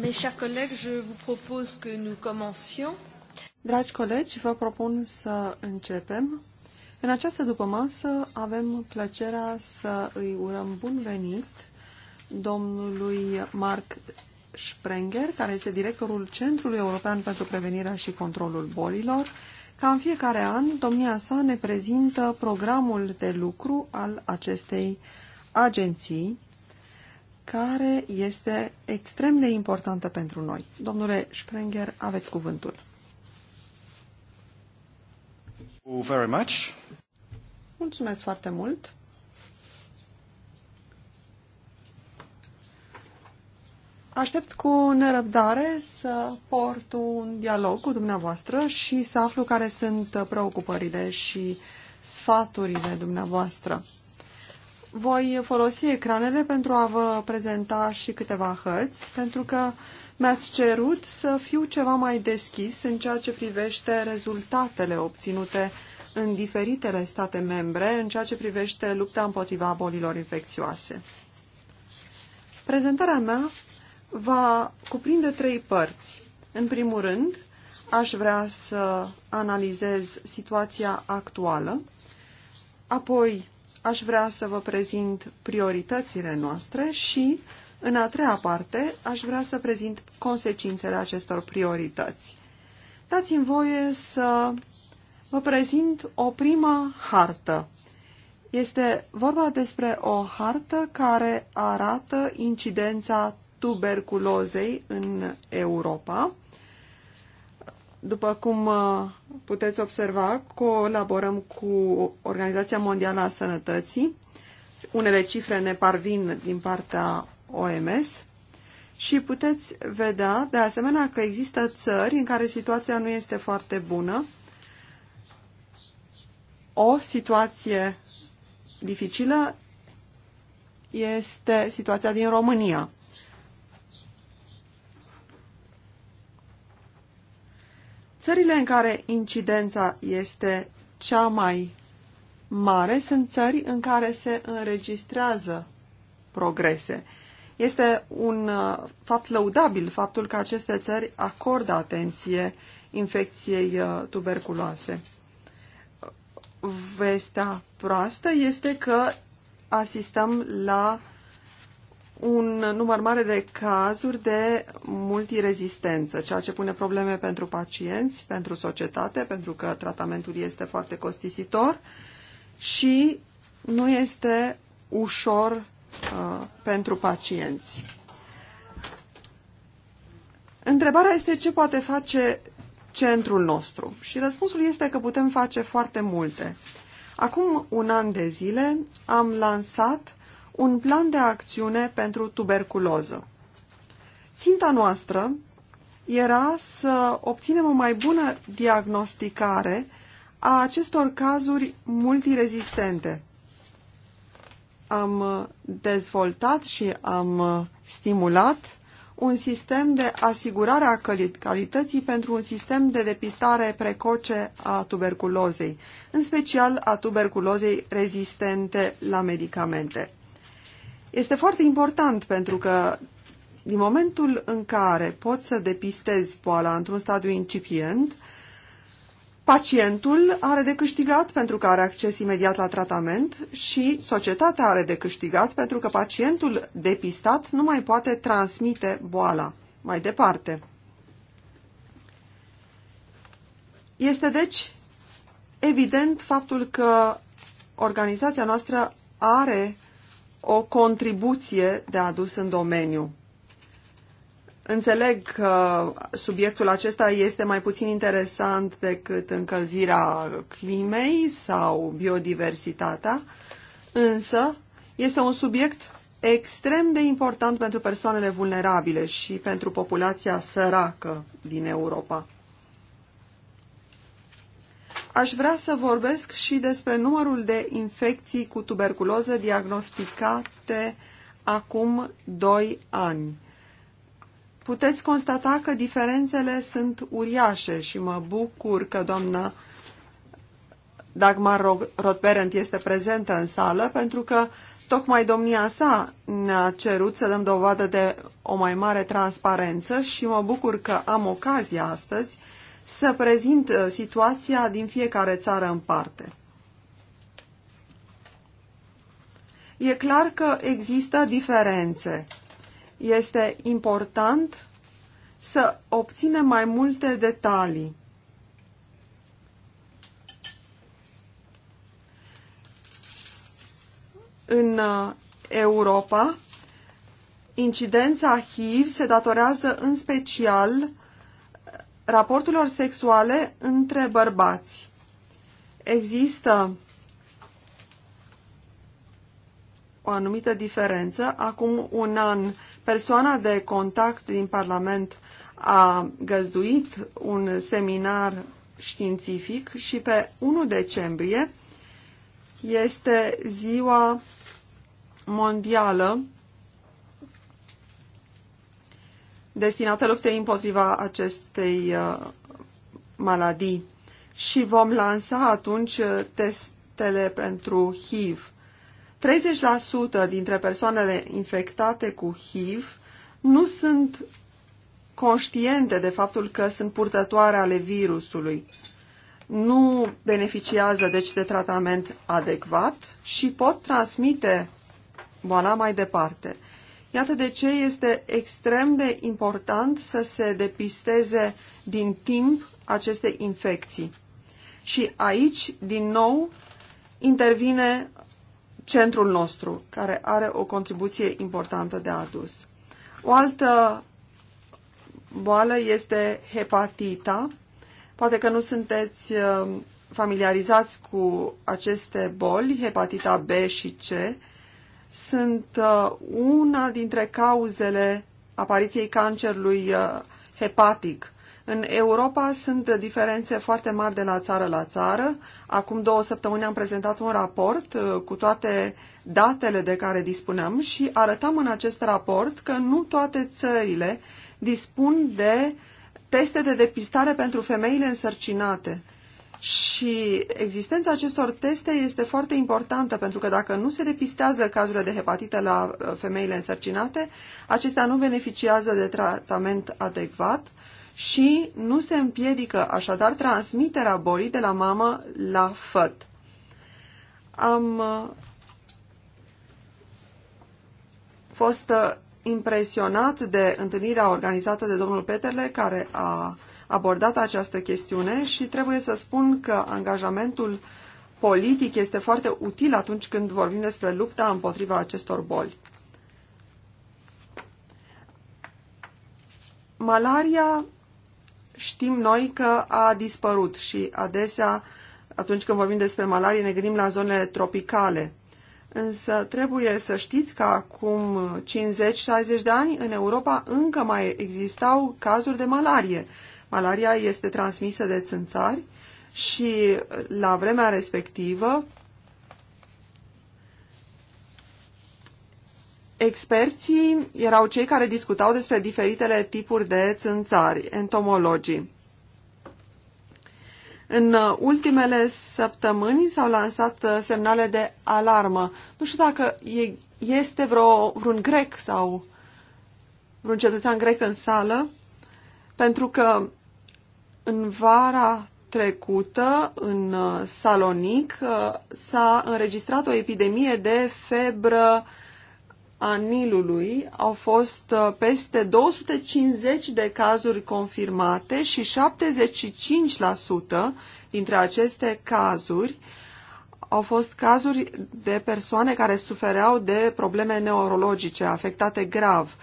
Dragi colegi, vă propun să începem. În această dupămasă avem plăcerea să îi urăm bun venit domnului Marc Sprenger, care este directorul Centrului European pentru Prevenirea și Controlul Bolilor. Ca în fiecare an, domnia sa ne prezintă programul de lucru al acestei agenții care este extrem de importantă pentru noi. Domnule Sprenger, aveți cuvântul. Very much. Mulțumesc foarte mult. Aștept cu nerăbdare să port un dialog cu dumneavoastră și să aflu care sunt preocupările și sfaturile dumneavoastră voi folosi ecranele pentru a vă prezenta și câteva hărți, pentru că mi-ați cerut să fiu ceva mai deschis în ceea ce privește rezultatele obținute în diferitele state membre în ceea ce privește lupta împotriva bolilor infecțioase. Prezentarea mea va cuprinde trei părți. În primul rând, aș vrea să analizez situația actuală, apoi aș vrea să vă prezint prioritățile noastre și, în a treia parte, aș vrea să prezint consecințele acestor priorități. Dați-mi voie să vă prezint o primă hartă. Este vorba despre o hartă care arată incidența tuberculozei în Europa după cum uh, puteți observa, colaborăm cu Organizația Mondială a Sănătății. Unele cifre ne parvin din partea OMS și puteți vedea, de asemenea, că există țări în care situația nu este foarte bună. O situație dificilă este situația din România. Țările în care incidența este cea mai mare sunt țări în care se înregistrează progrese. Este un uh, fapt lăudabil faptul că aceste țări acordă atenție infecției uh, tuberculoase. Vestea proastă este că asistăm la un număr mare de cazuri de multirezistență, ceea ce pune probleme pentru pacienți, pentru societate, pentru că tratamentul este foarte costisitor și nu este ușor uh, pentru pacienți. Întrebarea este ce poate face centrul nostru și răspunsul este că putem face foarte multe. Acum un an de zile am lansat un plan de acțiune pentru tuberculoză. Ținta noastră era să obținem o mai bună diagnosticare a acestor cazuri multirezistente. Am dezvoltat și am stimulat un sistem de asigurare a calității pentru un sistem de depistare precoce a tuberculozei, în special a tuberculozei rezistente la medicamente este foarte important pentru că din momentul în care poți să depistezi boala într-un stadiu incipient, pacientul are de câștigat pentru că are acces imediat la tratament și societatea are de câștigat pentru că pacientul depistat nu mai poate transmite boala mai departe. Este deci evident faptul că organizația noastră are o contribuție de adus în domeniu. Înțeleg că subiectul acesta este mai puțin interesant decât încălzirea climei sau biodiversitatea, însă este un subiect extrem de important pentru persoanele vulnerabile și pentru populația săracă din Europa. Aș vrea să vorbesc și despre numărul de infecții cu tuberculoză diagnosticate acum 2 ani. Puteți constata că diferențele sunt uriașe și mă bucur că doamna Dagmar Rotberent este prezentă în sală pentru că tocmai domnia sa ne-a cerut să dăm dovadă de o mai mare transparență și mă bucur că am ocazia astăzi să prezint uh, situația din fiecare țară în parte. E clar că există diferențe. Este important să obținem mai multe detalii. În uh, Europa, incidența HIV se datorează în special raporturilor sexuale între bărbați. Există o anumită diferență. Acum un an, persoana de contact din Parlament a găzduit un seminar științific și pe 1 decembrie este ziua mondială destinată luptei împotriva acestei uh, maladii și vom lansa atunci uh, testele pentru HIV. 30% dintre persoanele infectate cu HIV nu sunt conștiente de faptul că sunt purtătoare ale virusului. Nu beneficiază deci de tratament adecvat și pot transmite boala mai departe. Iată de ce este extrem de important să se depisteze din timp aceste infecții. Și aici, din nou, intervine centrul nostru, care are o contribuție importantă de adus. O altă boală este hepatita. Poate că nu sunteți uh, familiarizați cu aceste boli, hepatita B și C, sunt uh, una dintre cauzele apariției cancerului uh, hepatic. În Europa sunt diferențe foarte mari de la țară la țară. Acum două săptămâni am prezentat un raport uh, cu toate datele de care dispuneam și arătam în acest raport că nu toate țările dispun de teste de depistare pentru femeile însărcinate. Și existența acestor teste este foarte importantă, pentru că dacă nu se depistează cazurile de hepatită la uh, femeile însărcinate, acestea nu beneficiază de tratament adecvat și nu se împiedică așadar transmiterea bolii de la mamă la făt. Am uh, fost uh, impresionat de întâlnirea organizată de domnul Peterle, care a abordat această chestiune și trebuie să spun că angajamentul politic este foarte util atunci când vorbim despre lupta împotriva acestor boli. Malaria știm noi că a dispărut și adesea atunci când vorbim despre malarie ne gândim la zonele tropicale. Însă trebuie să știți că acum 50-60 de ani în Europa încă mai existau cazuri de malarie Malaria este transmisă de țânțari și la vremea respectivă experții erau cei care discutau despre diferitele tipuri de țânțari, entomologii. În ultimele săptămâni s-au lansat uh, semnale de alarmă. Nu știu dacă e, este vreo, vreun grec sau vreun cetățean grec în sală, pentru că în vara trecută, în uh, Salonic, uh, s-a înregistrat o epidemie de febră a Nilului. Au fost uh, peste 250 de cazuri confirmate și 75% dintre aceste cazuri au fost cazuri de persoane care sufereau de probleme neurologice afectate grav.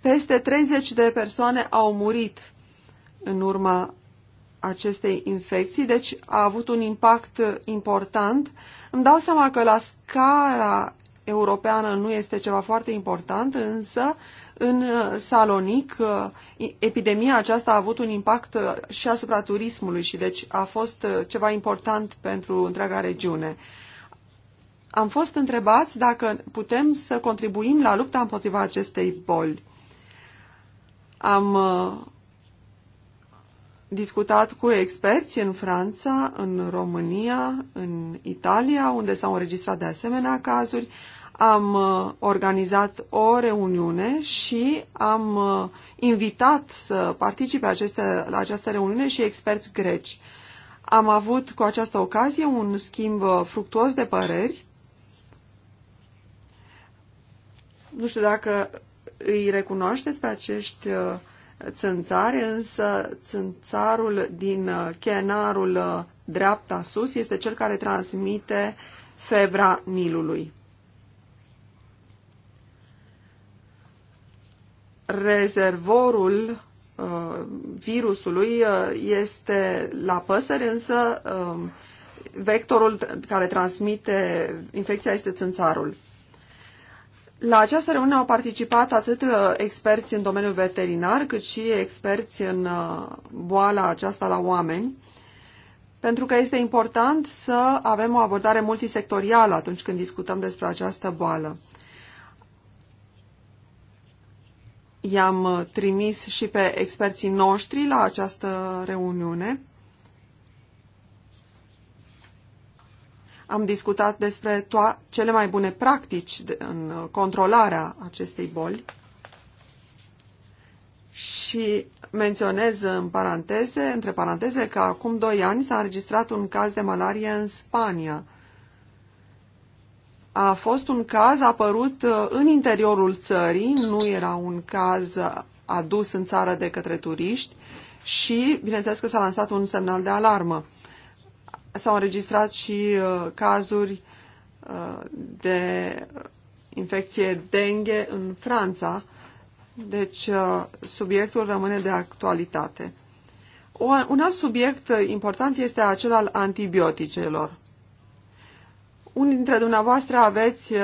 Peste 30 de persoane au murit în urma acestei infecții, deci a avut un impact important. Îmi dau seama că la scara europeană nu este ceva foarte important, însă în Salonic eh, epidemia aceasta a avut un impact eh, și asupra turismului și deci a fost eh, ceva important pentru întreaga regiune. Am fost întrebați dacă putem să contribuim la lupta împotriva acestei boli. Am discutat cu experți în Franța, în România, în Italia, unde s-au înregistrat de asemenea cazuri. Am uh, organizat o reuniune și am uh, invitat să participe aceste, la această reuniune și experți greci. Am avut cu această ocazie un schimb uh, fructuos de păreri. Nu știu dacă îi recunoașteți pe acești uh, țânțari, însă țânțarul din uh, chenarul uh, dreapta sus este cel care transmite febra Nilului. Rezervorul uh, virusului este la păsări, însă um, vectorul care transmite infecția este țânțarul. La această reuniune au participat atât uh, experți în domeniul veterinar, cât și experți în uh, boala aceasta la oameni, pentru că este important să avem o abordare multisectorială atunci când discutăm despre această boală. I-am uh, trimis și pe experții noștri la această reuniune. Am discutat despre cele mai bune practici de, în controlarea acestei boli și menționez în paranteze, între paranteze că acum doi ani s-a înregistrat un caz de malarie în Spania. A fost un caz apărut uh, în interiorul țării, nu era un caz uh, adus în țară de către turiști și, bineînțeles că s-a lansat un semnal de alarmă s-au înregistrat și uh, cazuri uh, de infecție dengue în Franța, deci uh, subiectul rămâne de actualitate. un alt subiect important este acel al antibioticelor. Unii dintre dumneavoastră aveți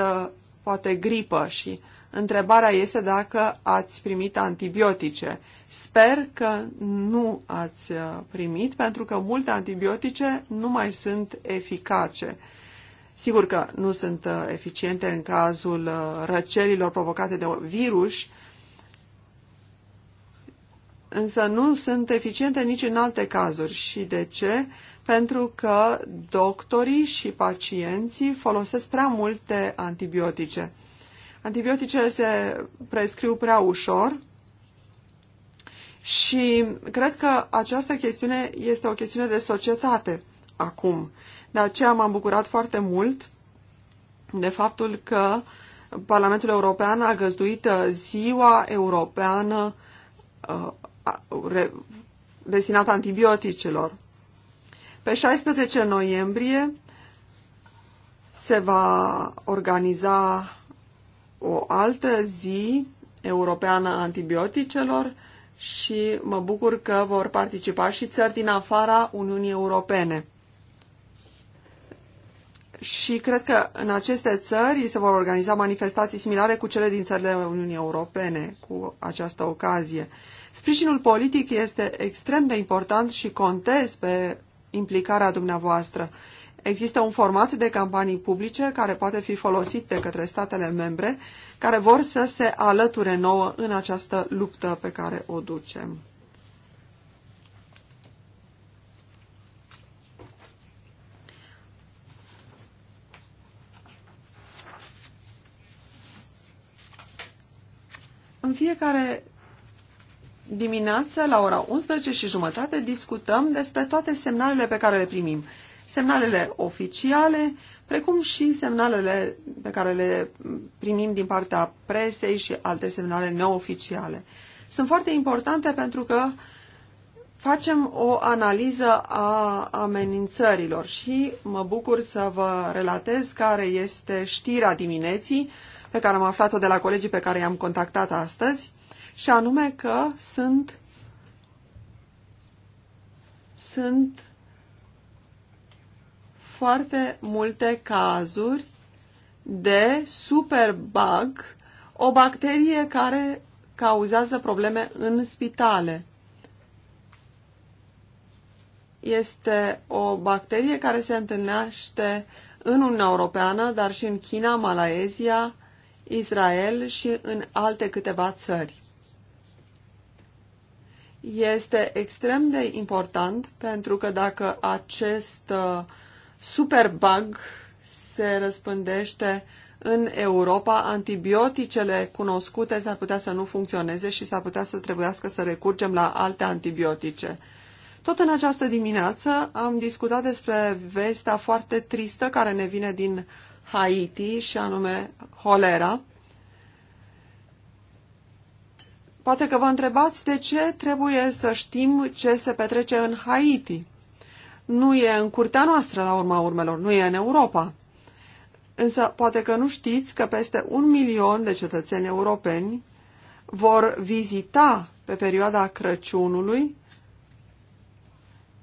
poate gripă și Întrebarea este dacă ați primit antibiotice. Sper că nu ați uh, primit, pentru că multe antibiotice nu mai sunt eficace. Sigur că nu sunt uh, eficiente în cazul uh, răcelilor provocate de virus, însă nu sunt eficiente nici în alte cazuri. Și de ce? Pentru că doctorii și pacienții folosesc prea multe antibiotice. Antibioticele se prescriu prea ușor și cred că această chestiune este o chestiune de societate acum. De aceea m-am bucurat foarte mult de faptul că Parlamentul European a găzduit uh, ziua europeană uh, destinată antibioticelor. Pe 16 noiembrie se va organiza o altă zi europeană a antibioticelor și mă bucur că vor participa și țări din afara Uniunii Europene. Și cred că în aceste țări se vor organiza manifestații similare cu cele din țările Uniunii Europene cu această ocazie. Sprijinul politic este extrem de important și contez pe implicarea dumneavoastră. Există un format de campanii publice care poate fi folosit de către statele membre care vor să se alăture nouă în această luptă pe care o ducem. În fiecare dimineață, la ora 11 și jumătate, discutăm despre toate semnalele pe care le primim semnalele oficiale, precum și semnalele pe care le primim din partea presei și alte semnale neoficiale. Sunt foarte importante pentru că facem o analiză a amenințărilor și mă bucur să vă relatez care este știrea dimineții pe care am aflat-o de la colegii pe care i-am contactat astăzi și anume că sunt sunt foarte multe cazuri de superbug, o bacterie care cauzează probleme în spitale. Este o bacterie care se întâlnește în Uniunea Europeană, dar și în China, Malaezia, Israel și în alte câteva țări. Este extrem de important pentru că dacă acest uh, superbug se răspândește în Europa, antibioticele cunoscute s-ar putea să nu funcționeze și s-ar putea să trebuiască să recurgem la alte antibiotice. Tot în această dimineață am discutat despre vestea foarte tristă care ne vine din Haiti și anume holera. Poate că vă întrebați de ce trebuie să știm ce se petrece în Haiti nu e în curtea noastră, la urma urmelor, nu e în Europa. Însă poate că nu știți că peste un milion de cetățeni europeni vor vizita pe perioada Crăciunului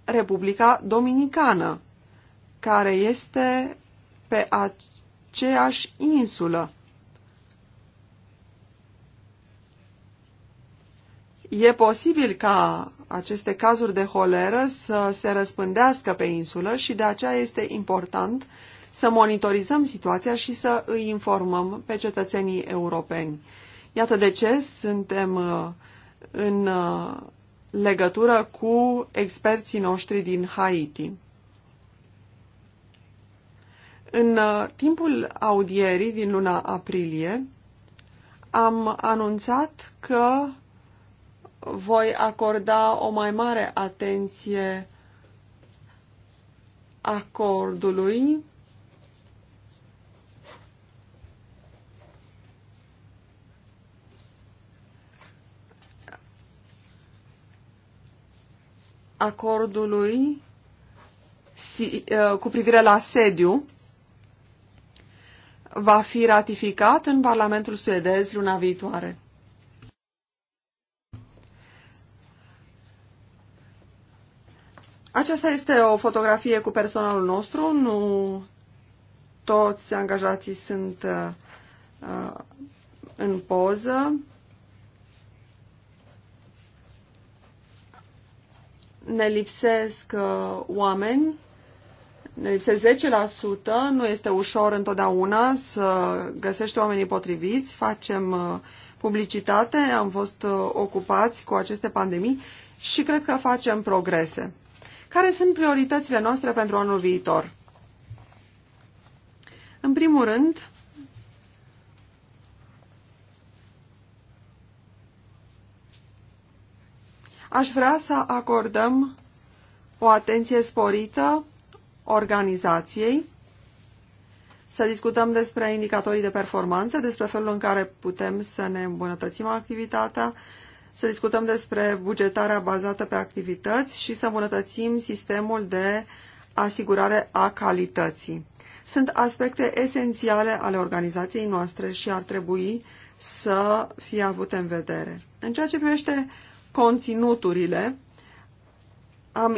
Republica Dominicană, care este pe aceeași insulă. E posibil ca aceste cazuri de holeră să se răspândească pe insulă și de aceea este important să monitorizăm situația și să îi informăm pe cetățenii europeni. Iată de ce suntem uh, în uh, legătură cu experții noștri din Haiti. În uh, timpul audierii din luna aprilie am anunțat că voi acorda o mai mare atenție acordului acordului uh, cu privire la sediu va fi ratificat în Parlamentul suedez luna viitoare. Aceasta este o fotografie cu personalul nostru, nu toți angajații sunt uh, uh în poză. Ne lipsesc uh, oameni, ne lipsesc 10%, nu este ușor întotdeauna să găsești oamenii potriviți, facem uh, publicitate, am fost uh, ocupați cu aceste pandemii și cred că facem progrese. Care sunt prioritățile noastre pentru anul viitor? În primul rând, aș vrea să acordăm o atenție sporită organizației, să discutăm despre indicatorii de performanță, despre felul în care putem să ne îmbunătățim activitatea, să discutăm despre bugetarea bazată pe activități și să îmbunătățim sistemul de asigurare a calității. Sunt aspecte esențiale ale organizației noastre și ar trebui să fie avute în vedere. În ceea ce privește conținuturile, am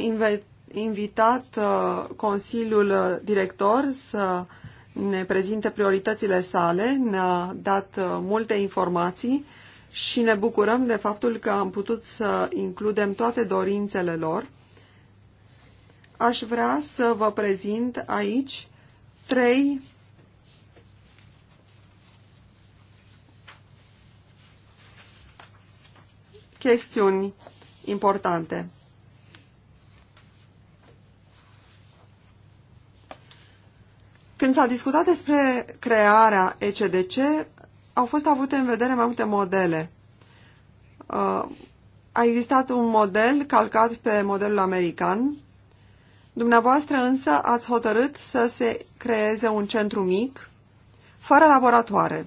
invitat uh, Consiliul Director să ne prezinte prioritățile sale, ne-a dat uh, multe informații și ne bucurăm de faptul că am putut să includem toate dorințele lor. Aș vrea să vă prezint aici trei chestiuni importante. Când s-a discutat despre crearea ECDC, au fost avute în vedere mai multe modele. Uh, a existat un model calcat pe modelul american. Dumneavoastră însă ați hotărât să se creeze un centru mic, fără laboratoare,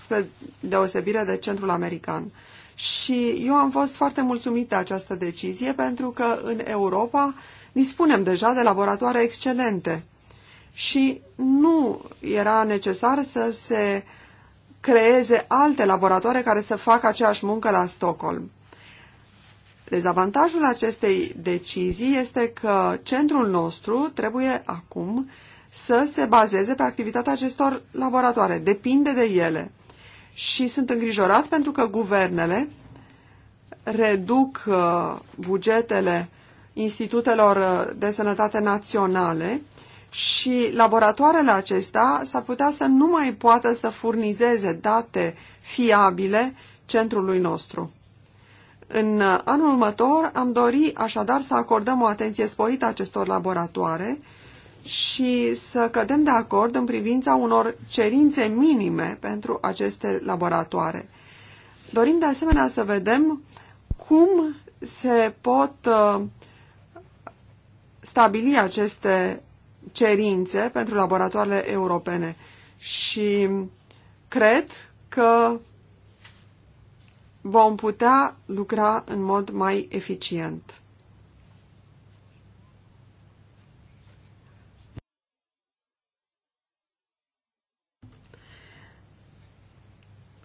spre deosebire de centrul american. Și eu am fost foarte mulțumită de această decizie pentru că în Europa dispunem deja de laboratoare excelente și nu era necesar să se uh, creeze alte laboratoare care să facă aceeași muncă la Stockholm. Dezavantajul acestei decizii este că centrul nostru trebuie acum să se bazeze pe activitatea acestor laboratoare, depinde de ele. Și sunt îngrijorat pentru că guvernele reduc uh, bugetele institutelor uh, de sănătate naționale și laboratoarele acestea s-ar putea să nu mai poată să furnizeze date fiabile centrului nostru. În anul următor am dori așadar să acordăm o atenție sporită acestor laboratoare și să cădem de acord în privința unor cerințe minime pentru aceste laboratoare. Dorim de asemenea să vedem cum se pot uh, stabili aceste cerințe pentru laboratoarele europene și cred că vom putea lucra în mod mai eficient.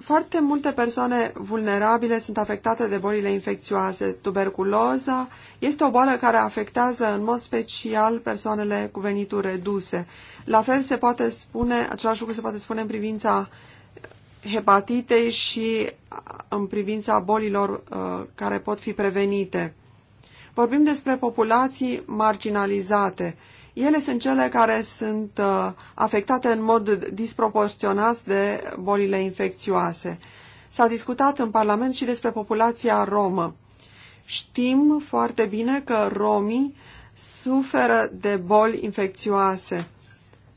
Foarte multe persoane vulnerabile sunt afectate de bolile infecțioase. Tuberculoza este o boală care afectează în mod special persoanele cu venituri reduse. La fel se poate spune, același lucru se poate spune în privința hepatitei și în privința bolilor uh, care pot fi prevenite. Vorbim despre populații marginalizate. Uh, ele sunt cele care sunt uh, afectate în mod disproporționat de bolile infecțioase. S-a discutat în Parlament și despre populația romă. Știm foarte bine că romii suferă de boli infecțioase.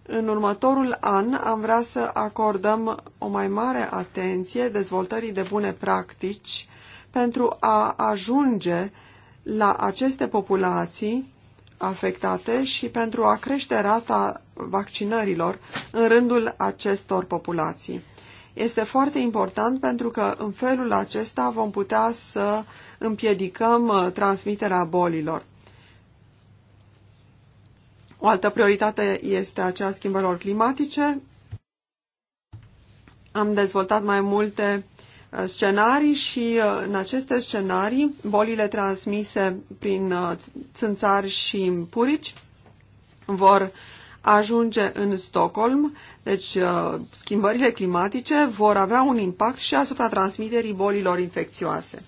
În următorul an am vrea să acordăm o mai mare atenție dezvoltării de bune practici pentru a ajunge la aceste populații afectate și pentru a crește rata vaccinărilor în rândul acestor populații. Este foarte important pentru că în felul acesta vom putea să împiedicăm uh, transmiterea bolilor. O altă prioritate este aceea schimbărilor climatice. Am dezvoltat mai multe Uh, scenarii și uh, în aceste scenarii bolile transmise prin uh, țânțari și purici vor ajunge în Stockholm, deci schimbările climatice vor avea un impact și asupra transmiterii bolilor infecțioase.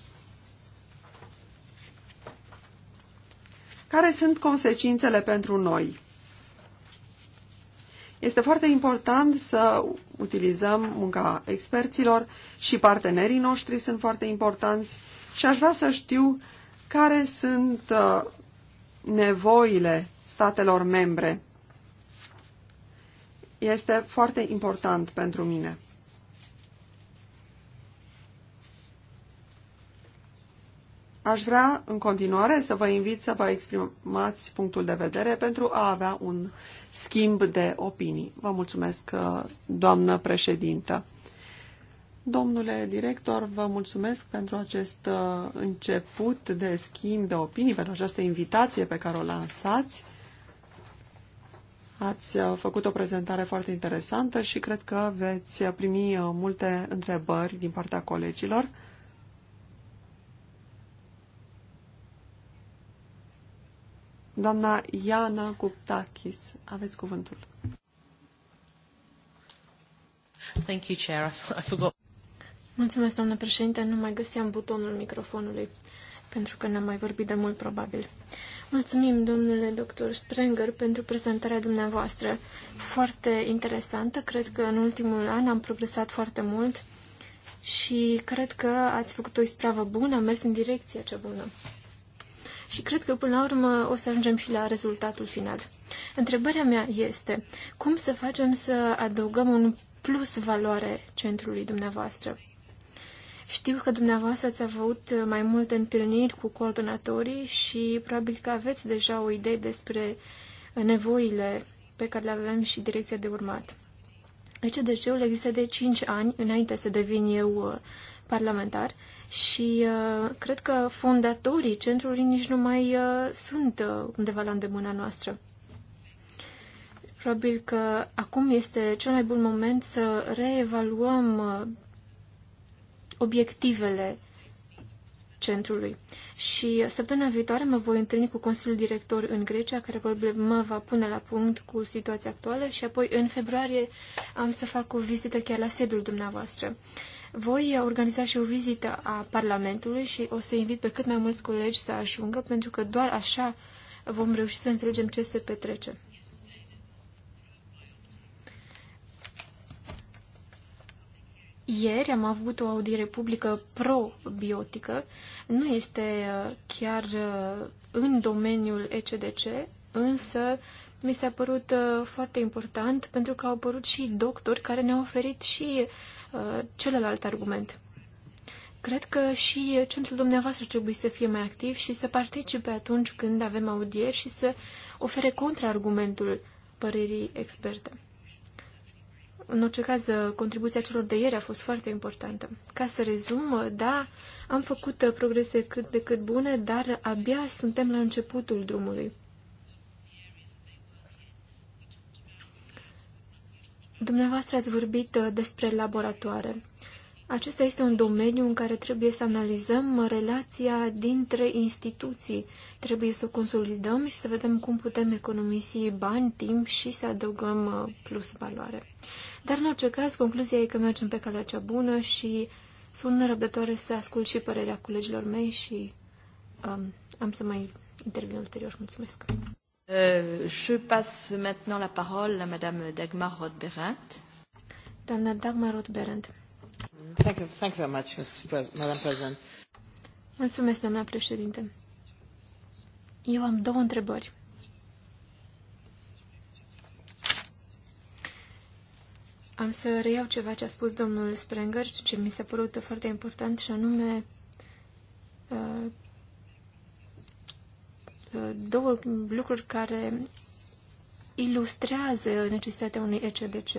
Care sunt consecințele pentru noi? Este foarte important să utilizăm munca experților și partenerii noștri sunt foarte importanți și aș vrea să știu care sunt uh, nevoile statelor membre. Este foarte important pentru mine. Aș vrea în continuare să vă invit să vă exprimați punctul de vedere pentru a avea un schimb de opinii. Vă mulțumesc, uh, doamnă președintă. Domnule director, vă mulțumesc pentru acest uh, început de schimb de opinii, pentru această invitație pe care o lansați. Ați uh, făcut o prezentare foarte interesantă și cred că veți primi multe întrebări din partea colegilor. Doamna Iana Guptakis, aveți cuvântul. Thank you, Chair. I forgot. Mulțumesc, doamnă președinte. Nu mai găseam butonul microfonului, pentru că n-am mai vorbit de mult, probabil. Mulțumim, domnule doctor Sprenger, pentru prezentarea dumneavoastră. Foarte interesantă. Cred că în ultimul an am progresat foarte mult și cred că ați făcut o ispravă bună, am mers în direcția cea bună și cred că până la urmă o să ajungem și la rezultatul final. Întrebarea mea este, cum să facem să adăugăm un plus valoare centrului dumneavoastră? Știu că dumneavoastră ați avut mai multe întâlniri cu coordonatorii și probabil că aveți deja o idee despre nevoile pe care le avem și direcția de urmat. ECDC-ul deci, există de 5 ani, înainte să devin eu uh, parlamentar, și uh, cred că fondatorii centrului nici nu mai uh, sunt uh, undeva la îndemâna noastră. Probabil că acum este cel mai bun moment să reevaluăm uh, obiectivele centrului. Și săptămâna viitoare mă voi întâlni cu Consiliul Director în Grecia, care probabil mă va pune la punct cu situația actuală și apoi în februarie am să fac o vizită chiar la sediul dumneavoastră. Uh, voi organiza și o vizită a Parlamentului și o să invit pe cât mai mulți colegi să ajungă, pentru că doar așa vom reuși să înțelegem ce se petrece. Ieri am avut o audiere publică probiotică. Nu este uh, chiar uh, în domeniul ECDC, însă mi s-a părut uh, foarte important pentru că au apărut și doctori care ne-au oferit și Uh, celălalt argument. Cred că și centrul dumneavoastră trebuie să fie mai activ și să participe atunci când avem audieri și să ofere contraargumentul părerii experte. În orice caz, contribuția celor de ieri a fost foarte importantă. Ca să rezum, da, am făcut progrese cât de cât bune, dar abia suntem la începutul drumului. Dumneavoastră ați vorbit uh, despre laboratoare. Acesta este un domeniu în care trebuie să analizăm uh, relația dintre instituții. Trebuie să o consolidăm și să vedem cum putem economisi bani, timp și să adăugăm uh, plus valoare. Dar, în orice caz, concluzia e că mergem pe calea cea bună și sunt nerăbdătoare să ascult și părerea colegilor mei și um, am să mai intervin ulterior. Mulțumesc! Euh, je passe maintenant la parole à Madame Dagmar roth Doamna Dagmar roth Thank you, thank you very much, Madam President. Mulțumesc, doamna președinte. Eu am două întrebări. Am să reiau ceva ce a spus domnul Sprenger, ce mi s-a părut foarte important, și anume uh, două lucruri care ilustrează necesitatea unui ECDC.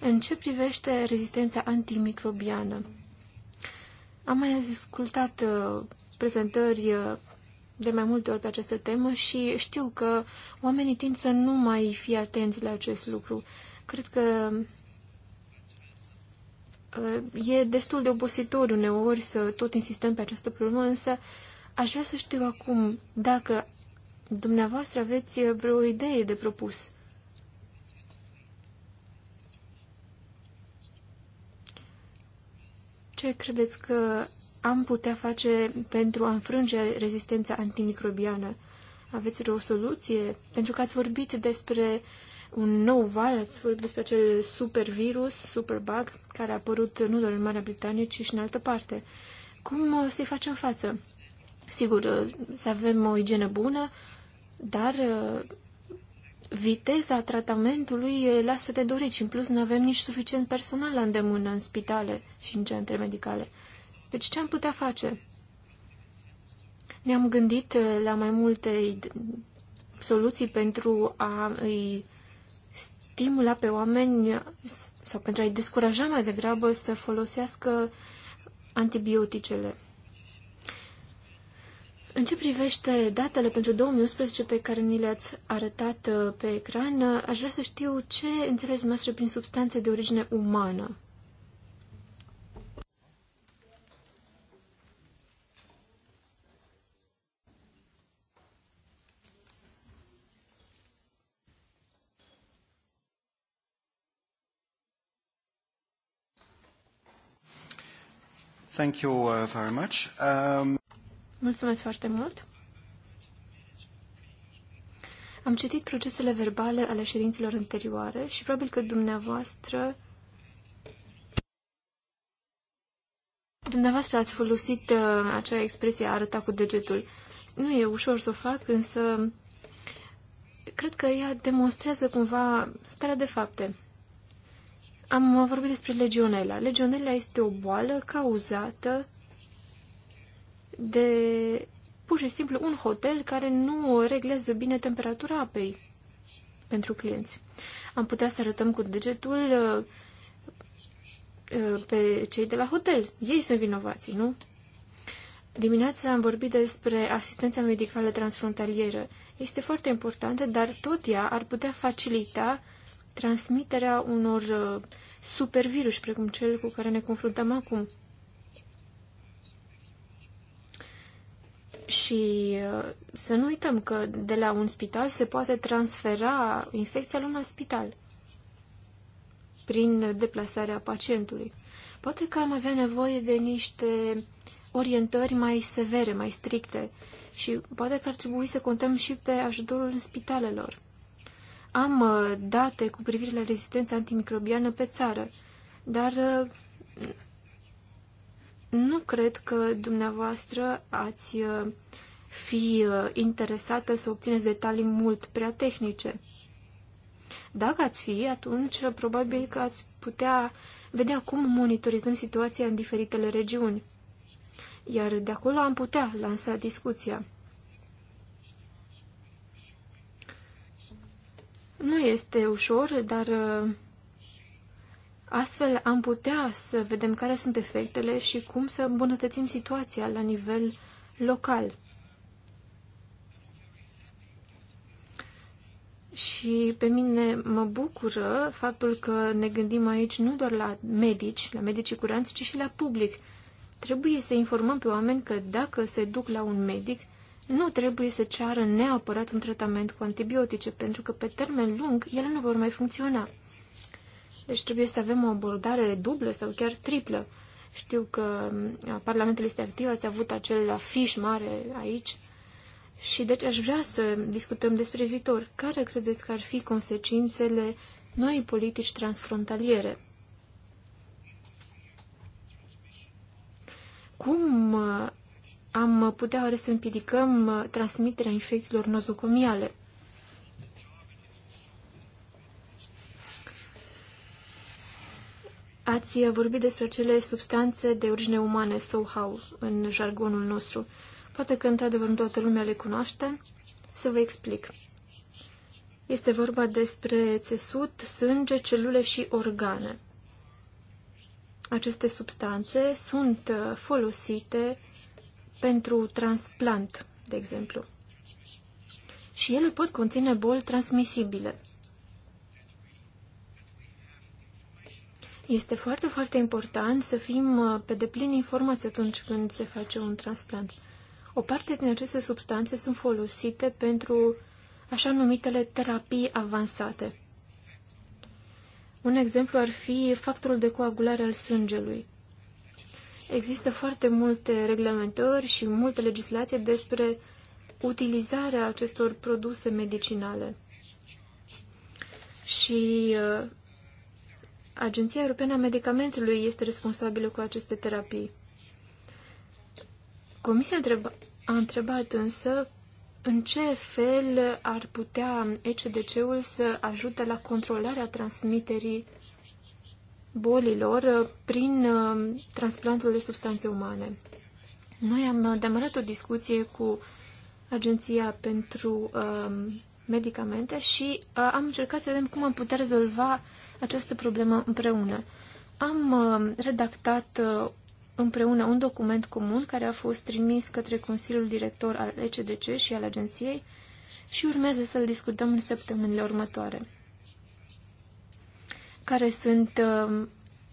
În ce privește rezistența antimicrobiană? Am mai ascultat uh, prezentări uh, de mai multe ori pe această temă și știu că oamenii tind să nu mai fie atenți la acest lucru. Cred că uh, e destul de obositor uneori să tot insistăm pe această problemă, însă uh, Aș vrea să știu acum dacă dumneavoastră aveți vreo idee de propus. Ce credeți că am putea face pentru a înfrânge rezistența antimicrobiană? Aveți vreo soluție? Pentru că ați vorbit despre un nou val, ați vorbit despre acel supervirus, superbug, care a apărut nu doar în Marea Britanie, ci și în altă parte. Cum să-i facem față? Sigur, uh, să avem o igienă bună, dar uh, viteza tratamentului uh, lasă de dorit și în plus nu avem nici suficient personal la îndemână în spitale și în centre medicale. Deci ce am putea face? Ne-am gândit la mai multe soluții pentru a îi stimula pe oameni sau pentru a-i descuraja mai degrabă să folosească antibioticele. În ce privește datele pentru 2011 pe care ni le-ați arătat uh, pe ecran, uh, aș vrea să știu ce înțelegeți dumneavoastră prin substanțe de origine umană. Thank you uh, very much. Um... Mulțumesc foarte mult! Am citit procesele verbale ale ședințelor anterioare și probabil că dumneavoastră Dumneavoastră ați folosit uh, acea expresie a arăta cu degetul. Nu e ușor să o fac, însă cred că ea demonstrează cumva starea de fapte. Am vorbit despre legionela. Legionela este o boală cauzată de pur și simplu un hotel care nu reglează bine temperatura apei pentru clienți. Am putea să arătăm cu degetul uh, uh, pe cei de la hotel. Ei sunt vinovații, nu? Dimineața am vorbit despre asistența medicală transfrontalieră. Este foarte importantă, dar tot ea ar putea facilita transmiterea unor uh, supervirus, precum cel cu care ne confruntăm acum. Și uh, să nu uităm că de la un spital se poate transfera infecția la un alt spital prin deplasarea pacientului. Poate că am avea nevoie de niște orientări mai severe, mai stricte și poate că ar trebui să contăm și pe ajutorul spitalelor. Am uh, date cu privire la rezistența antimicrobiană pe țară, dar uh, nu cred că dumneavoastră ați uh, fi uh, interesată să obțineți detalii mult prea tehnice. Dacă ați fi, atunci uh, probabil că ați putea vedea cum monitorizăm situația în diferitele regiuni. Iar de acolo am putea lansa discuția. Nu este ușor, dar Astfel am putea să vedem care sunt efectele și cum să îmbunătățim situația la nivel local. Și pe mine mă bucură faptul că ne gândim aici nu doar la medici, la medicii curanți, ci și la public. Trebuie să informăm pe oameni că dacă se duc la un medic, nu trebuie să ceară neapărat un tratament cu antibiotice, pentru că pe termen lung ele nu vor mai funcționa. Deci trebuie să avem o abordare dublă sau chiar triplă. Știu că Parlamentul este activ, ați avut acel afiș mare aici și deci aș vrea să discutăm despre viitor. Care credeți că ar fi consecințele noi politici transfrontaliere? Cum am putea oare să împiedicăm transmiterea infecțiilor nozocomiale? Ați vorbit despre cele substanțe de origine umane, SOHAU, în jargonul nostru. Poate că, într-adevăr, nu toată lumea le cunoaște. Să vă explic. Este vorba despre țesut, sânge, celule și organe. Aceste substanțe sunt uh, folosite pentru transplant, de exemplu. Și ele pot conține boli transmisibile. Este foarte, foarte important să fim uh, pe deplin informați atunci când se face un transplant. O parte din aceste substanțe sunt folosite pentru așa numitele terapii avansate. Un exemplu ar fi factorul de coagulare al sângelui. Există foarte multe reglementări și multe legislații despre utilizarea acestor produse medicinale. Și uh, Agenția Europeană a Medicamentului este responsabilă cu aceste terapii. Comisia a întrebat însă în ce fel ar putea ECDC-ul să ajute la controlarea transmiterii bolilor prin uh, transplantul de substanțe umane. Noi am demarat o discuție cu Agenția pentru uh, medicamente și uh, am încercat să vedem cum am putea rezolva această problemă împreună. Am uh, redactat uh, împreună un document comun care a fost trimis către Consiliul Director al ECDC și al agenției și urmează să-l discutăm în săptămânile următoare. Care sunt uh,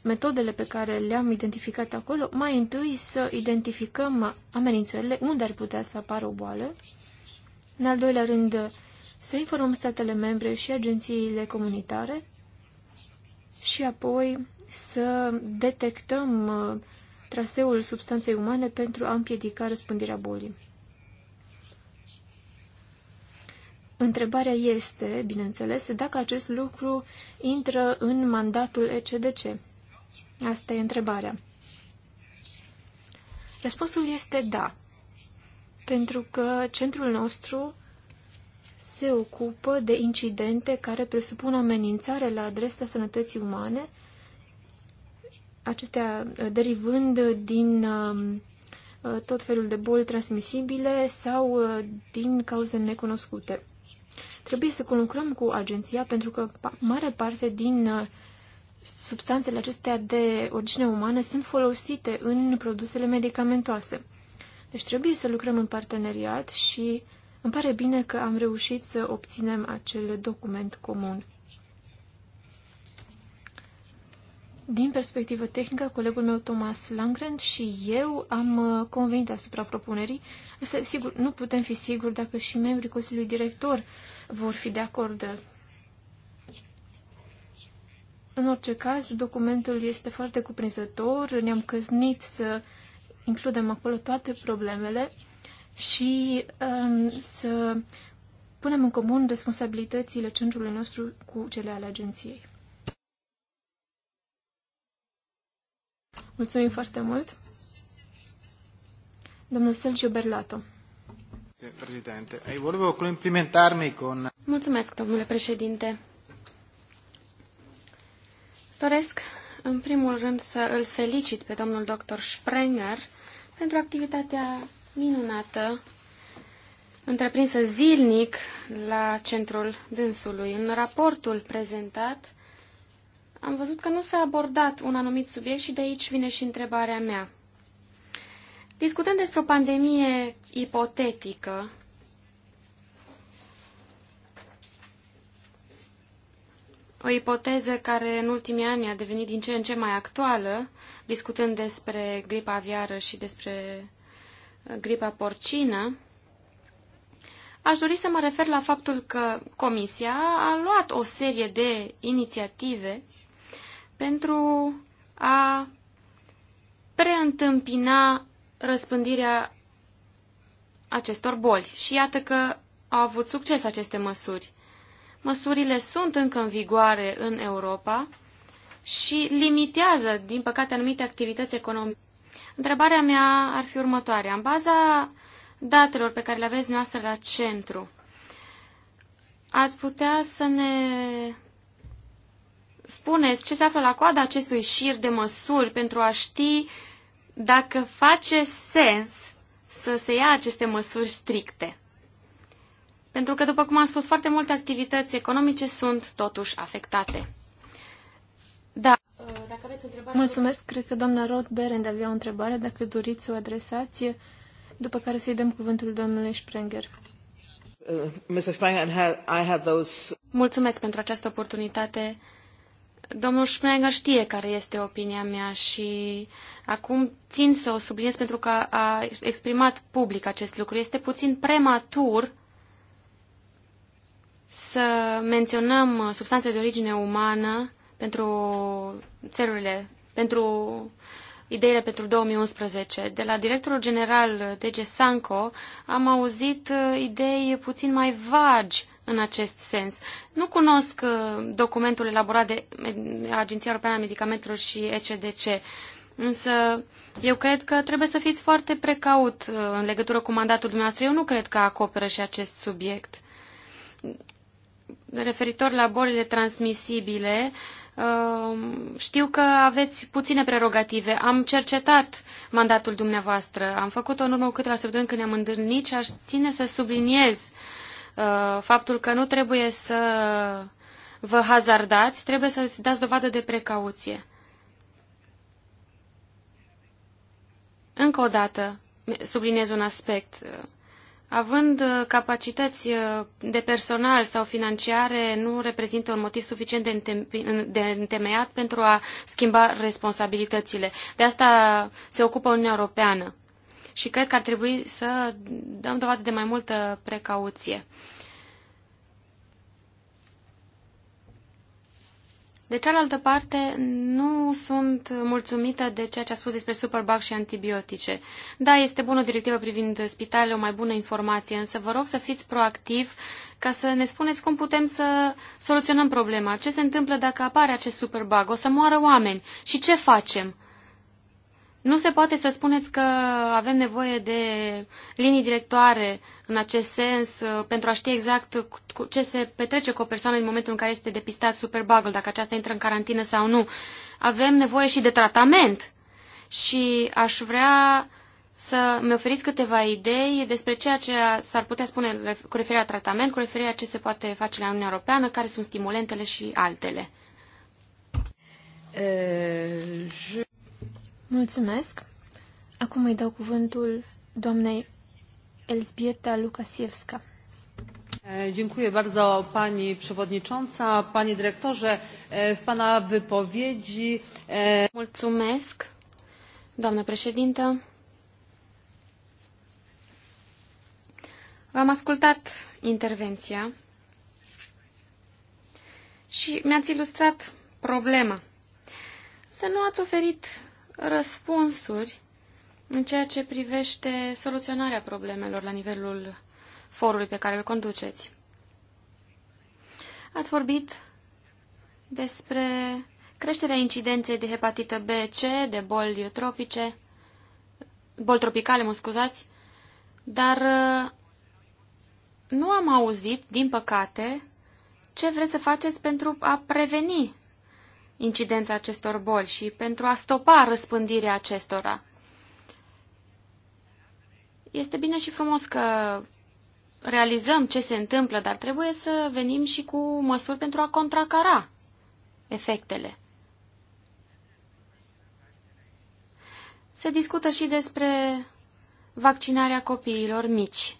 metodele pe care le-am identificat acolo? Mai întâi să identificăm amenințările, unde ar putea să apară o boală. În al doilea rând, să informăm statele membre și agențiile comunitare și apoi să detectăm uh, traseul substanței umane pentru a împiedica răspândirea bolii. Întrebarea este, bineînțeles, dacă acest lucru intră în mandatul ECDC. Asta e întrebarea. Răspunsul este da, pentru că centrul nostru se ocupă de incidente care presupun amenințare la adresa sănătății umane, acestea uh, derivând din um, uh, tot felul de boli transmisibile sau uh, din cauze necunoscute. Trebuie să conlucrăm cu agenția pentru că mare parte din substanțele acestea de origine umană sunt folosite în produsele medicamentoase. Deci trebuie să lucrăm în parteneriat și uh, îmi pare bine că am reușit să obținem acel document comun. Din perspectivă tehnică, colegul meu Thomas Langrand și eu am uh, convenit asupra propunerii, însă sigur, nu putem fi siguri dacă și membrii Consiliului Director vor fi de acord. În orice caz, documentul este foarte cuprinzător, ne-am căznit să includem acolo toate problemele și um, să punem în comun responsabilitățile centrului nostru cu cele ale agenției. Mulțumim foarte mult. Domnul Sergio Berlato. Președinte, volevo complimentarmi con... Mulțumesc, domnule președinte. Doresc, în primul rând, să îl felicit pe domnul dr. Sprenger pentru activitatea minunată întreprinsă zilnic la centrul dânsului. În raportul prezentat am văzut că nu s-a abordat un anumit subiect și de aici vine și întrebarea mea. Discutând despre o pandemie ipotetică, o ipoteză care în ultimii ani a devenit din ce în ce mai actuală, discutând despre gripa aviară și despre gripa porcină, aș dori să mă refer la faptul că Comisia a luat o serie de inițiative pentru a preîntâmpina răspândirea acestor boli. Și iată că au avut succes aceste măsuri. Măsurile sunt încă în vigoare în Europa și limitează, din păcate, anumite activități economice. Întrebarea mea ar fi următoarea. În baza datelor pe care le aveți noastră la centru, ați putea să ne spuneți ce se află la coada acestui șir de măsuri pentru a ști dacă face sens să se ia aceste măsuri stricte. Pentru că, după cum am spus, foarte multe activități economice sunt totuși afectate aveți o întrebare? Mulțumesc. Cred că doamna Rod Berend avea o întrebare, dacă doriți să o adresați, după care să-i dăm cuvântul domnului Sprenger. Uh, Mulțumesc pentru această oportunitate. Domnul Sprenger știe care este opinia mea și acum țin să o subliniez pentru că a exprimat public acest lucru. Este puțin prematur să menționăm substanțe de origine umană pentru țelurile, pentru ideile pentru 2011. De la directorul general DG Sanco am auzit uh, idei puțin mai vagi în acest sens. Nu cunosc uh, documentul elaborat de eh, Agenția Europeană a Medicamentelor și ECDC, însă eu cred că trebuie să fiți foarte precaut uh, în legătură cu mandatul dumneavoastră. Eu nu cred că acoperă și acest subiect. Referitor la bolile transmisibile, uh, Ehm, știu că aveți puține prerogative. Am cercetat mandatul dumneavoastră. Am făcut-o în urmă cu câteva săptămâni când ne-am întâlnit și aș ține să subliniez ehm, faptul că nu trebuie să vă hazardați, trebuie să dați dovadă de precauție. Încă o dată, subliniez un aspect având uh, capacități uh, de personal sau financiare, nu reprezintă un motiv suficient de întemeiat pentru a schimba responsabilitățile. De asta se ocupă Uniunea Europeană și cred că ar trebui să dăm dovadă de mai multă precauție. De cealaltă parte, nu sunt mulțumită de ceea ce a spus despre superbug și antibiotice. Da, este bună o directivă privind spitalele, o mai bună informație, însă vă rog să fiți proactiv ca să ne spuneți cum putem să soluționăm problema. Ce se întâmplă dacă apare acest superbug? O să moară oameni. Și ce facem? Nu se poate să spuneți că avem nevoie de linii directoare în acest sens uh, pentru a ști exact ce se petrece cu o persoană în momentul în care este depistat superbugul, dacă aceasta intră în carantină sau nu. Avem nevoie și de tratament și aș vrea să mi oferiți câteva idei despre ceea ce s-ar putea spune cu referire la tratament, cu referire la ce se poate face la Uniunea Europeană, care sunt stimulentele și altele. Uh, Mulțumesc. Acum îi dau cuvântul doamnei Elżbieta Lukasiewska. Dziękuję bardzo Pani Przewodnicząca, Panie Dyrektorze. W Pana wypowiedzi... Mulțumesc, doamnă președintă. V-am ascultat intervenția și mi-ați ilustrat problema. Să nu ați oferit răspunsuri în ceea ce privește soluționarea problemelor la nivelul forului pe care îl conduceți. Ați vorbit despre creșterea incidenței de hepatită B, C, de boli tropice, boli tropicale, mă scuzați, dar uh, nu am auzit, din păcate, ce vreți să faceți pentru a preveni incidența acestor boli și pentru a stopa răspândirea acestora. Este bine și frumos că realizăm ce se întâmplă, dar trebuie să venim și cu măsuri pentru a contracara efectele. Se discută și despre vaccinarea copiilor mici.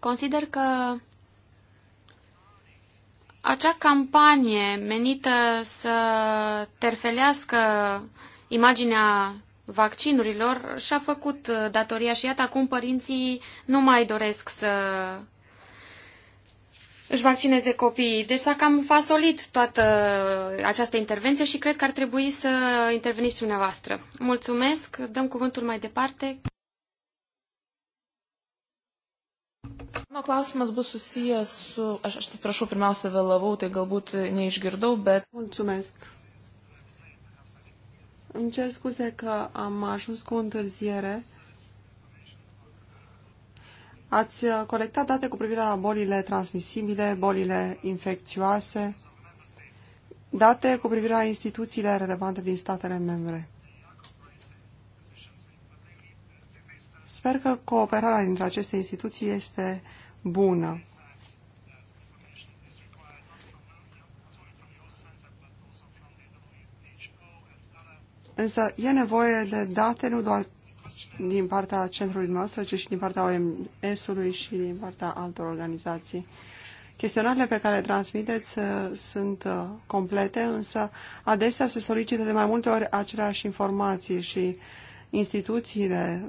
Consider că acea campanie menită să terfelească imaginea vaccinurilor și-a făcut uh, datoria și iată acum părinții nu mai doresc să își vaccineze copiii. Deci s-a cam fasolit toată această intervenție și cred că ar trebui să interveniți dumneavoastră. Mulțumesc, dăm cuvântul mai departe Mano klausimas bus susijęs su... Aš, aš prašau, pirmiausia vėlavau, tai galbūt neišgirdau, bet... Mulțumesc. Îmi cer scuze că am ajuns cu întârziere. Ați colectat date cu privire la bolile transmisibile, bolile infecțioase, date cu privire la instituțiile relevante din statele membre. Sper că cooperarea dintre aceste instituții este bună. Însă e nevoie de date nu doar din partea centrului nostru, ci și din partea OMS-ului și din partea altor organizații. Chestionarele pe care le transmiteți uh, sunt uh, complete, însă adesea se solicită de mai multe ori aceleași informații și instituțiile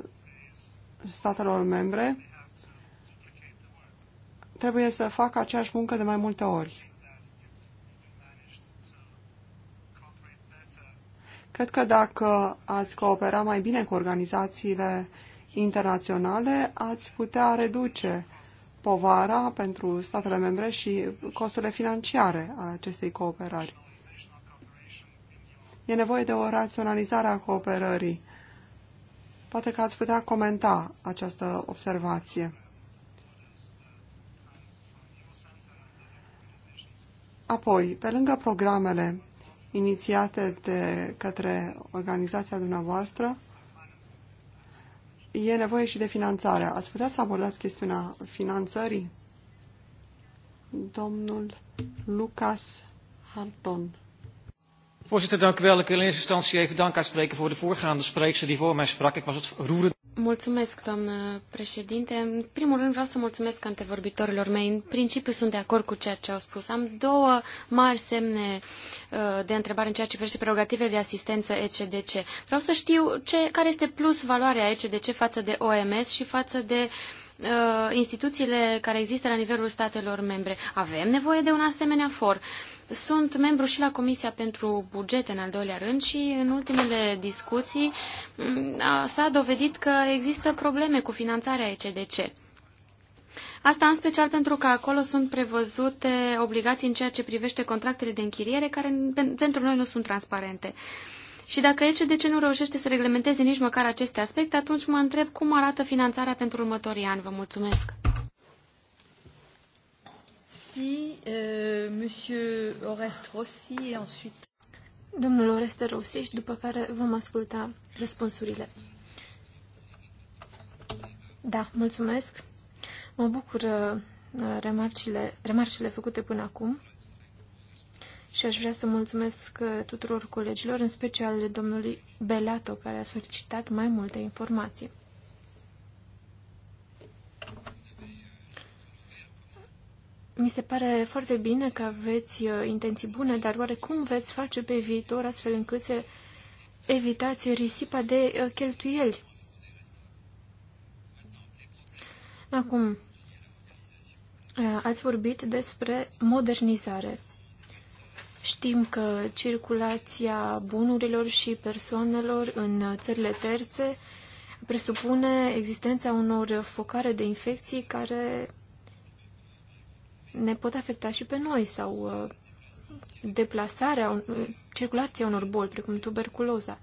statelor membre trebuie să facă aceeași muncă de mai multe ori. Cred că dacă ați coopera mai bine cu organizațiile internaționale, ați putea reduce povara pentru statele membre și costurile financiare ale acestei cooperări. E nevoie de o raționalizare a cooperării Poate că ați putea comenta această observație. Apoi, pe lângă programele inițiate de către organizația dumneavoastră, e nevoie și de finanțare. Ați putea să abordați chestiunea finanțării? Domnul Lucas Harton. Voorzitter, dank u wel. Ik wil in eerste instantie even dank uitspreken voor de voorgaande spreekster die voor mij sprak. Ik was het roerend. Mulțumesc, doamnă președinte. În primul rând vreau să mulțumesc antevorbitorilor mei. În principiu sunt de acord cu ceea ce au spus. Am două mari semne uh, de întrebare în ceea ce privește prerogative de asistență ECDC. Vreau să știu ce, care este plus valoarea ECDC față de OMS și față de uh, instituțiile care există la nivelul statelor membre. Avem nevoie de un asemenea for. Uh, sunt membru și la Comisia pentru Bugete în al doilea rând și în ultimele discuții mm, s-a dovedit că există probleme cu finanțarea ECDC. Asta în special pentru că acolo sunt prevăzute obligații în ceea ce privește contractele de închiriere care pentru noi nu sunt transparente. Și dacă ECDC nu reușește să reglementeze nici măcar aceste aspecte, atunci mă întreb cum arată finanțarea pentru următorii ani. Vă mulțumesc! Merci, euh, Monsieur Oreste Rossi, et ensuite. Domnul Oreste Rossi, și după care vom asculta răspunsurile. Da, mulțumesc. Mă bucur uh, remarcile, remarcile făcute până acum și aș vrea să mulțumesc uh, tuturor colegilor, în special domnului Belato, care a solicitat mai multe informații. Mi se pare foarte bine că aveți uh, intenții bune, dar oare cum veți face pe viitor astfel încât să evitați risipa de uh, cheltuieli? Acum, uh, ați vorbit despre modernizare. Știm că circulația bunurilor și persoanelor în țările terțe presupune existența unor focare de infecții care ne pot afecta și pe noi sau uh, deplasarea, uh, circulația unor boli, precum tuberculoza.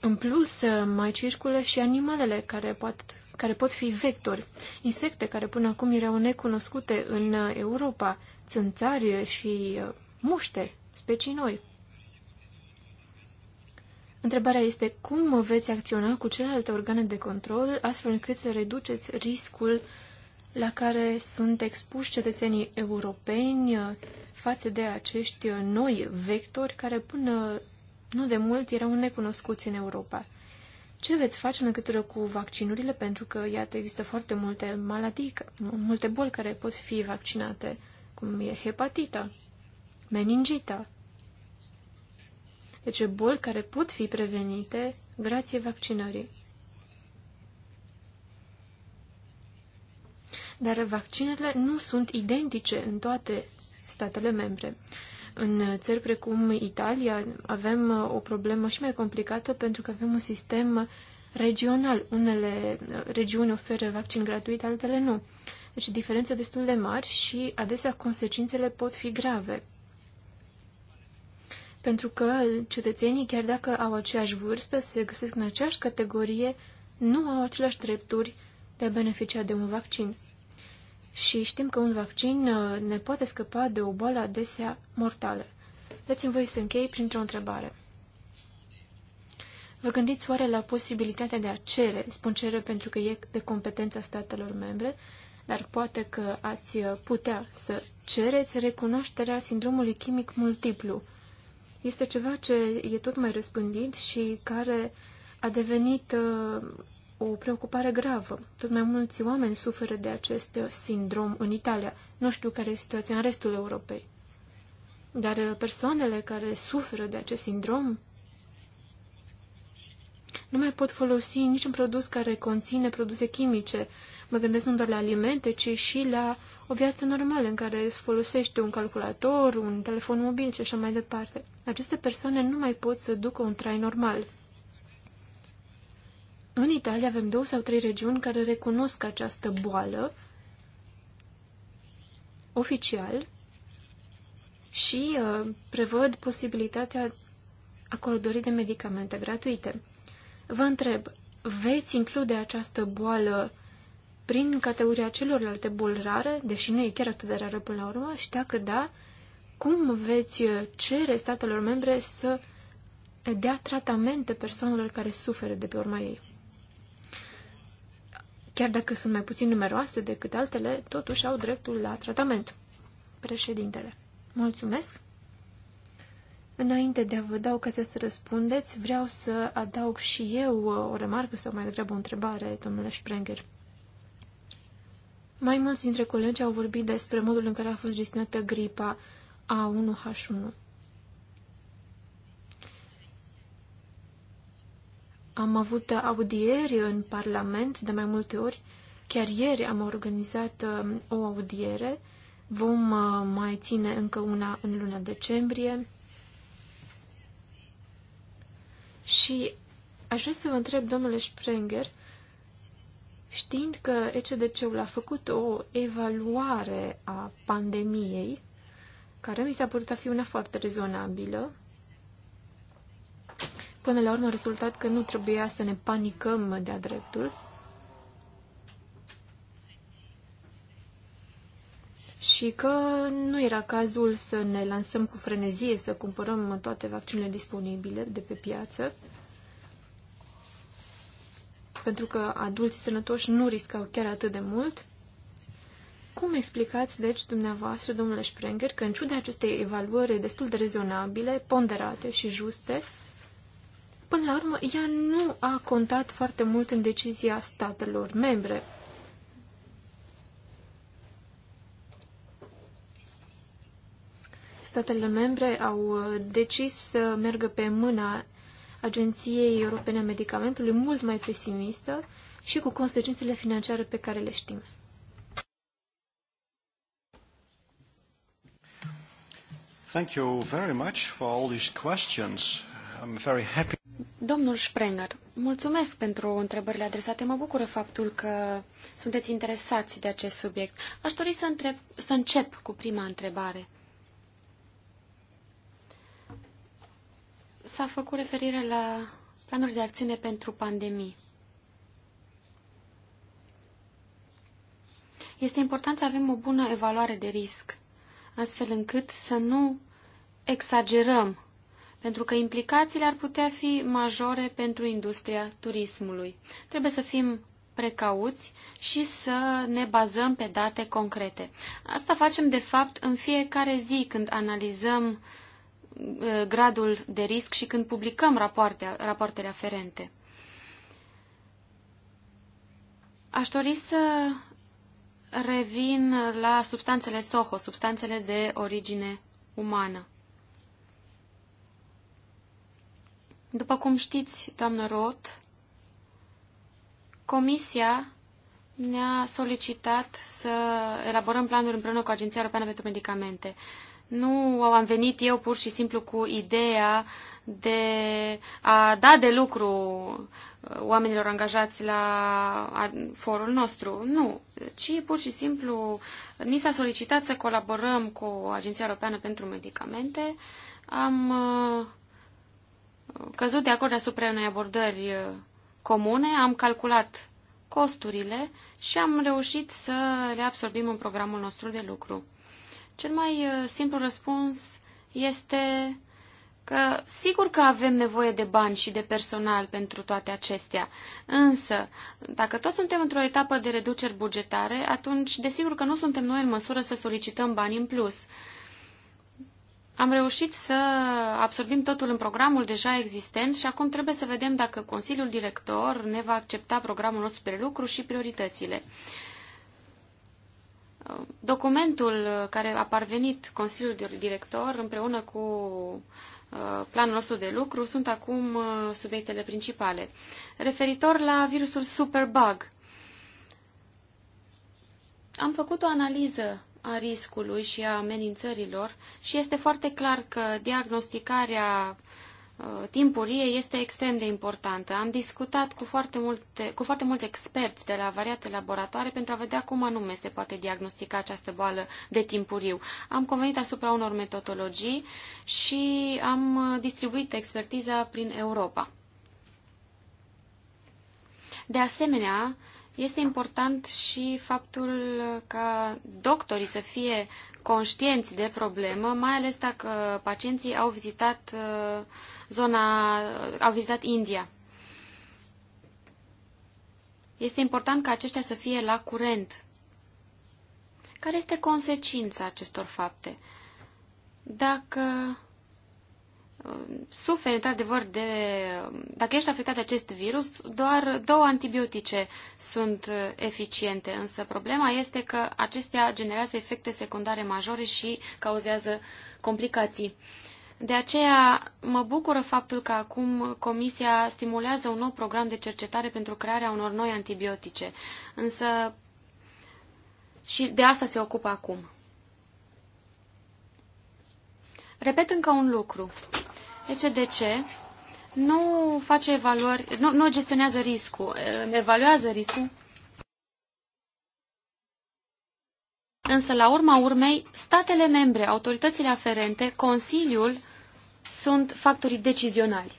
În plus, uh, mai circulă și animalele care pot, care pot fi vectori, insecte care până acum erau necunoscute în Europa, țânțari și muște, specii noi. Întrebarea este cum veți acționa cu celelalte organe de control astfel încât să reduceți riscul la care sunt expuși cetățenii europeni față de acești noi vectori care până nu de mult erau necunoscuți în Europa. Ce veți face în legătură cu vaccinurile? Pentru că, iată, există foarte multe maladii, multe boli care pot fi vaccinate, cum e hepatita, meningita. Deci boli care pot fi prevenite grație vaccinării. dar vaccinurile nu sunt identice în toate statele membre. În țări precum Italia avem uh, o problemă și mai complicată pentru că avem un sistem regional. Unele uh, regiuni oferă vaccin gratuit, altele nu. Deci diferențe destul de mari și adesea consecințele pot fi grave. Pentru că cetățenii, chiar dacă au aceeași vârstă, se găsesc în aceeași categorie, nu au aceleași drepturi de a beneficia de un vaccin și știm că un vaccin uh, ne poate scăpa de o boală adesea mortală. Dați-mi voi să închei printr-o întrebare. Vă gândiți oare la posibilitatea de a cere, spun cere pentru că e de competența statelor membre, dar poate că ați uh, putea să cereți recunoașterea sindromului chimic multiplu. Este ceva ce e tot mai răspândit și care a devenit uh, o preocupare gravă. Tot mai mulți oameni suferă de acest sindrom în Italia. Nu știu care este situația în restul Europei. Dar uh, persoanele care suferă de acest sindrom nu mai pot folosi niciun produs care conține produse chimice. Mă gândesc nu doar la alimente, ci și la o viață normală în care se folosește un calculator, un telefon mobil și așa mai departe. Aceste persoane nu mai pot să ducă un trai normal. În Italia avem două sau trei regiuni care recunosc această boală oficial și uh, prevăd posibilitatea acordării de medicamente gratuite. Vă întreb, veți include această boală prin categoria celorlalte boli rare, deși nu e chiar atât de rară până la urmă, și dacă da, cum veți uh, cere statelor membre să dea tratamente persoanelor care suferă de pe urma ei? Chiar dacă sunt mai puțin numeroase decât altele, totuși au dreptul la tratament. Președintele, mulțumesc! Înainte de a vă dau ocazia să răspundeți, vreau să adaug și eu uh, o remarcă sau mai degrabă o întrebare, domnule Sprenger. Mai mulți dintre colegi au vorbit despre modul în care a fost gestionată gripa A1H1. Am avut audieri în Parlament de mai multe ori. Chiar ieri am organizat uh, o audiere. Vom uh, mai ține încă una în luna decembrie. Și aș vrea să vă întreb, domnule Sprenger, știind că ECDC-ul a făcut o evaluare a pandemiei, care mi s-a părut a fi una foarte rezonabilă, Până la urmă, rezultat că nu trebuia să ne panicăm de-a dreptul. Și că nu era cazul să ne lansăm cu frenezie, să cumpărăm toate vaccinurile disponibile de pe piață, pentru că adulții sănătoși nu riscau chiar atât de mult. Cum explicați, deci, dumneavoastră, domnule Sprenger, că în ciuda acestei evaluări destul de rezonabile, ponderate și juste, Până la urmă, ea nu a contat foarte mult în decizia statelor membre. Statele membre au uh, decis să meargă pe mâna Agenției Europene a Medicamentului, mult mai pesimistă și cu consecințele financiare pe care le știm. Thank you very much for all these questions. I'm very happy. Domnul Sprenger, mulțumesc pentru întrebările adresate. Mă bucură faptul că sunteți interesați de acest subiect. Aș dori să, întreb, să încep cu prima întrebare. S-a făcut referire la planuri de acțiune pentru pandemii. Este important să avem o bună evaluare de risc, astfel încât să nu exagerăm pentru că implicațiile ar putea fi majore pentru industria turismului. Trebuie să fim precauți și să ne bazăm pe date concrete. Asta facem, de fapt, în fiecare zi când analizăm uh, gradul de risc și când publicăm rapoarte, rapoartele aferente. Aș dori să revin la substanțele SOHO, substanțele de origine umană. După cum știți, doamnă Roth, Comisia ne-a solicitat să elaborăm planuri împreună cu Agenția Europeană pentru Medicamente. Nu am venit eu pur și simplu cu ideea de a da de lucru uh, oamenilor angajați la forul nostru. Nu, ci pur și simplu ni s-a solicitat să colaborăm cu Agenția Europeană pentru Medicamente. Am uh, căzut de acord asupra unei abordări uh, comune, am calculat costurile și am reușit să le absorbim în programul nostru de lucru. Cel mai uh, simplu răspuns este că sigur că avem nevoie de bani și de personal pentru toate acestea, însă dacă toți suntem într-o etapă de reduceri bugetare, atunci desigur că nu suntem noi în măsură să solicităm bani în plus. Am reușit să absorbim totul în programul deja existent și acum trebuie să vedem dacă Consiliul Director ne va accepta programul nostru de lucru și prioritățile. Documentul care a parvenit Consiliul Director împreună cu uh, planul nostru de lucru sunt acum uh, subiectele principale. Referitor la virusul Superbug, am făcut o analiză a riscului și a amenințărilor și este foarte clar că diagnosticarea uh, timpurie este extrem de importantă. Am discutat cu foarte, multe, cu foarte mulți experți de la variate laboratoare pentru a vedea cum anume se poate diagnostica această boală de timpuriu. Am convenit asupra unor metodologii și am uh, distribuit expertiza prin Europa. De asemenea, este important și faptul ca doctorii să fie conștienți de problemă, mai ales dacă pacienții au vizitat uh, zona, uh, au vizitat India. Este important ca aceștia să fie la curent. Care este consecința acestor fapte? Dacă suferi într-adevăr de... Dacă ești afectat de acest virus, doar două antibiotice sunt eficiente, însă problema este că acestea generează efecte secundare majore și cauzează complicații. De aceea mă bucură faptul că acum Comisia stimulează un nou program de cercetare pentru crearea unor noi antibiotice, însă și de asta se ocupă acum. Repet încă un lucru. ECDC deci, nu face evaluări, nu, nu gestionează riscul, uh, evaluează riscul, însă la urma urmei, statele membre, autoritățile aferente, Consiliul sunt factorii decizionali.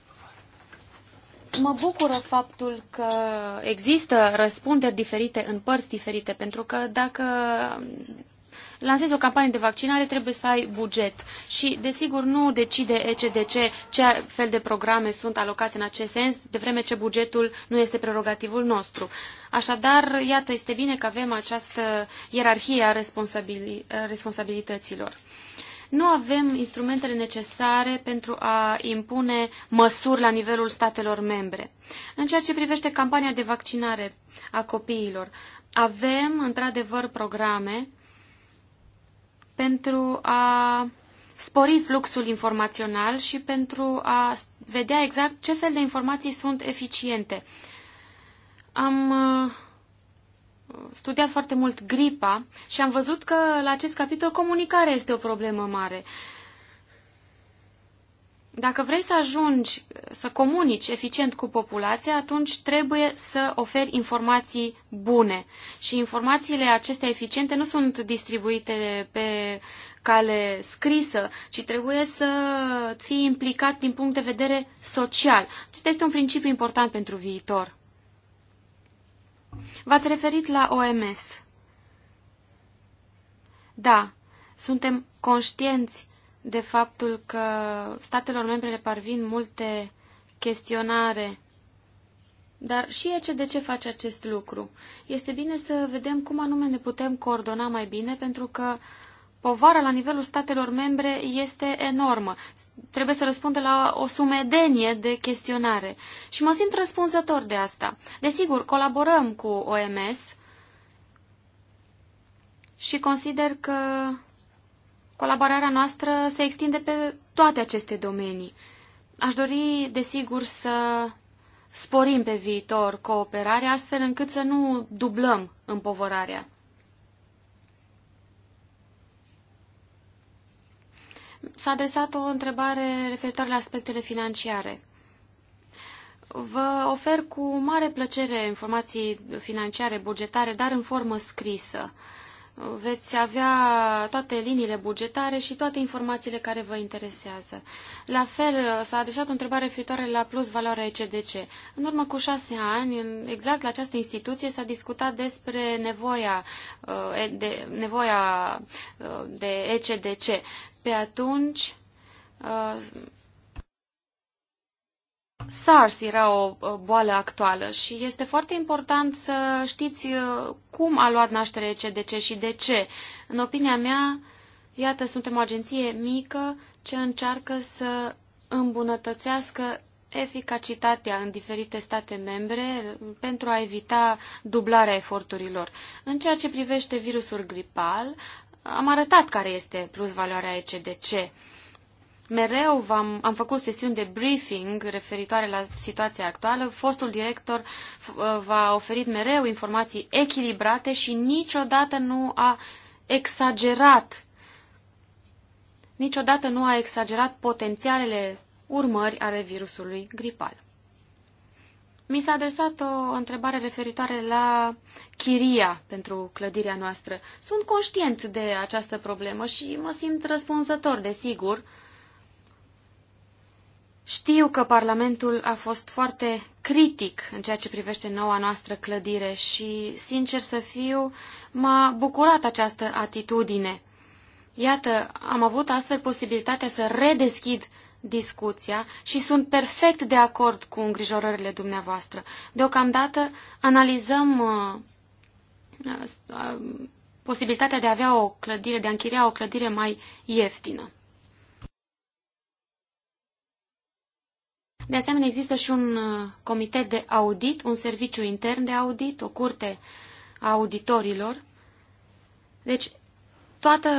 Mă bucură faptul că există răspunderi diferite în părți diferite, pentru că dacă lansezi o campanie de vaccinare, trebuie să ai buget. Și, desigur, nu decide ECDC ce fel de programe sunt alocate în acest sens, de vreme ce bugetul nu este prerogativul nostru. Așadar, iată, este bine că avem această ierarhie a responsabilităților nu avem instrumentele necesare pentru a impune măsuri la nivelul statelor membre. În ceea ce privește campania de vaccinare a copiilor, avem, într-adevăr, programe pentru a spori fluxul informațional și pentru a vedea exact ce fel de informații sunt eficiente. Am uh, studiat foarte mult gripa și am văzut că la acest capitol comunicarea este o problemă mare. Dacă vrei să ajungi să comunici eficient cu populația, atunci trebuie să oferi informații bune. Și informațiile acestea eficiente nu sunt distribuite pe cale scrisă, ci trebuie să fii implicat din punct de vedere social. Acesta este un principiu important pentru viitor. V-ați referit la OMS. Da, suntem conștienți de faptul că statelor membre le parvin multe chestionare. Dar și ce de ce face acest lucru? Este bine să vedem cum anume ne putem coordona mai bine, pentru că povara la nivelul statelor membre este enormă. Trebuie să răspundă la o sumedenie de chestionare. Și mă simt răspunzător de asta. Desigur, colaborăm cu OMS și consider că Colaborarea noastră se extinde pe toate aceste domenii. Aș dori, desigur, să sporim pe viitor cooperarea astfel încât să nu dublăm împovărarea. S-a adresat o întrebare referitoare la aspectele financiare. Vă ofer cu mare plăcere informații financiare, bugetare, dar în formă scrisă. Uh, veți avea toate liniile bugetare și toate informațiile care vă interesează. La fel, s-a adresat o întrebare referitoare la plus valoarea ECDC. În urmă cu șase ani, exact la această instituție, s-a discutat despre nevoia uh, de, nevoia uh, de ECDC. Pe atunci uh, SARS era o boală actuală și este foarte important să știți uh, cum a luat naștere CDC și de ce. În opinia mea, iată, suntem o agenție mică ce încearcă să îmbunătățească eficacitatea în diferite state membre pentru a evita dublarea eforturilor. În ceea ce privește virusul gripal, am arătat care este plus valoarea ECDC. Mereu am am făcut sesiuni de briefing referitoare la situația actuală. Fostul director uh, v-a oferit mereu informații echilibrate și niciodată nu a exagerat. Niciodată nu a exagerat potențialele urmări ale virusului gripal. Mi s-a adresat o întrebare referitoare la chiria pentru clădirea noastră. Sunt conștient de această problemă și mă simt răspunzător, desigur, sigur știu că Parlamentul a fost foarte critic în ceea ce privește noua noastră clădire și, sincer să fiu, m-a bucurat această atitudine. Iată, am avut astfel posibilitatea să redeschid discuția și sunt perfect de acord cu îngrijorările dumneavoastră. Deocamdată analizăm uh, uh, posibilitatea de a avea o clădire, de a închiria o clădire mai ieftină. De asemenea, există și un uh, comitet de audit, un serviciu intern de audit, o curte a auditorilor. Deci, toată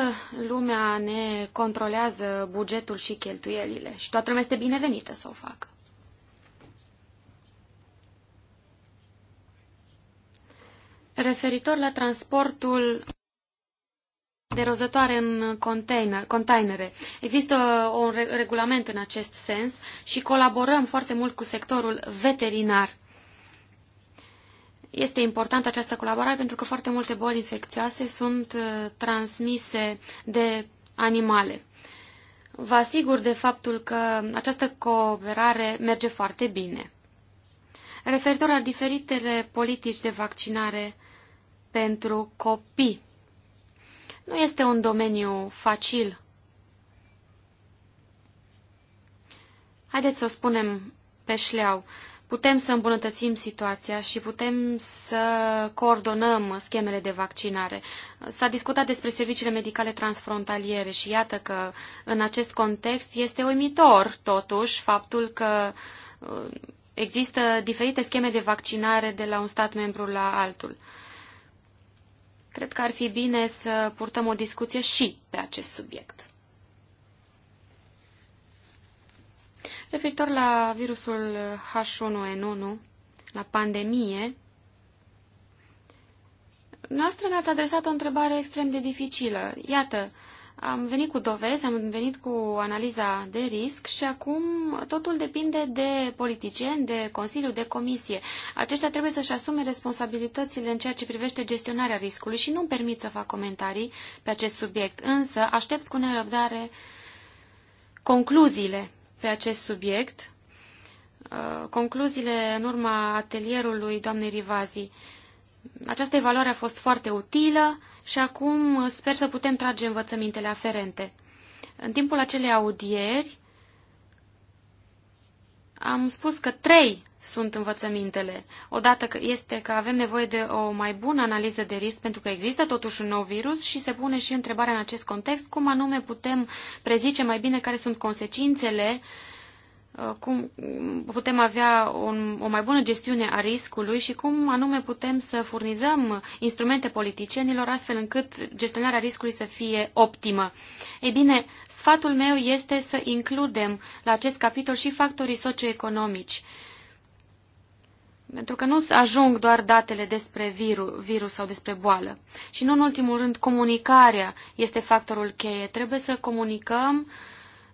lumea ne controlează bugetul și cheltuielile și toată lumea este binevenită să o facă. Referitor la transportul de rozătoare în container, containere. Există un regulament în acest sens și colaborăm foarte mult cu sectorul veterinar. Este importantă această colaborare pentru că foarte multe boli infecțioase sunt uh, transmise de animale. Vă asigur de faptul că această cooperare merge foarte bine. Referitor la diferitele politici de vaccinare pentru copii, nu este un domeniu facil. Haideți să o spunem pe șleau. Putem să îmbunătățim situația și putem să coordonăm schemele de vaccinare. S-a discutat despre serviciile medicale transfrontaliere și iată că în acest context este uimitor totuși faptul că uh, există diferite scheme de vaccinare de la un stat membru la altul. Cred că ar fi bine să purtăm o discuție și pe acest subiect. Referitor la virusul H1N1, la pandemie, noastră ne-ați adresat o întrebare extrem de dificilă. Iată, am venit cu dovezi, am venit cu analiza de risc și acum totul depinde de politicieni, de Consiliu, de Comisie. Aceștia trebuie să-și asume responsabilitățile în ceea ce privește gestionarea riscului și nu-mi permit să fac comentarii pe acest subiect. Însă aștept cu nerăbdare concluziile pe acest subiect, uh, concluziile în urma atelierului doamnei Rivazi. Această evaluare a fost foarte utilă și acum sper să putem trage învățămintele aferente. În timpul acelei audieri am spus că trei sunt învățămintele. Odată este că avem nevoie de o mai bună analiză de risc pentru că există totuși un nou virus și se pune și întrebarea în acest context cum anume putem prezice mai bine care sunt consecințele uh, Uh, cum putem avea un, o mai bună gestiune a riscului și cum anume putem să furnizăm instrumente politicienilor astfel încât gestionarea riscului să fie optimă. Ei bine, sfatul meu este să includem la acest capitol și factorii socioeconomici. Pentru că nu ajung doar datele despre virus, virus sau despre boală. Și nu în ultimul rând, comunicarea este factorul cheie. Trebuie să comunicăm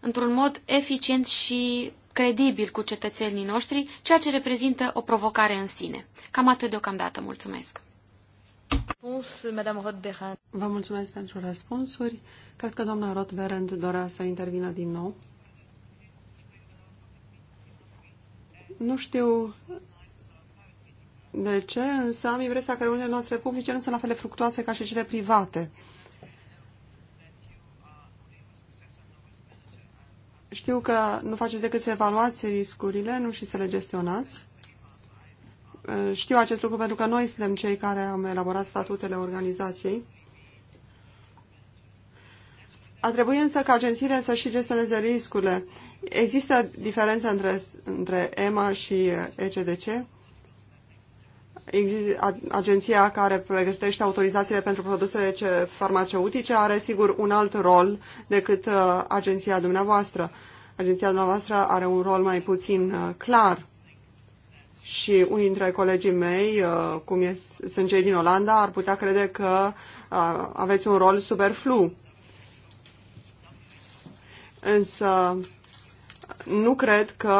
într-un mod eficient și credibil cu cetățenii noștri, ceea ce reprezintă o provocare în sine. Cam atât deocamdată. Mulțumesc! Vă mulțumesc pentru răspunsuri. Cred că doamna Rothberend dorea să intervină din nou. Nu știu de ce, însă am impresia că reuniunile noastre publice nu sunt la fel de fructuoase ca și cele private. Știu că nu faceți decât să evaluați riscurile, nu și să le gestionați. Uh, știu acest lucru pentru că noi suntem cei care am elaborat statutele organizației. A trebuit însă ca agențiile să și gestioneze riscurile. Există diferență între, între EMA și ECDC? Există agenția care pregătește autorizațiile pentru produsele farmaceutice are sigur un alt rol decât uh, agenția dumneavoastră. Agenția dumneavoastră are un rol mai puțin uh, clar și unii dintre colegii mei, uh, cum e, sunt cei din Olanda, ar putea crede că aveți un rol superflu. Însă nu cred că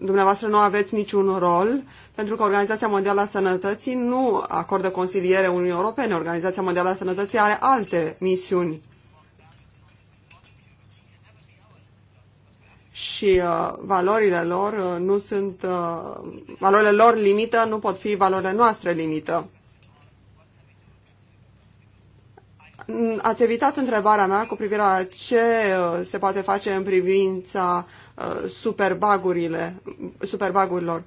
dumneavoastră nu aveți niciun rol, pentru că Organizația Mondială a Sănătății nu acordă consiliere Uniunii Europene. Organizația Mondială a Sănătății are alte misiuni. Și uh, valorile lor uh, nu sunt. Uh, valorile lor limită nu pot fi valorile noastre limită. Ați evitat întrebarea mea cu privire la ce uh, se poate face în privința Uh, superbagurile, superbagurilor.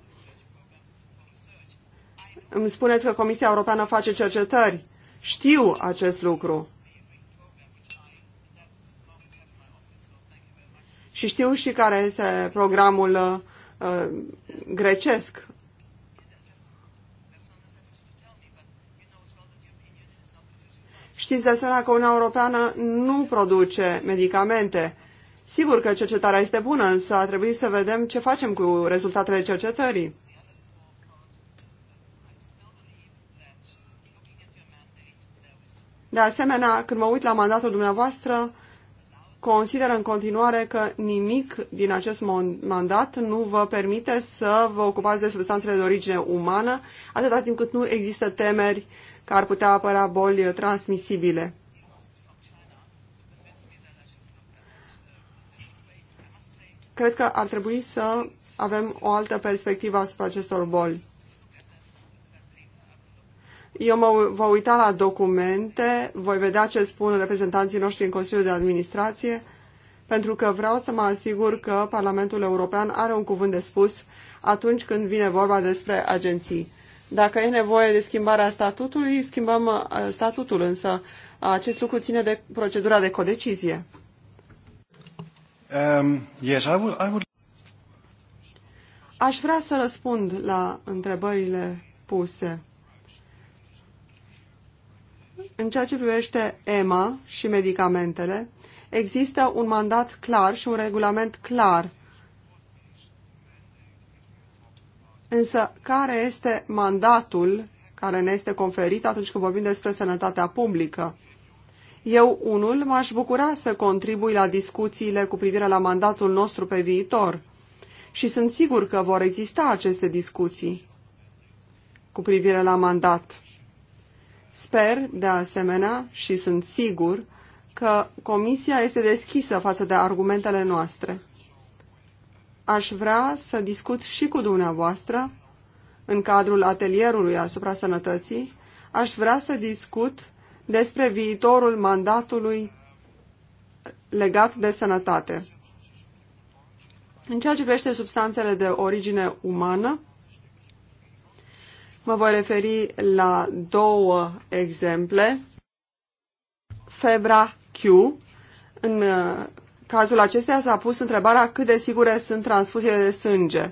Îmi spuneți că Comisia Europeană face cercetări. Știu acest lucru. Și știu și care este programul uh, grecesc. Știți de asemenea că Uniunea Europeană nu produce medicamente. Sigur că cercetarea este bună, însă a trebuit să vedem ce facem cu rezultatele cercetării. De asemenea, când mă uit la mandatul dumneavoastră, consider în continuare că nimic din acest mandat nu vă permite să vă ocupați de substanțele de origine umană, atâta timp cât nu există temeri că ar putea apărea boli transmisibile. cred că ar trebui să avem o altă perspectivă asupra acestor boli. Eu mă voi uita la documente, voi vedea ce spun reprezentanții noștri în Consiliul de Administrație, pentru că vreau să mă asigur că Parlamentul European are un cuvânt de spus atunci când vine vorba despre agenții. Dacă e nevoie de schimbarea statutului, schimbăm uh, statutul, însă acest lucru ține de procedura de codecizie. Um, yes, I would, I would... Aș vrea să răspund la întrebările puse. În ceea ce privește EMA și medicamentele, există un mandat clar și un regulament clar. Însă, care este mandatul care ne este conferit atunci când vorbim despre sănătatea publică? Eu, unul, m-aș bucura să contribui la discuțiile cu privire la mandatul nostru pe viitor și sunt sigur că vor exista aceste discuții cu privire la mandat. Sper, de asemenea, și sunt sigur că Comisia este deschisă față de argumentele noastre. Aș vrea să discut și cu dumneavoastră, în cadrul atelierului asupra sănătății, aș vrea să discut despre viitorul mandatului legat de sănătate. În ceea ce privește substanțele de origine umană, mă voi referi la două exemple. Febra Q. În uh, cazul acesteia s-a pus întrebarea cât de sigure sunt transfuziile de sânge.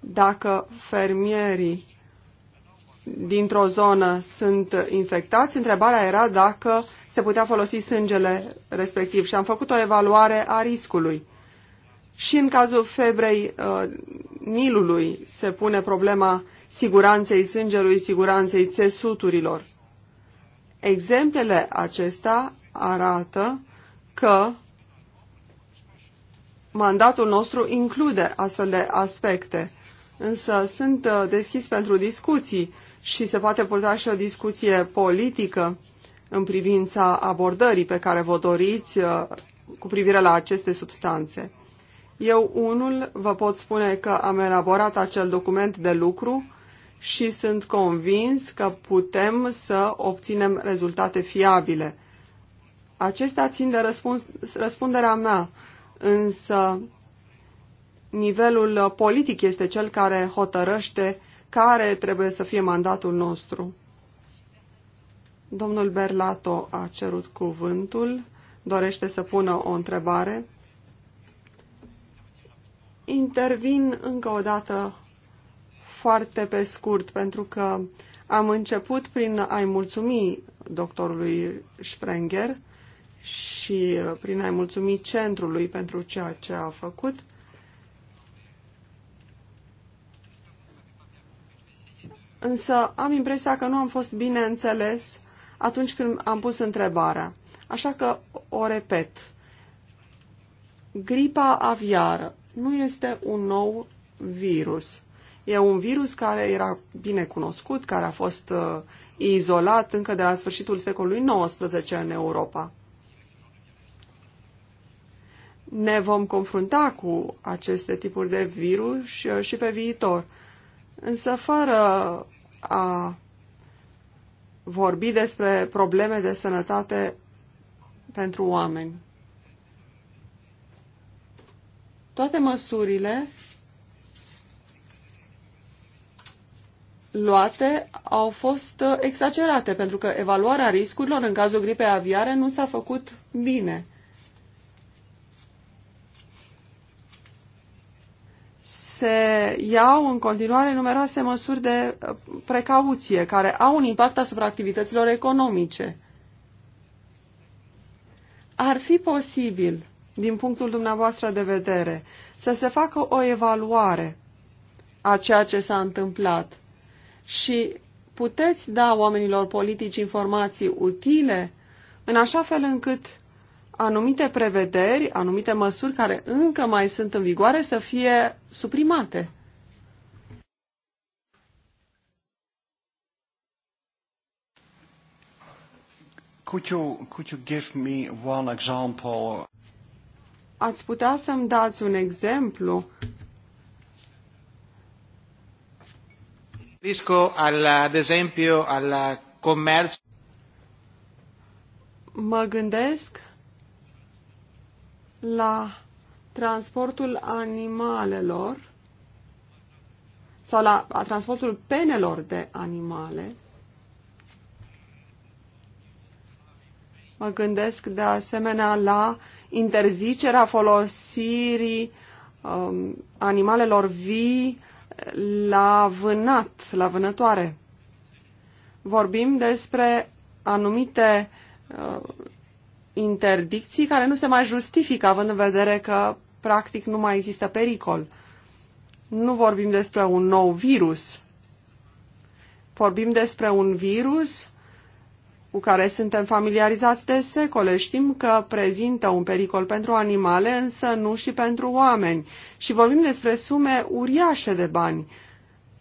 Dacă fermierii dintr-o zonă sunt infectați, întrebarea era dacă se putea folosi sângele respectiv și am făcut o evaluare a riscului. Și în cazul febrei uh, Nilului se pune problema siguranței sângelui, siguranței țesuturilor. Exemplele acestea arată că mandatul nostru include astfel de aspecte, însă sunt uh, deschis pentru discuții și se poate purta și o discuție politică în privința abordării pe care vă doriți uh, cu privire la aceste substanțe. Eu, unul, vă pot spune că am elaborat acel document de lucru și sunt convins că putem să obținem rezultate fiabile. Acestea țin de răspuns, răspunderea mea, însă nivelul politic este cel care hotărăște care trebuie să fie mandatul nostru. Domnul Berlato a cerut cuvântul, dorește să pună o întrebare. Intervin încă o dată foarte pe scurt, pentru că am început prin a-i mulțumi doctorului Sprenger și prin a-i mulțumi centrului pentru ceea ce a făcut. însă am impresia că nu am fost bine înțeles atunci când am pus întrebarea. Așa că o repet. Gripa aviară nu este un nou virus. E un virus care era bine cunoscut, care a fost uh, izolat încă de la sfârșitul secolului XIX în Europa. Ne vom confrunta cu aceste tipuri de virus și, uh, și pe viitor însă fără a vorbi despre probleme de sănătate pentru oameni. Toate măsurile luate au fost exagerate, pentru că evaluarea riscurilor în cazul gripei aviare nu s-a făcut bine. se iau în continuare numeroase măsuri de uh, precauție care au un impact asupra activităților economice. Ar fi posibil, din punctul dumneavoastră de vedere, să se facă o evaluare a ceea ce s-a întâmplat și puteți da oamenilor politici informații utile în așa fel încât anumite prevederi, anumite măsuri care încă mai sunt în vigoare să fie suprimate. Could you, could you give me one example? Ați putea să-mi dați un exemplu? Risco, al, ad esempio, al comerț. Mă gândesc la transportul animalelor sau la transportul penelor de animale. Mă gândesc de asemenea la interzicerea folosirii um, animalelor vii la vânat, la vânătoare. Vorbim despre anumite uh, interdicții care nu se mai justifică, având în vedere că practic nu mai există pericol. Nu vorbim despre un nou virus. Vorbim despre un virus cu care suntem familiarizați de secole. Știm că prezintă un pericol pentru animale, însă nu și pentru oameni. Și vorbim despre sume uriașe de bani.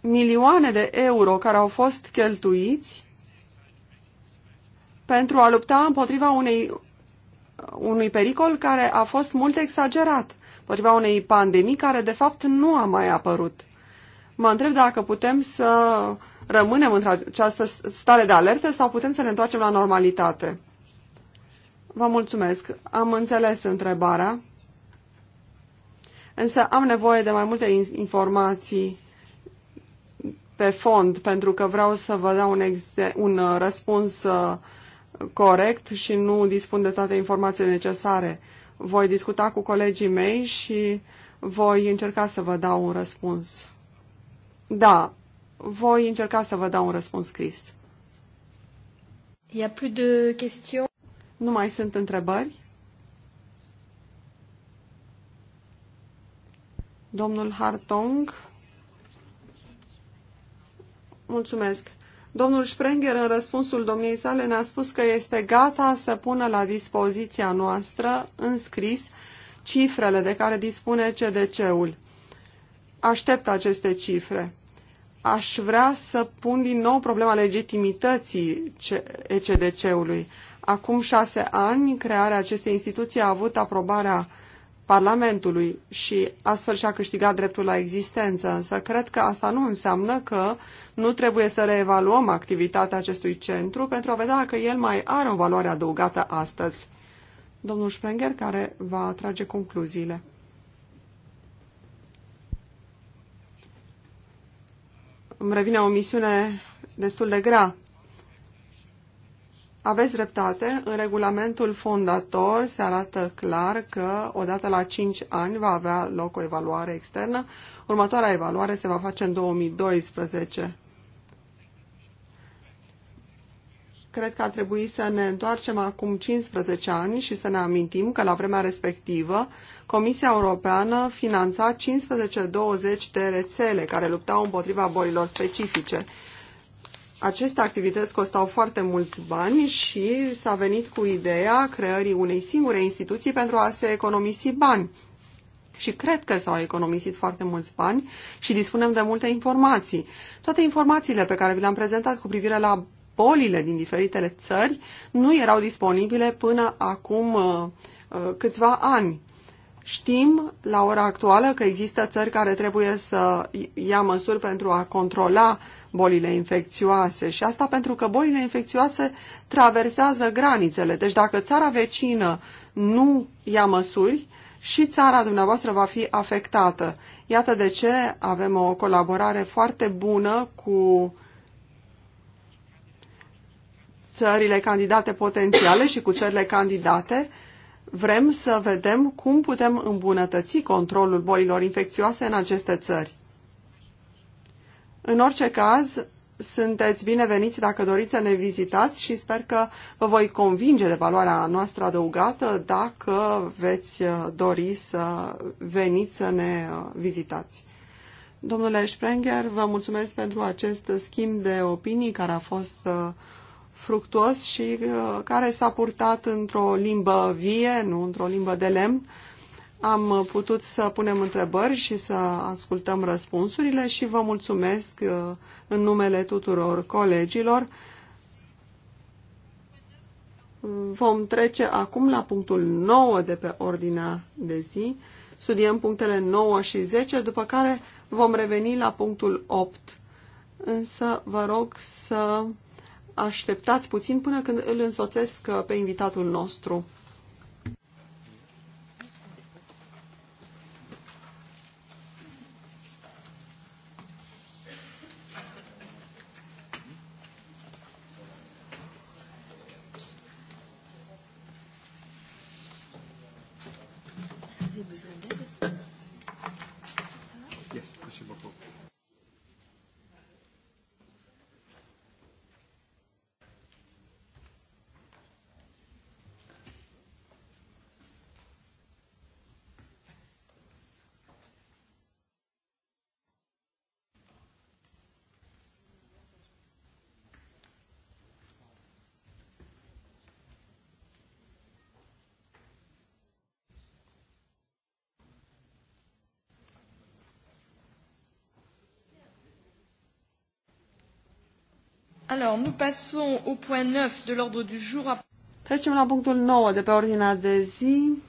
Milioane de euro care au fost cheltuiți pentru a lupta împotriva unei unui pericol care a fost mult exagerat, potriva unei pandemii care de fapt nu a mai apărut. Mă întreb dacă putem să rămânem într-această stare de alertă sau putem să ne întoarcem la normalitate. Vă mulțumesc. Am înțeles întrebarea, însă am nevoie de mai multe informații pe fond pentru că vreau să vă dau un, un uh, răspuns uh, corect și nu dispun de toate informațiile necesare. Voi discuta cu colegii mei și voi încerca să vă dau un răspuns. Da, voi încerca să vă dau un răspuns scris. a plus de questions. Nu mai sunt întrebări? Domnul Hartong. Mulțumesc. Domnul Sprenger, în răspunsul domniei sale, ne-a spus că este gata să pună la dispoziția noastră, în scris, cifrele de care dispune CDC-ul. Aștept aceste cifre. Aș vrea să pun din nou problema legitimității ECDC-ului. Acum șase ani, crearea acestei instituții a avut aprobarea Parlamentului și astfel și-a câștigat dreptul la existență, însă cred că asta nu înseamnă că nu trebuie să reevaluăm activitatea acestui centru pentru a vedea că el mai are o valoare adăugată astăzi. Domnul Sprenger, care va trage concluziile. Îmi revine o misiune destul de grea aveți dreptate, în regulamentul fondator se arată clar că odată la 5 ani va avea loc o evaluare externă. Următoarea evaluare se va face în 2012. Cred că ar trebui să ne întoarcem acum 15 ani și să ne amintim că la vremea respectivă Comisia Europeană finanța 15-20 de rețele care luptau împotriva bolilor specifice aceste activități costau foarte mulți bani și s-a venit cu ideea creării unei singure instituții pentru a se economisi bani. Și cred că s-au economisit foarte mulți bani și dispunem de multe informații. Toate informațiile pe care vi le-am prezentat cu privire la bolile din diferitele țări nu erau disponibile până acum uh, uh, câțiva ani. Știm la ora actuală că există țări care trebuie să ia măsuri pentru a controla bolile infecțioase și asta pentru că bolile infecțioase traversează granițele. Deci dacă țara vecină nu ia măsuri, și țara dumneavoastră va fi afectată. Iată de ce avem o colaborare foarte bună cu țările candidate potențiale și cu țările candidate Vrem să vedem cum putem îmbunătăți controlul bolilor infecțioase în aceste țări. În orice caz, sunteți bineveniți dacă doriți să ne vizitați și sper că vă voi convinge de valoarea noastră adăugată dacă veți uh, dori să veniți să ne uh, vizitați. Domnule Sprenger, vă mulțumesc pentru acest schimb de opinii care a fost uh, fructuos și uh, care s-a purtat într-o limbă vie, nu într-o limbă de lemn. Am putut să punem întrebări și să ascultăm răspunsurile și vă mulțumesc uh, în numele tuturor colegilor. Vom trece acum la punctul 9 de pe ordinea de zi. Studiem punctele 9 și 10, după care vom reveni la punctul 8. Însă vă rog să așteptați puțin până când îl însoțesc uh, pe invitatul nostru. Alors, nous passons au point 9 de l'ordre du jour. Trecem la punctul 9 de pe ordinea de zi.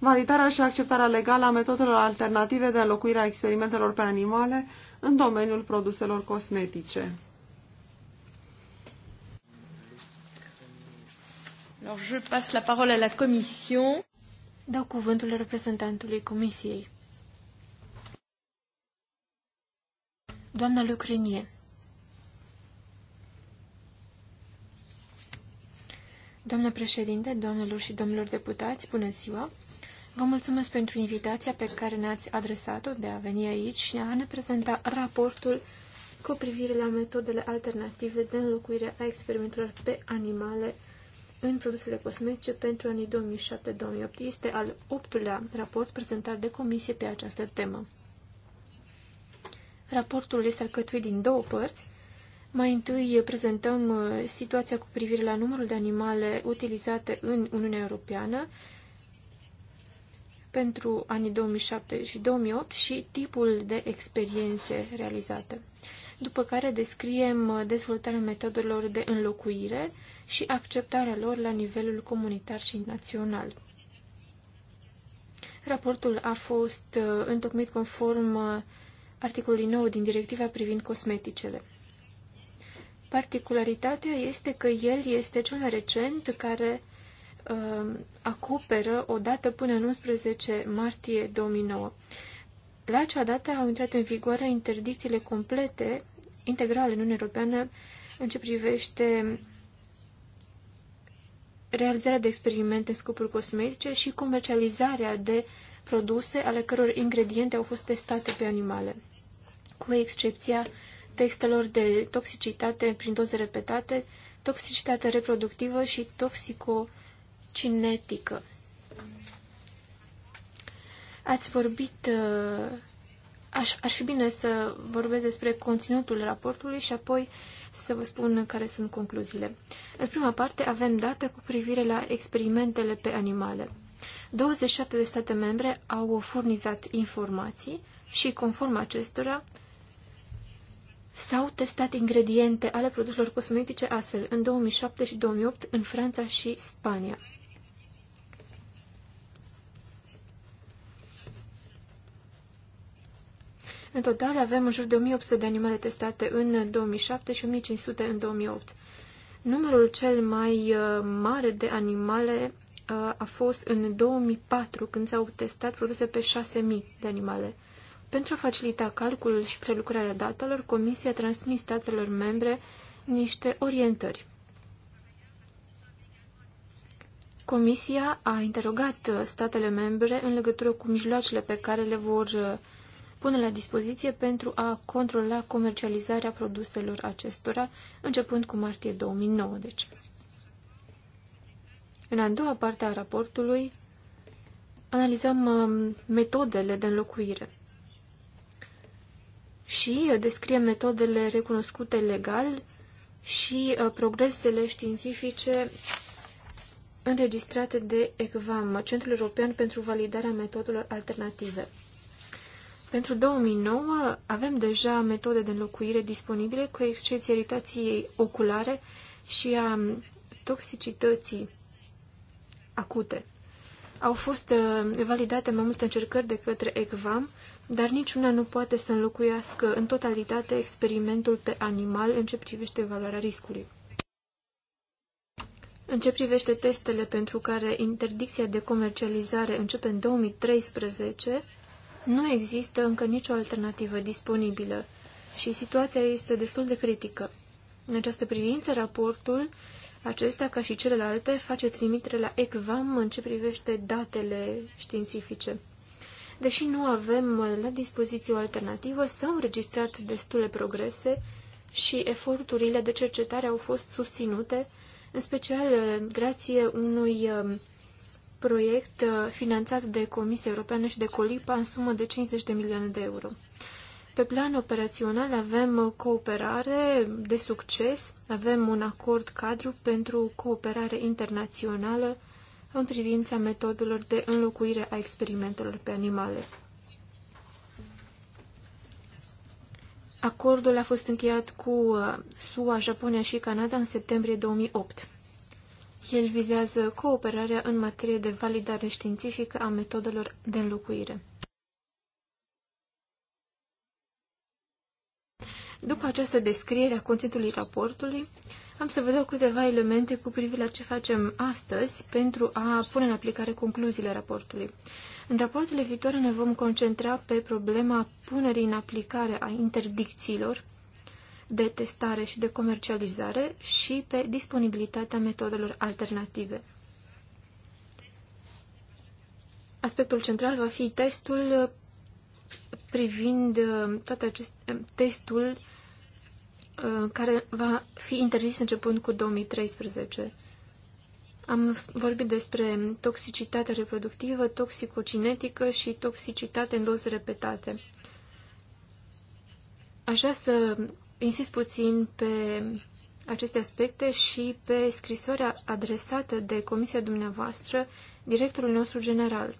Validarea și acceptarea legală a metodelor alternative de înlocuire a experimentelor pe animale în domeniul produselor cosmetice. Alors, je passe la parole à la Commission. Dau cuvântul reprezentantului Comisiei. Doamna Lucrenie. Doamnă președinte, domnilor și domnilor deputați, bună ziua! Vă mulțumesc pentru invitația pe care ne-ați adresat-o de a veni aici și a ne prezenta raportul cu privire la metodele alternative de înlocuire a experimentelor pe animale în produsele cosmetice pentru anii 2007-2008. Este al optulea raport prezentat de comisie pe această temă. Raportul este alcătuit din două părți. Mai întâi prezentăm uh, situația cu privire la numărul de animale utilizate în Uniunea Europeană pentru anii 2007 și 2008 și tipul de experiențe realizate. După care descriem uh, dezvoltarea metodelor de înlocuire și acceptarea lor la nivelul comunitar și național. Raportul a fost uh, întocmit conform articolului 9 din directiva privind cosmeticele. Particularitatea este că el este cel mai recent care uh, acoperă o dată până în 11 martie 2009. La acea dată au intrat în vigoare interdicțiile complete, integrale în Uniunea Europeană, în ce privește realizarea de experimente în scopuri cosmetice și comercializarea de produse ale căror ingrediente au fost testate pe animale, cu excepția textelor de toxicitate prin doze repetate, toxicitate reproductivă și toxicocinetică. Ați vorbit, uh, aș, aș fi bine să vorbesc despre conținutul raportului și apoi să vă spun care sunt concluziile. În prima parte avem date cu privire la experimentele pe animale. 27 de state membre au furnizat informații și, conform acestora, S-au testat ingrediente ale produselor cosmetice astfel în 2007 și 2008 în Franța și Spania. În total avem în jur de 1800 de animale testate în 2007 și 1500 în 2008. Numărul cel mai uh, mare de animale uh, a fost în 2004, când s-au testat produse pe 6000 de animale. Pentru a facilita calculul și prelucrarea datelor, Comisia transmis statelor membre niște orientări. Comisia a interogat statele membre în legătură cu mijloacele pe care le vor pune la dispoziție pentru a controla comercializarea produselor acestora, începând cu martie 2009. Deci. În a doua parte a raportului analizăm um, metodele de înlocuire și uh, descrie metodele recunoscute legal și uh, progresele științifice înregistrate de ECVAM, Centrul European pentru Validarea Metodelor Alternative. Pentru 2009 avem deja metode de înlocuire disponibile, cu excepția iritației oculare și a um, toxicității acute. Au fost uh, validate mai multe încercări de către ECVAM dar niciuna nu poate să înlocuiască în totalitate experimentul pe animal în ce privește valoarea riscului. În ce privește testele pentru care interdicția de comercializare începe în 2013, nu există încă nicio alternativă disponibilă și situația este destul de critică. În această privință, raportul acesta, ca și celelalte, face trimitere la ECVAM în ce privește datele științifice deși nu avem la dispoziție o alternativă, s-au înregistrat destule progrese și eforturile de cercetare au fost susținute, în special uh, grație unui um, proiect uh, finanțat de Comisia Europeană și de Colipa în sumă de 50 de milioane de euro. Pe plan operațional avem cooperare de succes, avem un acord cadru pentru cooperare internațională în privința metodelor de înlocuire a experimentelor pe animale. Acordul a fost încheiat cu uh, SUA, Japonia și Canada în septembrie 2008. El vizează cooperarea în materie de validare științifică a metodelor de înlocuire. După această descriere a conținutului raportului, am să vă dau câteva elemente cu privire la ce facem astăzi pentru a pune în aplicare concluziile raportului. În rapoartele viitoare ne vom concentra pe problema punerii în aplicare a interdicțiilor de testare și de comercializare și pe disponibilitatea metodelor alternative. Aspectul central va fi testul privind uh, toate aceste uh, testul Uh, care va fi interzis începând cu 2013. Am vorbit despre toxicitatea reproductivă, toxicocinetică și toxicitate în doze repetate. Aș vrea să insist puțin pe aceste aspecte și pe scrisoarea adresată de comisia dumneavoastră directorul nostru general.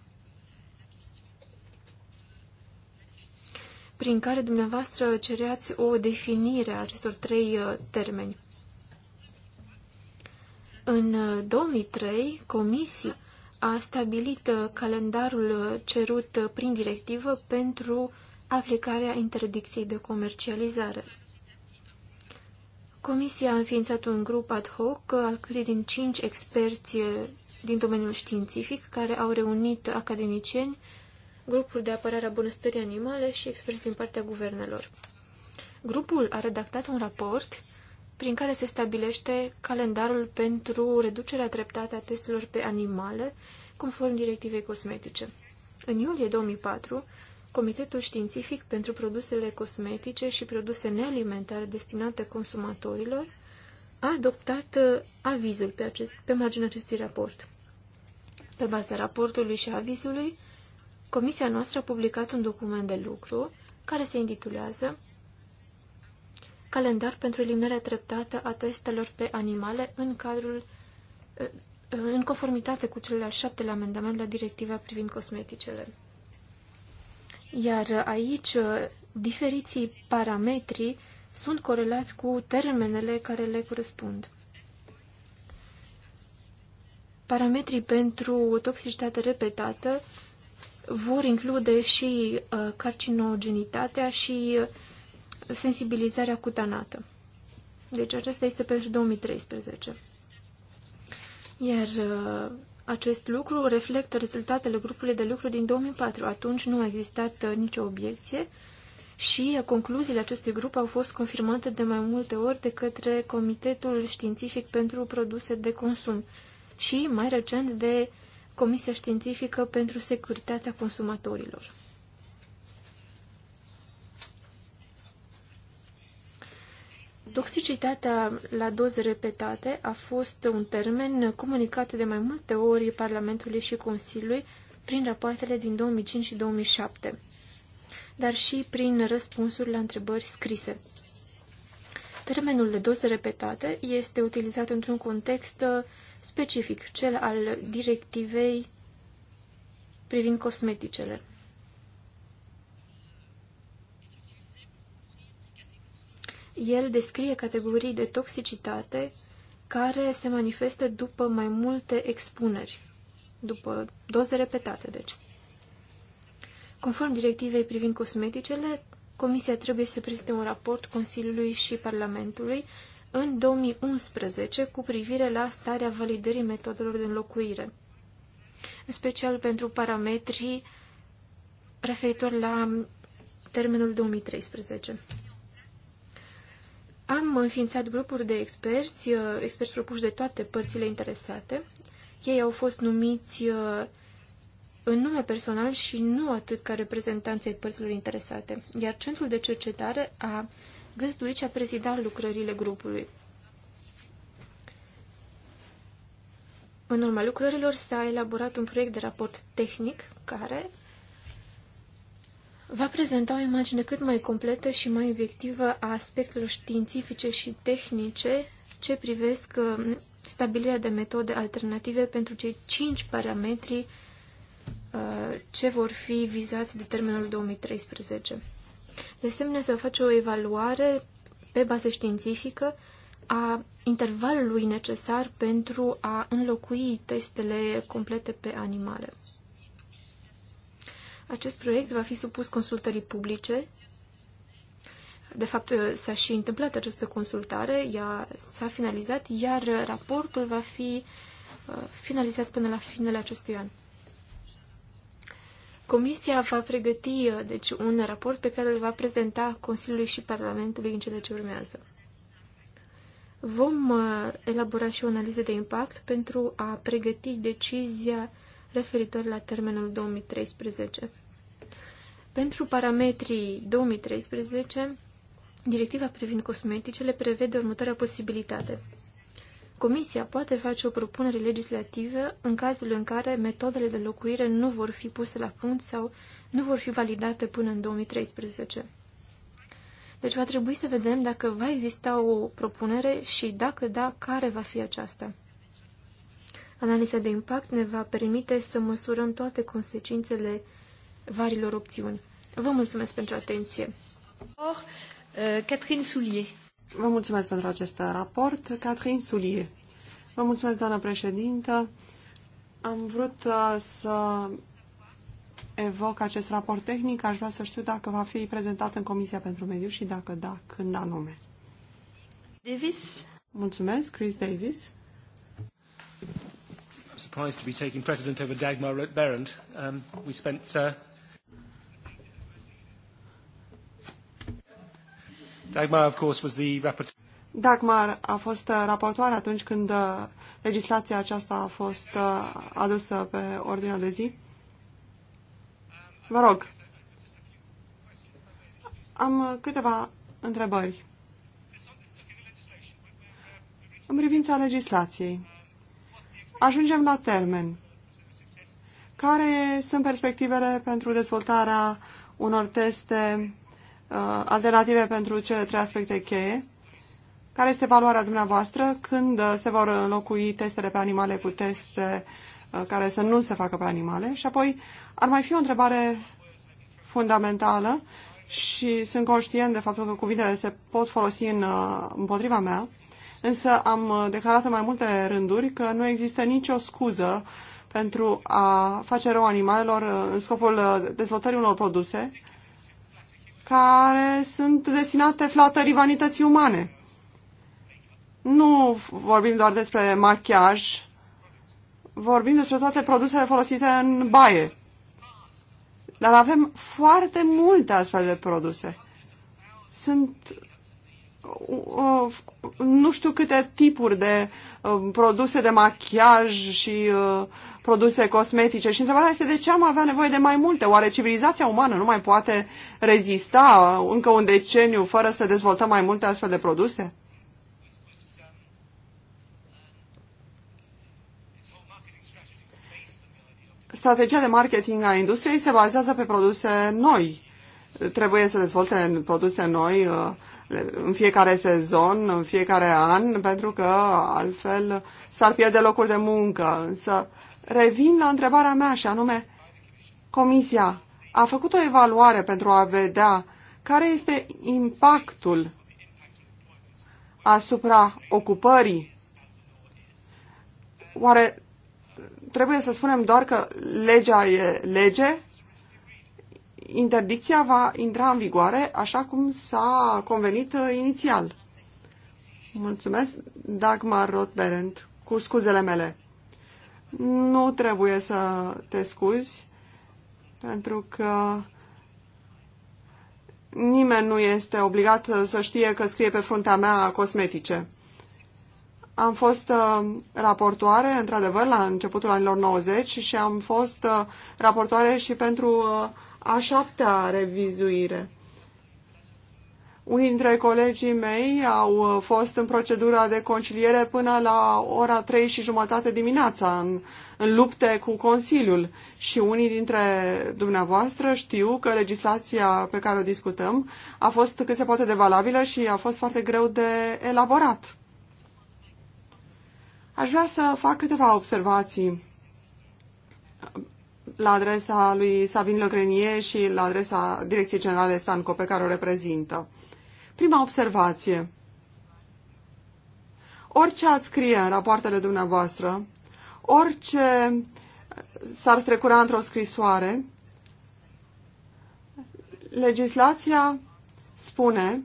prin care dumneavoastră cereați o definire a acestor trei uh, termeni. În 2003, uh, Comisia a stabilit uh, calendarul cerut prin directivă pentru aplicarea interdicției de comercializare. Comisia a înființat un grup ad hoc al cărui din cinci experți din domeniul științific care au reunit academicieni, grupul de apărare a bunăstării animale și experți din partea guvernelor. Grupul a redactat un raport prin care se stabilește calendarul pentru reducerea treptată a testelor pe animale, conform directivei cosmetice. În iulie 2004, Comitetul Științific pentru Produsele Cosmetice și Produse Nealimentare destinate consumatorilor a adoptat uh, avizul pe, acest, pe marginea acestui raport. Pe baza raportului și avizului, Comisia noastră a publicat un document de lucru care se intitulează Calendar pentru eliminarea treptată a testelor pe animale în cadrul eh, în conformitate cu cele al șaptele amendament la directiva privind cosmeticele. Iar aici eh, diferiții parametri sunt corelați cu termenele care le corespund. Parametrii pentru toxicitate repetată vor include și uh, carcinogenitatea și uh, sensibilizarea cutanată. Deci aceasta este pentru 2013. Iar uh, acest lucru reflectă rezultatele grupului de lucru din 2004. Atunci nu a existat nicio obiecție și concluziile acestui grup au fost confirmate de mai multe ori de către Comitetul Științific pentru Produse de Consum și mai recent de uh, Comisia Științifică pentru Securitatea Consumatorilor. Toxicitatea la doze repetate a fost un termen comunicat de mai multe ori Parlamentului și Consiliului prin rapoartele din 2005 și 2007, dar și prin răspunsuri la întrebări scrise. Termenul de doze repetate este utilizat într-un context specific, cel al directivei privind cosmeticele. El descrie categorii de toxicitate care se manifestă după mai multe expuneri, după doze repetate, deci. Conform directivei privind cosmeticele, Comisia trebuie să prezinte un raport Consiliului și Parlamentului în 2011 cu privire la starea validării metodelor de înlocuire, în special pentru parametrii referitor la termenul 2013. Am înființat grupuri de experți, uh, experți propuși de toate părțile interesate. Ei au fost numiți uh, în nume personal și nu atât ca reprezentanții părților interesate, iar centrul de cercetare a Găzduici a prezidat lucrările grupului. În urma lucrărilor s-a elaborat un proiect de raport tehnic care va prezenta o imagine cât mai completă și mai obiectivă a aspectelor științifice și tehnice ce privesc uh, stabilirea de metode alternative pentru cei cinci parametri uh, ce vor fi vizați de termenul 2013. De asemenea, se va face o evaluare pe bază științifică a intervalului necesar pentru a înlocui testele complete pe animale. Acest proiect va fi supus consultării publice. De fapt, s-a și întâmplat această consultare, ea s-a finalizat, iar raportul va fi uh, finalizat până la finele acestui an. Comisia va pregăti uh, deci, un raport pe care îl va prezenta Consiliului și Parlamentului în cele ce urmează. Vom uh, elabora și o analiză de impact pentru a pregăti decizia referitor la termenul 2013. Pentru parametrii 2013, directiva privind cosmeticele prevede următoarea posibilitate – Comisia poate face o propunere legislativă în cazul în care metodele de locuire nu vor fi puse la punct sau nu vor fi validate până în 2013. Deci va trebui să vedem dacă va exista o propunere și dacă da, care va fi aceasta. Analiza de impact ne va permite să măsurăm toate consecințele varilor opțiuni. Vă mulțumesc pentru atenție. Euh, Catherine Soulier. Vă mulțumesc pentru acest raport. Catherine Sulie. Vă mulțumesc, doamnă președintă. Am vrut uh, să evoc acest raport tehnic. Aș vrea să știu dacă va fi prezentat în Comisia pentru Mediu și dacă da, când anume. Davis. Mulțumesc, Chris Davis. I'm surprised to be taking precedent over Dagmar Berend. Um, we spent uh, Dagmar, of course, was the rapporteur. Dagmar a fost uh, raportoare atunci când uh, legislația aceasta a fost uh, adusă pe ordinea de zi. Vă rog. Am câteva întrebări. În privința legislației, ajungem la termen. Care sunt perspectivele pentru dezvoltarea unor teste Uh, alternative pentru cele trei aspecte cheie. Care este valoarea dumneavoastră când uh, se vor înlocui testele pe animale cu teste uh, care să nu se facă pe animale? Și apoi ar mai fi o întrebare fundamentală și sunt conștient de faptul că cuvintele se pot folosi în, împotriva mea, însă am declarat în mai multe rânduri că nu există nicio scuză pentru a face rău animalelor în scopul dezvoltării unor produse care sunt destinate flatării vanității umane. Nu vorbim doar despre machiaj, vorbim despre toate produsele folosite în baie. Dar avem foarte multe astfel de produse. Sunt uh, nu știu câte tipuri de uh, produse de machiaj și uh, produse cosmetice. Și întrebarea este de ce am avea nevoie de mai multe? Oare civilizația umană nu mai poate rezista încă un deceniu fără să dezvoltăm mai multe astfel de produse? Strategia de marketing a industriei se bazează pe produse noi. Trebuie să dezvolte produse noi uh, în fiecare sezon, în fiecare an, pentru că altfel s-ar pierde locuri de muncă. Însă Revin la întrebarea mea și anume, Comisia a făcut o evaluare pentru a vedea care este impactul asupra ocupării. Oare trebuie să spunem doar că legea e lege? Interdicția va intra în vigoare așa cum s-a convenit uh, inițial. Mulțumesc, Dagmar Rotberent, cu scuzele mele nu trebuie să te scuzi, pentru că nimeni nu este obligat să știe că scrie pe fruntea mea cosmetice. Am fost uh, raportoare, într-adevăr, la începutul anilor 90 și am fost uh, raportoare și pentru uh, a șaptea revizuire. Unii dintre colegii mei au uh, fost în procedura de conciliere până la ora 3 și jumătate dimineața în, în lupte cu Consiliul și unii dintre dumneavoastră știu că legislația pe care o discutăm a fost cât se poate de valabilă și a fost foarte greu de elaborat. Aș vrea să fac câteva observații la adresa lui Savin Lăgrenie și la adresa Direcției Generale Sanco pe care o reprezintă. Prima observație. Orice ați scrie în rapoartele dumneavoastră, orice s-ar strecura într-o scrisoare, legislația spune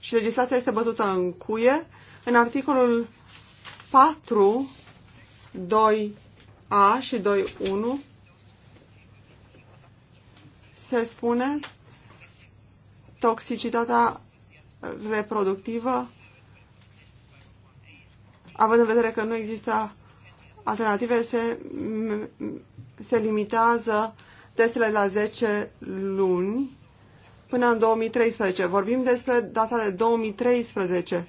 și legislația este bătută în cuie în articolul 4, 2a și 2.1 se spune toxicitatea reproductivă, având în vedere că nu există alternative, se, se limitează testele la 10 luni până în 2013. Vorbim despre data de 2013.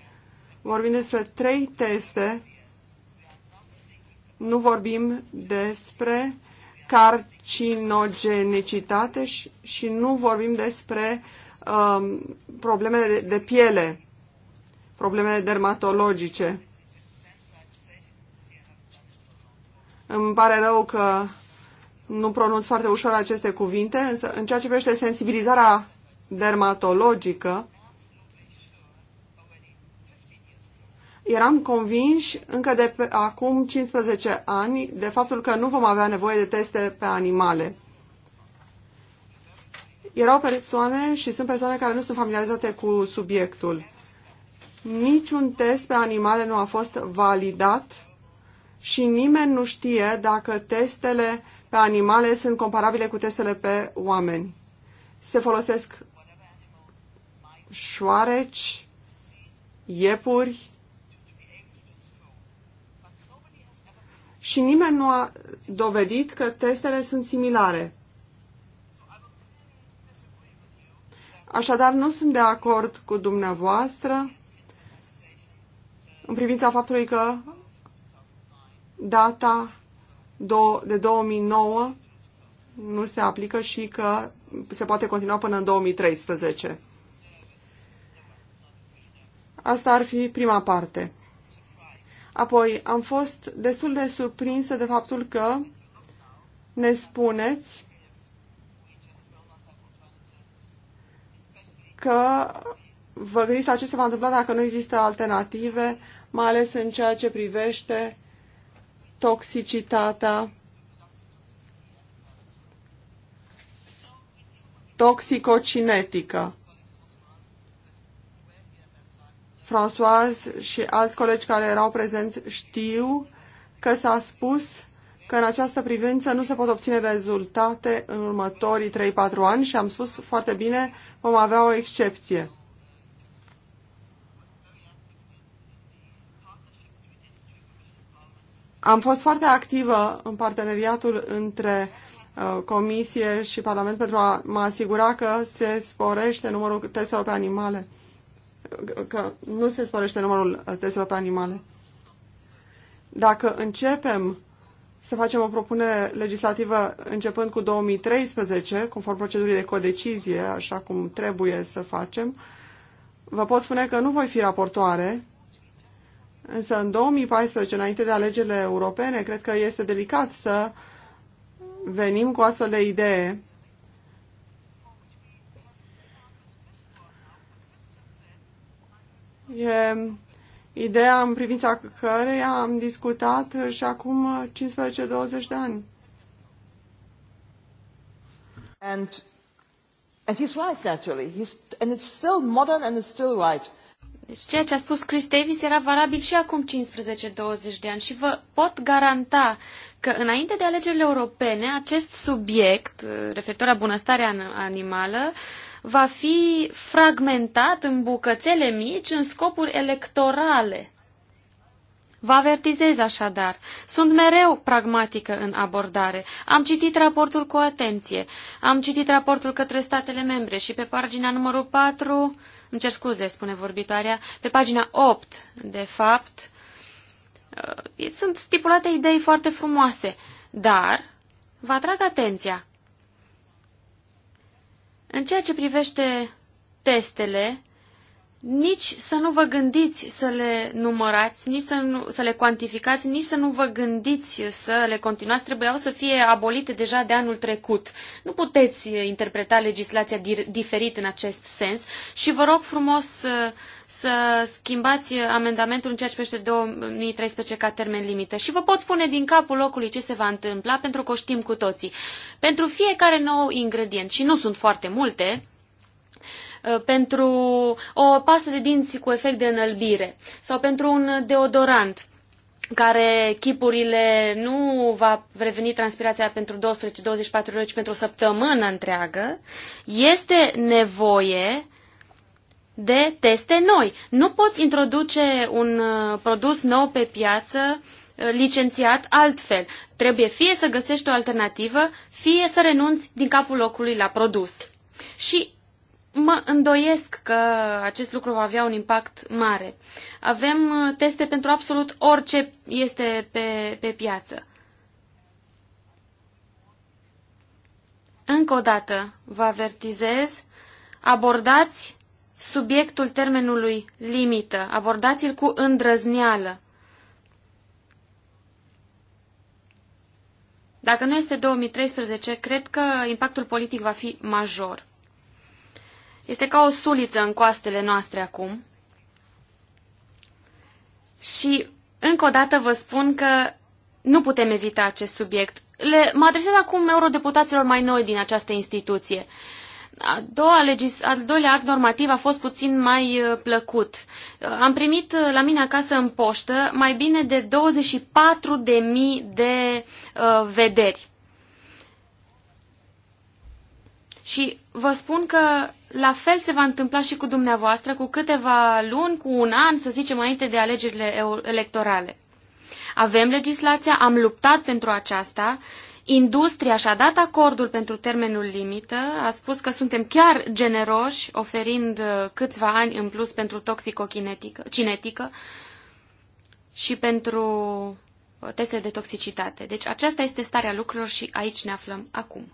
Vorbim despre trei teste. Nu vorbim despre carcinogenicitate și, și nu vorbim despre um, probleme de, de piele, probleme dermatologice. Îmi pare rău că nu pronunț foarte ușor aceste cuvinte, însă în ceea ce privește sensibilizarea dermatologică, eram convinși încă de acum 15 ani de faptul că nu vom avea nevoie de teste pe animale. Erau persoane și sunt persoane care nu sunt familiarizate cu subiectul. Niciun test pe animale nu a fost validat și nimeni nu știe dacă testele pe animale sunt comparabile cu testele pe oameni. Se folosesc șoareci, iepuri și nimeni nu a dovedit că testele sunt similare. Așadar, nu sunt de acord cu dumneavoastră în privința faptului că data de 2009 nu se aplică și că se poate continua până în 2013. Asta ar fi prima parte. Apoi, am fost destul de surprinsă de faptul că ne spuneți că vă gândiți la ce se va întâmpla dacă nu există alternative, mai ales în ceea ce privește toxicitatea, toxicocinetică. Françoise și alți colegi care erau prezenți știu că s-a spus că în această privință nu se pot obține rezultate în următorii 3-4 ani și am spus foarte bine, vom avea o excepție. Am fost foarte activă în parteneriatul între uh, Comisie și Parlament pentru a mă asigura că se sporește numărul testelor pe animale. Că nu se sporește numărul uh, testelor pe animale. Dacă începem să facem o propunere legislativă începând cu 2013, conform procedurii de codecizie, așa cum trebuie să facem. Vă pot spune că nu voi fi raportoare, însă în 2014, înainte de alegerile europene, cred că este delicat să venim cu astfel de idee. E ideea în privința căreia am discutat și acum 15-20 de ani. And, and he's right, naturally. He's, and it's still modern and it's still right. Deci ceea ce a spus Chris Davis era valabil și acum 15-20 de ani și vă pot garanta că înainte de alegerile europene acest subiect eh, referitor la bunăstarea animală uh, va fi fragmentat în bucățele mici în scopuri electorale. Vă avertizez așadar. Sunt mereu pragmatică în abordare. Am citit raportul cu atenție. Am citit raportul către statele membre și pe pagina numărul 4, îmi cer scuze, spune vorbitoarea, pe pagina 8, de fapt, uh, sunt stipulate idei foarte frumoase, dar vă atrag atenția. În ceea ce privește testele, nici să nu vă gândiți să le numărați, nici să, nu, să le cuantificați, nici să nu vă gândiți să le continuați, trebuiau să fie abolite deja de anul trecut. Nu puteți eh, interpreta legislația diferit în acest sens și vă rog frumos să, eh, să schimbați eh, amendamentul în ceea ce privește 2013 ca termen limită. Și vă pot spune din capul locului ce se va întâmpla, pentru că o știm cu toții. Pentru fiecare nou ingredient, și nu sunt foarte multe, Uh, pentru o pastă de dinți cu efect de înălbire sau pentru un deodorant care chipurile nu va reveni transpirația pentru 12-24 ore, ci pentru o săptămână întreagă, este nevoie de teste noi. Nu poți introduce un uh, produs nou pe piață uh, licențiat altfel. Trebuie fie să găsești o alternativă, fie să renunți din capul locului la produs. Și mă îndoiesc că acest lucru va avea un impact mare. Avem uh, teste pentru absolut orice este pe, pe piață. Încă o dată vă avertizez, abordați subiectul termenului limită, abordați-l cu îndrăzneală. Dacă nu este 2013, cred că impactul politic va fi major. Este ca o suliță în coastele noastre acum. Și încă o dată vă spun că nu putem evita acest subiect. Le, mă adresez acum eurodeputaților mai noi din această instituție. A doua legis, al doilea act normativ a fost puțin mai uh, plăcut. Uh, am primit uh, la mine acasă în poștă mai bine de 24.000 de uh, vederi. Și vă spun că la fel se va întâmpla și cu dumneavoastră cu câteva luni, cu un an, să zicem, înainte de alegerile electorale. Avem legislația, am luptat pentru aceasta, industria și-a dat acordul pentru termenul limită, a spus că suntem chiar generoși, oferind uh, câțiva ani în plus pentru toxicocinetică și pentru uh, teste de toxicitate. Deci aceasta este starea lucrurilor și aici ne aflăm acum.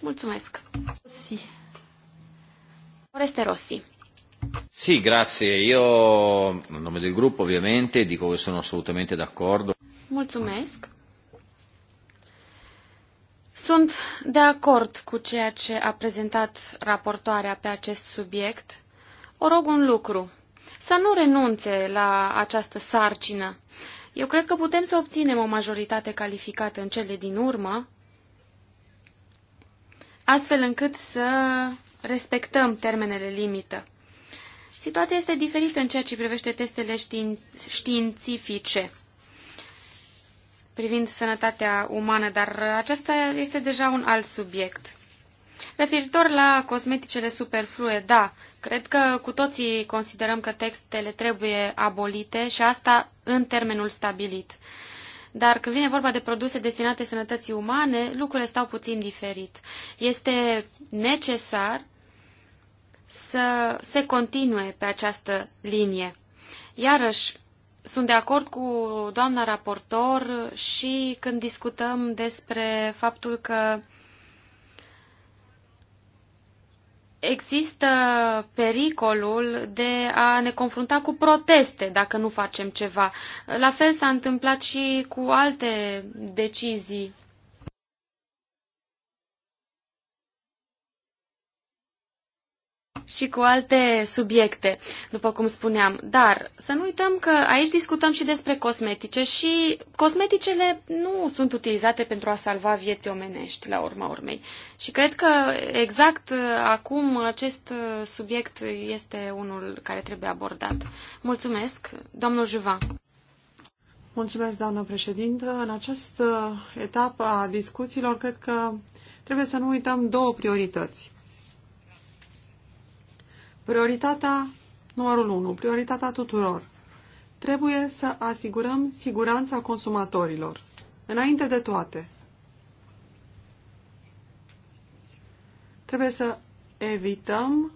Mulțumesc! Si. Oreste Rossi. Sì, grazie. Io, a nome del gruppo ovviamente, dico che sono assolutamente d'accordo. Mulțumesc. Sunt de acord cu ceea ce a prezentat raportoarea pe acest subiect. O rog un lucru, să nu renunțe la această sarcină. Eu cred că putem să obținem o majoritate calificată în cele din urmă, astfel încât să respectăm termenele limită. Situația este diferită în ceea ce privește testele știin științifice privind sănătatea umană, dar acesta este deja un alt subiect. Referitor la cosmeticele superflue, da, cred că cu toții considerăm că textele trebuie abolite și asta în termenul stabilit. Dar când vine vorba de produse destinate sănătății umane, lucrurile stau puțin diferit. Este necesar să se continue pe această linie. Iarăși, sunt de acord cu doamna raportor și când discutăm despre faptul că există pericolul de a ne confrunta cu proteste dacă nu facem ceva. La fel s-a întâmplat și cu alte decizii și cu alte subiecte, după cum spuneam. Dar să nu uităm că aici discutăm și despre cosmetice și cosmeticele nu sunt utilizate pentru a salva vieți omenești, la urma urmei. Și cred că exact uh, acum acest uh, subiect este unul care trebuie abordat. Mulțumesc, domnul Juvan. Mulțumesc, doamnă președintă. În această etapă a discuțiilor, cred că trebuie să nu uităm două priorități. Prioritatea numărul 1, prioritatea tuturor. Trebuie să asigurăm siguranța consumatorilor. Înainte de toate, trebuie să evităm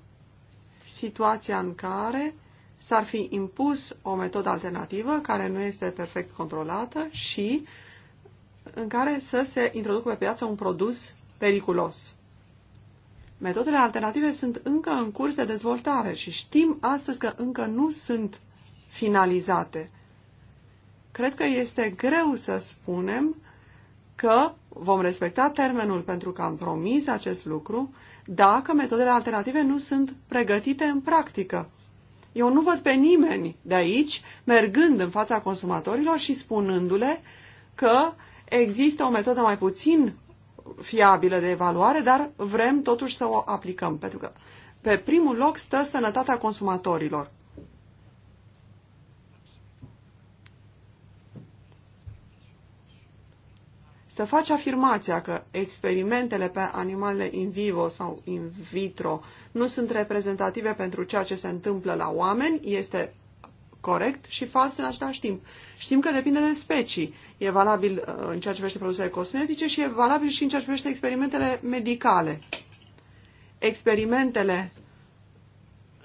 situația în care s-ar fi impus o metodă alternativă care nu este perfect controlată și în care să se introducă pe piață un produs periculos. Metodele alternative sunt încă în curs de dezvoltare și știm astăzi că încă nu sunt finalizate. Cred că este greu să spunem că vom respecta termenul pentru că am promis acest lucru dacă metodele alternative nu sunt pregătite în practică. Eu nu văd pe nimeni de aici mergând în fața consumatorilor și spunându-le că există o metodă mai puțin fiabilă de evaluare, dar vrem totuși să o aplicăm, pentru că pe primul loc stă sănătatea consumatorilor. Să faci afirmația că experimentele pe animale in vivo sau in vitro nu sunt reprezentative pentru ceea ce se întâmplă la oameni este corect și fals în același timp. Știm că depinde de specii. E valabil uh, în ceea ce privește produsele cosmetice și e valabil și în ceea ce privește experimentele medicale. Experimentele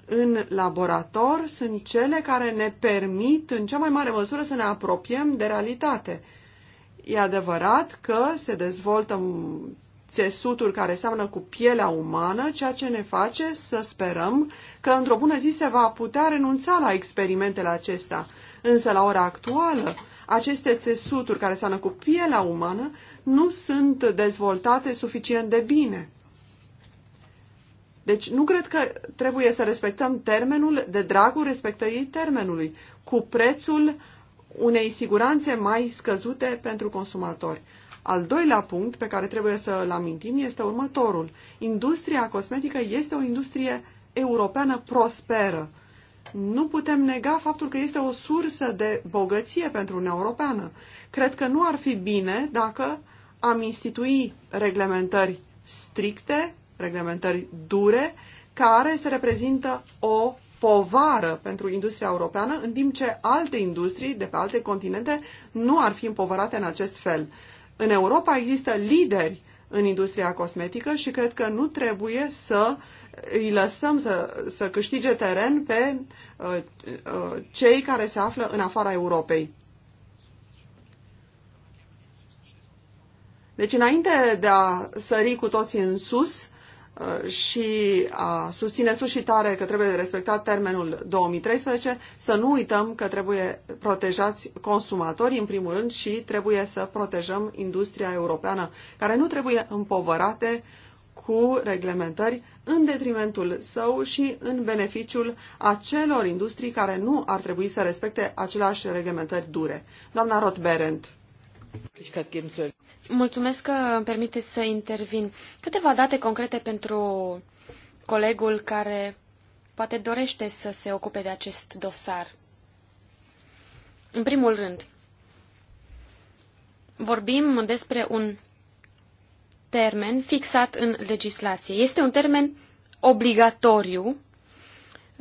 în laborator sunt cele care ne permit în cea mai mare măsură să ne apropiem de realitate. E adevărat că se dezvoltă țesuturi care seamănă cu pielea umană, ceea ce ne face să sperăm că într-o bună zi se va putea renunța la experimentele acestea. Însă, la ora actuală, aceste țesuturi care seamănă cu pielea umană nu sunt dezvoltate suficient de bine. Deci nu cred că trebuie să respectăm termenul de dragul respectării termenului, cu prețul unei siguranțe mai scăzute pentru consumatori. Al doilea punct pe care trebuie să-l amintim este următorul. Industria cosmetică este o industrie europeană prosperă. Nu putem nega faptul că este o sursă de bogăție pentru Uniunea Europeană. Cred că nu ar fi bine dacă am institui reglementări stricte, reglementări dure, care se reprezintă o povară pentru industria europeană, în timp ce alte industrii de pe alte continente nu ar fi împovărate în acest fel. În Europa există lideri în industria cosmetică și cred că nu trebuie să îi lăsăm să, să câștige teren pe uh, uh, cei care se află în afara Europei. Deci, înainte de a sări cu toții în sus, Uh, și a susține sus și tare că trebuie respectat termenul 2013, să nu uităm că trebuie protejați consumatorii în primul rând și trebuie să protejăm industria europeană, care nu trebuie împovărate cu reglementări în detrimentul său și în beneficiul acelor industrii care nu ar trebui să respecte aceleași reglementări dure. Doamna Rothberend. Mulțumesc că îmi permiteți să intervin. Câteva date concrete pentru colegul care poate dorește să se ocupe de acest dosar. În primul rând, vorbim despre un termen fixat în legislație. Este un termen obligatoriu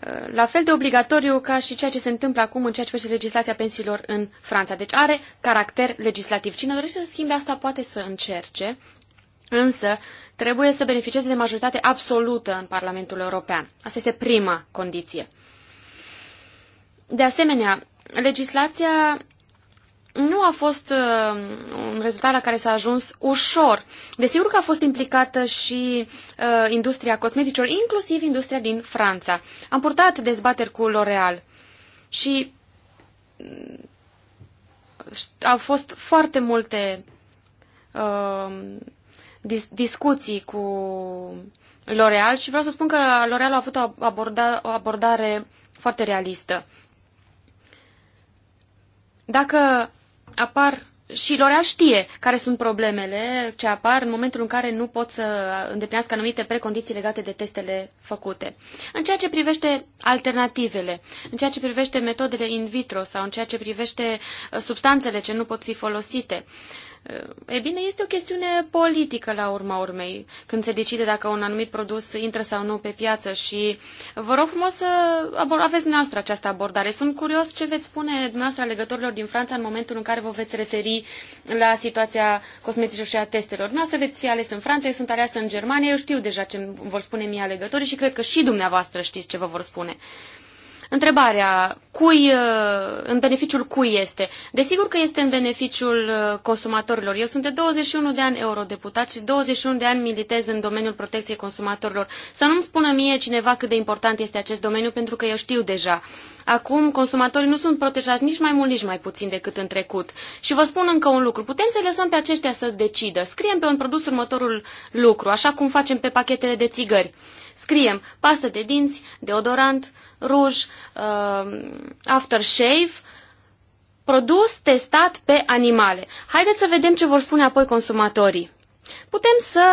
Uh, la fel de obligatoriu ca și ceea ce se întâmplă acum în ceea ce privește legislația pensiilor în Franța. Deci are caracter legislativ. Cine dorește să schimbe asta poate să încerce, însă trebuie să beneficieze de majoritate absolută în Parlamentul European. Asta este prima condiție. De asemenea, legislația nu a fost uh, un rezultat la care s-a ajuns ușor. Desigur că a fost implicată și uh, industria cosmeticilor, inclusiv industria din Franța. Am purtat dezbateri cu L'Oreal și uh, au fost foarte multe uh, dis- discuții cu L'Oreal și vreau să spun că L'Oreal a avut o, aborda- o abordare foarte realistă. Dacă apar și Lorea știe care sunt problemele ce apar în momentul în care nu pot să îndeplinească anumite precondiții legate de testele făcute. În ceea ce privește alternativele, în ceea ce privește metodele in vitro sau în ceea ce privește uh, substanțele ce nu pot fi folosite, uh, E bine, este o chestiune politică la urma urmei, când se decide dacă un anumit produs intră sau nu pe piață și vă rog frumos să aveți dumneavoastră această abordare. Sunt curios ce veți spune dumneavoastră legătorilor din Franța în momentul în care vă veți referi la situația cosmeticilor și a testelor. Dumneavoastră veți fi ales în Franța, eu sunt aleasă în Germania, eu știu deja ce vor spune mie alegătorii și cred că și dumneavoastră știți ce vă vor spune. Uh, Întrebarea, cui, uh, în beneficiul cui este? Desigur că este în beneficiul uh, consumatorilor. Eu sunt de 21 de ani eurodeputat și 21 de ani militez în domeniul protecției consumatorilor. Să nu-mi spună mie cineva cât de important este acest domeniu, pentru că eu știu deja. Acum consumatorii nu sunt protejați nici mai mult, nici mai puțin decât în trecut. Și vă spun încă un lucru. Putem să lăsăm pe aceștia să decidă. Scriem pe un produs următorul lucru, așa cum facem pe pachetele de țigări. Scriem pastă de dinți, deodorant, ruj, uh, aftershave, produs testat pe animale. Haideți să vedem ce vor spune apoi consumatorii. Putem să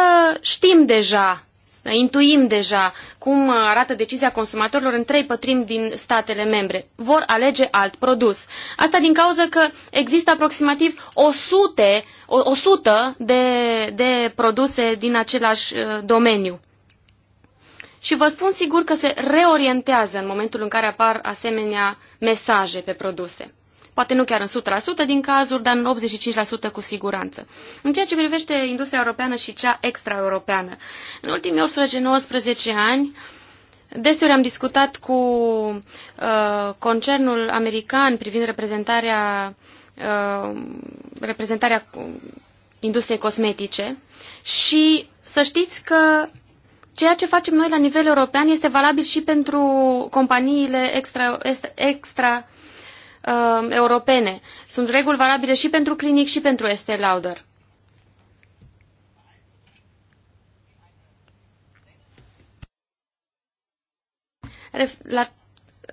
știm deja, să intuim deja cum arată decizia consumatorilor în trei pătrimi din statele membre. Vor alege alt produs. Asta din cauza că există aproximativ 100, 100 de, de produse din același uh, domeniu. Și vă spun sigur că se reorientează în momentul în care apar asemenea mesaje pe produse. Poate nu chiar în 100% din cazuri, dar în 85% cu siguranță. În ceea ce privește industria europeană și cea extraeuropeană, în ultimii 18-19 ani, Deseori am discutat cu uh, concernul american privind reprezentarea, uh, reprezentarea industriei cosmetice și să știți că Ceea ce facem noi la nivel european este valabil și pentru companiile extra, extra uh, europene. Sunt reguli valabile și pentru clinic și pentru Estee Lauder. La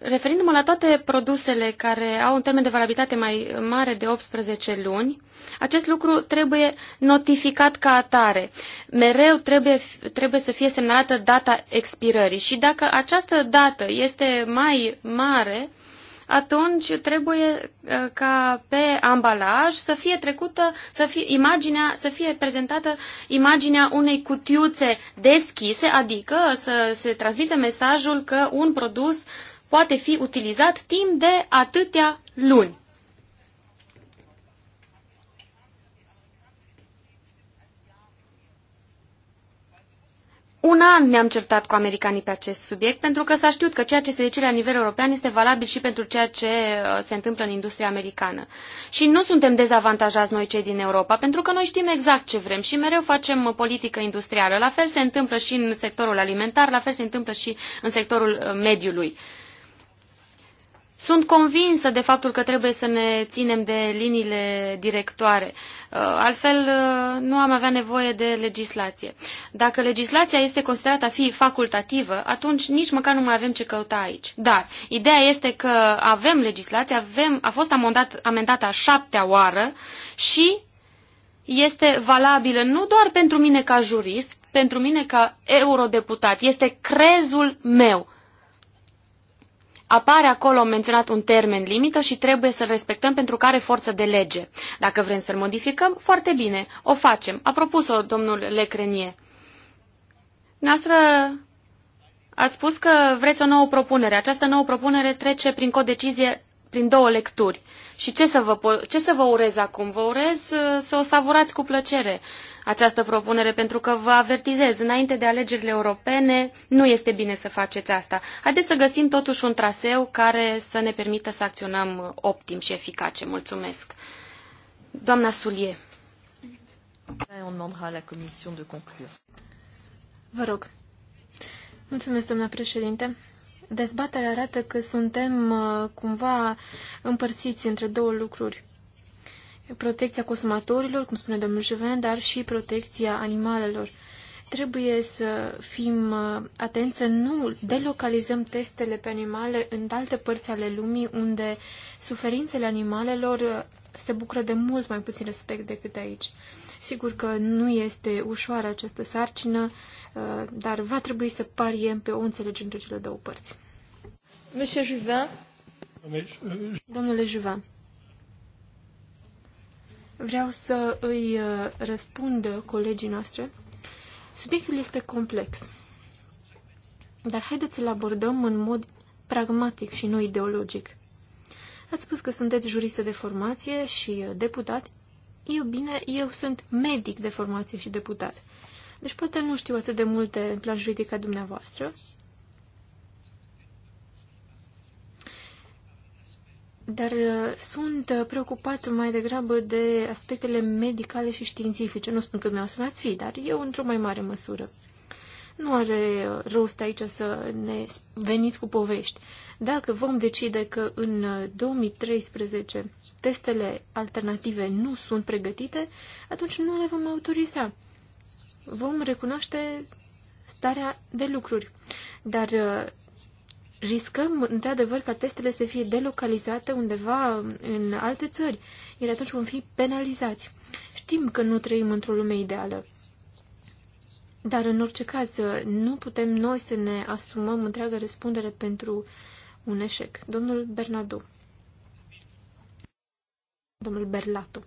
referindu-mă la toate produsele care au un termen de valabilitate mai mare de 18 luni, acest lucru trebuie notificat ca atare. Mereu trebuie, trebuie să fie semnalată data expirării și dacă această dată este mai mare, atunci trebuie uh, ca pe ambalaj să fie trecută, să fie imaginea, să fie prezentată imaginea unei cutiuțe deschise, adică să se transmite mesajul că un produs uh, poate fi utilizat timp de atâtea luni. Un an ne-am certat cu americanii pe acest subiect, pentru că s-a știut că ceea ce se zice la nivel european este valabil și pentru ceea ce uh, se întâmplă în industria americană. Și nu suntem dezavantajați noi cei din Europa, pentru că noi știm exact ce vrem și mereu facem politică industrială. La fel se întâmplă și în sectorul alimentar, la fel se întâmplă și în sectorul uh, mediului. Sunt convinsă de faptul că trebuie să ne ținem de liniile directoare. Uh, altfel, uh, nu am avea nevoie de legislație. Dacă legislația este considerată a fi facultativă, atunci nici măcar nu mai avem ce căuta aici. Dar ideea este că avem legislație, avem, a fost amendat, amendată a șaptea oară și este valabilă nu doar pentru mine ca jurist, pentru mine ca eurodeputat. Este crezul meu apare acolo menționat un termen limită și trebuie să-l respectăm pentru care forță de lege. Dacă vrem să-l modificăm, foarte bine, o facem. A propus-o domnul Lecrenie. Noastră ați spus că vreți o nouă propunere. Această nouă propunere trece prin codecizie prin două lecturi. Și ce să vă, ce să vă urez acum? Vă urez uh, să o savurați cu plăcere această propunere pentru că vă avertizez, înainte de alegerile europene nu este bine să faceți asta. Haideți să găsim totuși un traseu care să ne permită să acționăm optim și eficace. Mulțumesc. Doamna Sulie. Vă rog. Mulțumesc, doamna președinte. Dezbaterea arată că suntem uh, cumva împărțiți între două lucruri protecția consumatorilor, cum spune domnul Juven, dar și protecția animalelor. Trebuie să fim uh, atenți să nu delocalizăm testele pe animale în alte părți ale lumii unde suferințele animalelor uh, se bucură de mult mai puțin respect decât aici. Sigur că nu este ușoară această sarcină, uh, dar va trebui să pariem pe o înțelegere între cele două părți. Monsieur Juvin. Domnule Juvin. Vreau să îi uh, răspund colegii noastre. Subiectul este complex, dar haideți să-l abordăm în mod pragmatic și nu ideologic. Ați spus că sunteți juristă de formație și uh, deputat. Eu bine, eu sunt medic de formație și deputat. Deci poate nu știu atât de multe în plan juridic ca dumneavoastră, dar uh, sunt uh, preocupat mai degrabă de aspectele medicale și științifice. Nu spun că dumneavoastră n-ați fi, dar eu într-o mai mare măsură. Nu are uh, rost aici să ne veniți cu povești. Dacă vom decide că în 2013 testele alternative nu sunt pregătite, atunci nu le vom autoriza. Vom recunoaște starea de lucruri. Dar riscăm, într-adevăr, ca testele să fie delocalizate undeva în alte țări, iar atunci vom fi penalizați. Știm că nu trăim într-o lume ideală, dar, în orice caz, nu putem noi să ne asumăm întreaga răspundere pentru un eșec. Domnul Bernardo. Domnul Berlato.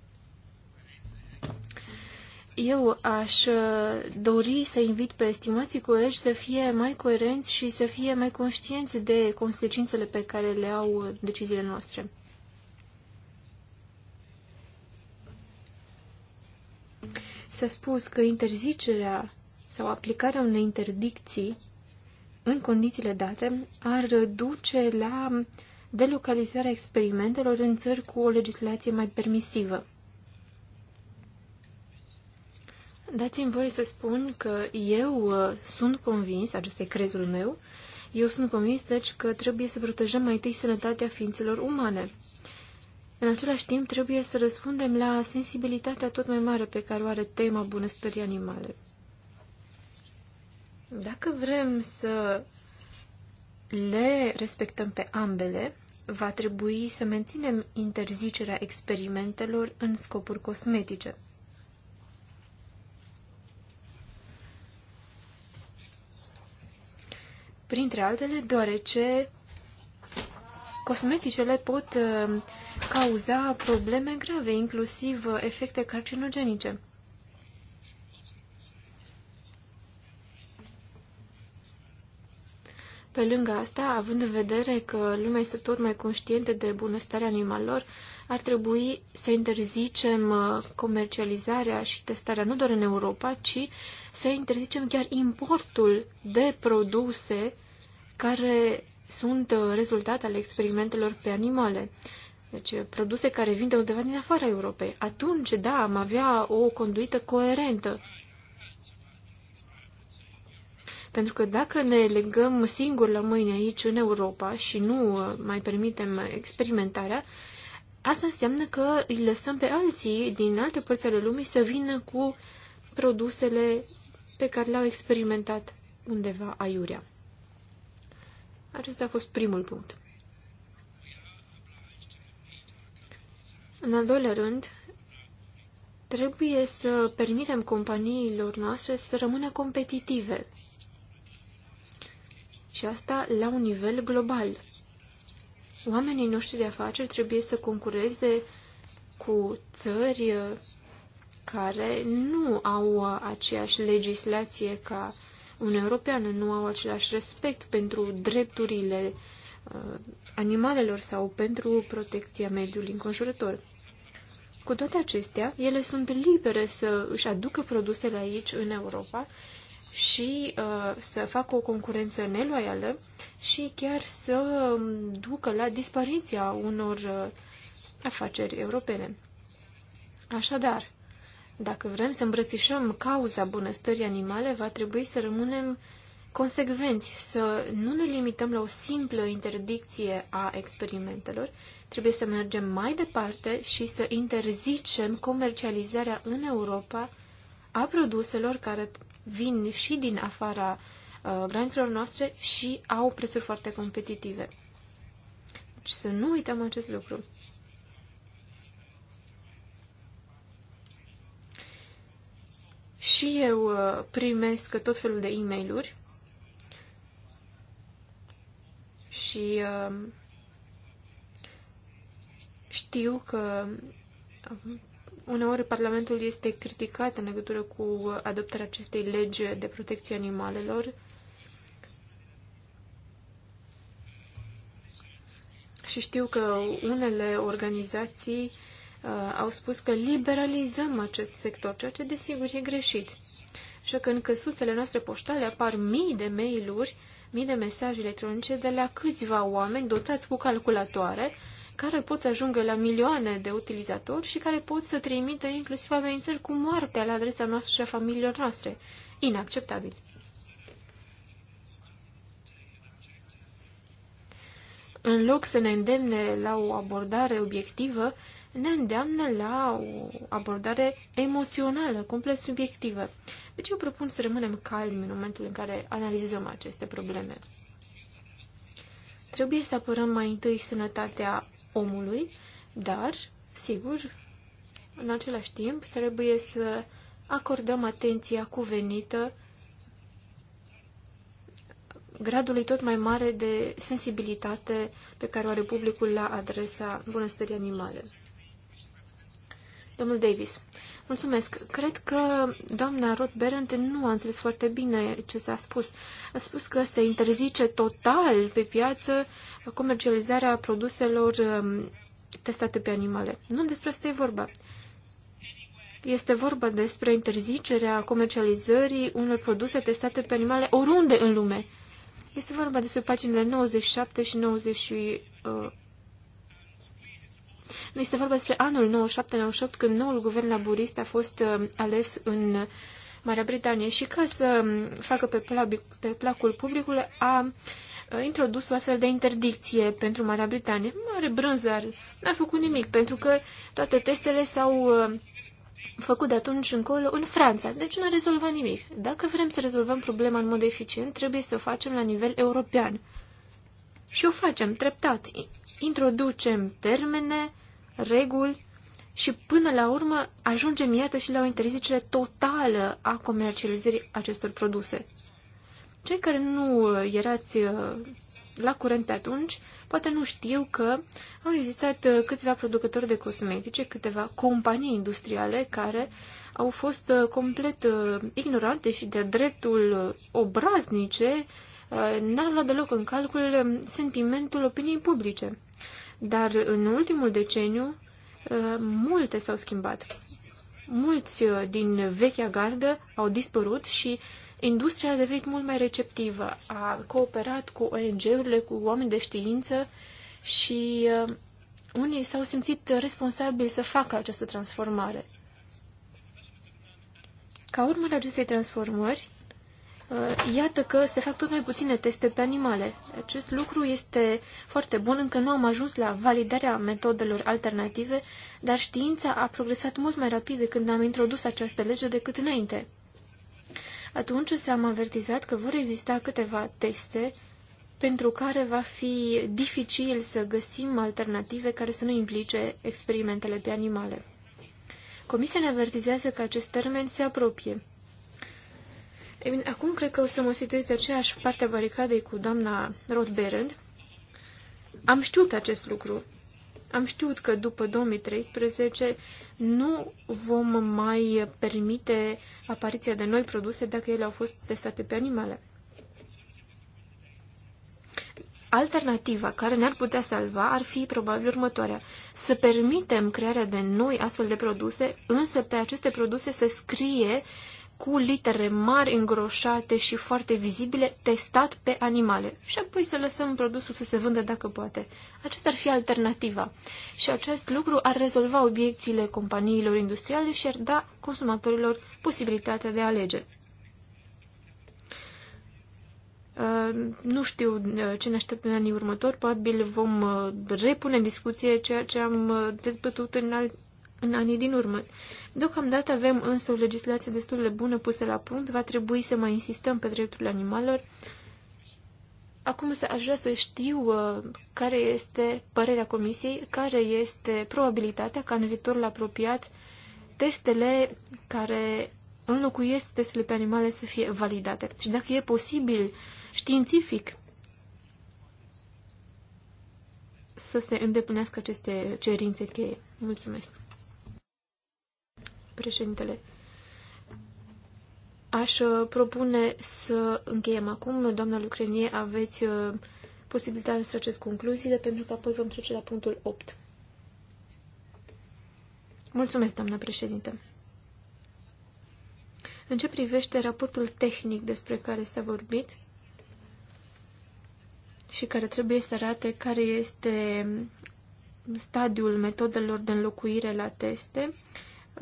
Eu aș uh, dori să invit pe estimații colegi să fie mai coerenți și să fie mai conștienți de consecințele pe care le au deciziile noastre. S-a spus că interzicerea sau aplicarea unei interdicții în condițiile date ar duce la delocalizarea experimentelor în țări cu o legislație mai permisivă. Dați-mi voie să spun că eu uh, sunt convins, acesta e crezul meu, eu sunt convins, deci, că trebuie să protejăm mai întâi sănătatea ființelor umane. În același timp, trebuie să răspundem la sensibilitatea tot mai mare pe care o are tema bunăstării animale. Dacă vrem să le respectăm pe ambele, va trebui să menținem interzicerea experimentelor în scopuri cosmetice. printre altele deoarece cosmeticele pot uh, cauza probleme grave, inclusiv uh, efecte carcinogenice. Pe lângă asta, având în vedere că lumea este tot mai conștientă de bunăstarea animalelor, ar trebui să interzicem uh, comercializarea și testarea nu doar în Europa, ci să interzicem chiar importul de produse care sunt uh, rezultate ale experimentelor pe animale. Deci, uh, produse care vin de undeva din afara Europei. Atunci, da, am avea o conduită coerentă. Pentru că dacă ne legăm singur la mâini aici, în Europa, și nu uh, mai permitem experimentarea, asta înseamnă că îi lăsăm pe alții din alte părți ale lumii să vină cu produsele pe care le-au experimentat undeva aiurea. Acesta a fost primul punct. În al doilea rând, trebuie să permitem companiilor noastre să rămână competitive. Și asta la un nivel global. Oamenii noștri de afaceri trebuie să concureze cu țări care nu au uh, aceeași legislație ca Uniunea Europeană, nu au același respect pentru drepturile uh, animalelor sau pentru protecția mediului înconjurător. Cu toate acestea, ele sunt libere să își aducă produsele aici, în Europa, și uh, să facă o concurență neloială și chiar să um, ducă la dispariția unor uh, afaceri europene. Așadar, dacă vrem să îmbrățișăm cauza bunăstării animale, va trebui să rămânem consecvenți, să nu ne limităm la o simplă interdicție a experimentelor, trebuie să mergem mai departe și să interzicem comercializarea în Europa a produselor care vin și din afara uh, granițelor noastre și au prețuri foarte competitive. Deci să nu uităm acest lucru. Și eu uh, primesc tot felul de e mail și uh, știu că uh, uneori Parlamentul este criticat în legătură cu adoptarea acestei legi de protecție animalelor. Și știu că unele organizații uh, Uh, au spus că liberalizăm acest sector, ceea ce desigur e greșit. Și că în căsuțele noastre poștale apar mii de mail-uri, mii de mesaje electronice de la câțiva oameni dotați cu calculatoare, care pot să ajungă la milioane de utilizatori și care pot să trimită inclusiv amenințări cu moartea la adresa noastră și a familiilor noastre. Inacceptabil. În loc să ne îndemne la o abordare obiectivă, ne îndeamnă la o abordare emoțională, complet subiectivă. Deci eu propun să rămânem calmi în momentul în care analizăm aceste probleme. Trebuie să apărăm mai întâi sănătatea omului, dar, sigur, în același timp, trebuie să acordăm atenția cuvenită gradului tot mai mare de sensibilitate pe care o are publicul la adresa bunăstării animale. Domnul Davis. Mulțumesc. Cred că doamna Rod Berend nu a înțeles foarte bine ce s-a spus. A spus că se interzice total pe piață comercializarea produselor um, testate pe animale. Nu despre asta e vorba. Este vorba despre interzicerea comercializării unor produse testate pe animale oriunde în lume. Este vorba despre paginile 97 și 98 nu este vorba despre anul 97-98, când noul guvern laburist a fost uh, ales în Marea Britanie și ca să um, facă pe, plac, pe placul publicului a uh, introdus o astfel de interdicție pentru Marea Britanie. Mare brânzar, n-a făcut nimic, pentru că toate testele s-au uh, făcut de atunci încolo în Franța, deci nu rezolvat nimic. Dacă vrem să rezolvăm problema în mod eficient, trebuie să o facem la nivel european. Și o facem treptat. Introducem termene, reguli și până la urmă ajungem, iată, și la o interzicere totală a comercializării acestor produse. Cei care nu erați uh, la curent pe atunci, poate nu știu că au existat uh, câțiva producători de cosmetice, câteva companii industriale care au fost uh, complet ignorante și de dreptul obraznice n-au luat deloc în calcul um, sentimentul opiniei publice. Dar în ultimul deceniu uh, multe s-au schimbat. Mulți uh, din vechea gardă au dispărut și industria a devenit mult mai receptivă. A cooperat cu ONG-urile, cu oameni de știință și uh, unii s-au simțit responsabili să facă această transformare. Ca urmare la acestei transformări, Uh, iată că se fac tot mai puține teste pe animale. Acest lucru este foarte bun, încă nu am ajuns la validarea metodelor alternative, dar știința a progresat mult mai rapid de când am introdus această lege decât înainte. Atunci se am avertizat că vor exista câteva teste pentru care va fi dificil să găsim alternative care să nu implice experimentele pe animale. Comisia ne avertizează că acest termen se apropie. E bine, acum cred că o să mă situez de aceeași parte a baricadei cu doamna Rod Berend. Am știut acest lucru. Am știut că după 2013 nu vom mai permite apariția de noi produse dacă ele au fost testate pe animale. Alternativa care ne-ar putea salva ar fi probabil următoarea. Să permitem crearea de noi astfel de produse, însă pe aceste produse să scrie uh, cu litere mari, îngroșate și foarte vizibile, testat pe animale și apoi să lăsăm produsul să se vândă dacă poate. Aceasta ar fi alternativa și acest lucru ar rezolva obiecțiile companiilor industriale și ar da consumatorilor posibilitatea de a alege. Uh, nu știu uh, ce ne așteaptă în anii următori, probabil vom uh, repune în discuție ceea ce am dezbătut în alt în anii din urmă. Deocamdată avem însă o legislație destul de bună pusă la punct, va trebui să mai insistăm pe drepturile animalelor. Acum să aș vrea să știu uh, care este părerea comisiei, care este probabilitatea ca în viitorul apropiat testele care înlocuiesc testele pe animale să fie validate. Și deci dacă e posibil științific să se îndeplinească aceste cerințe cheie. Mulțumesc! președintele. Aș uh, propune să încheiem acum. Doamna Lucrenie, aveți uh, posibilitatea să faceți concluziile, pentru că apoi vom trece la punctul 8. Mulțumesc, doamna președinte. În ce privește raportul tehnic despre care s-a vorbit și care trebuie să arate care este stadiul metodelor de înlocuire la teste,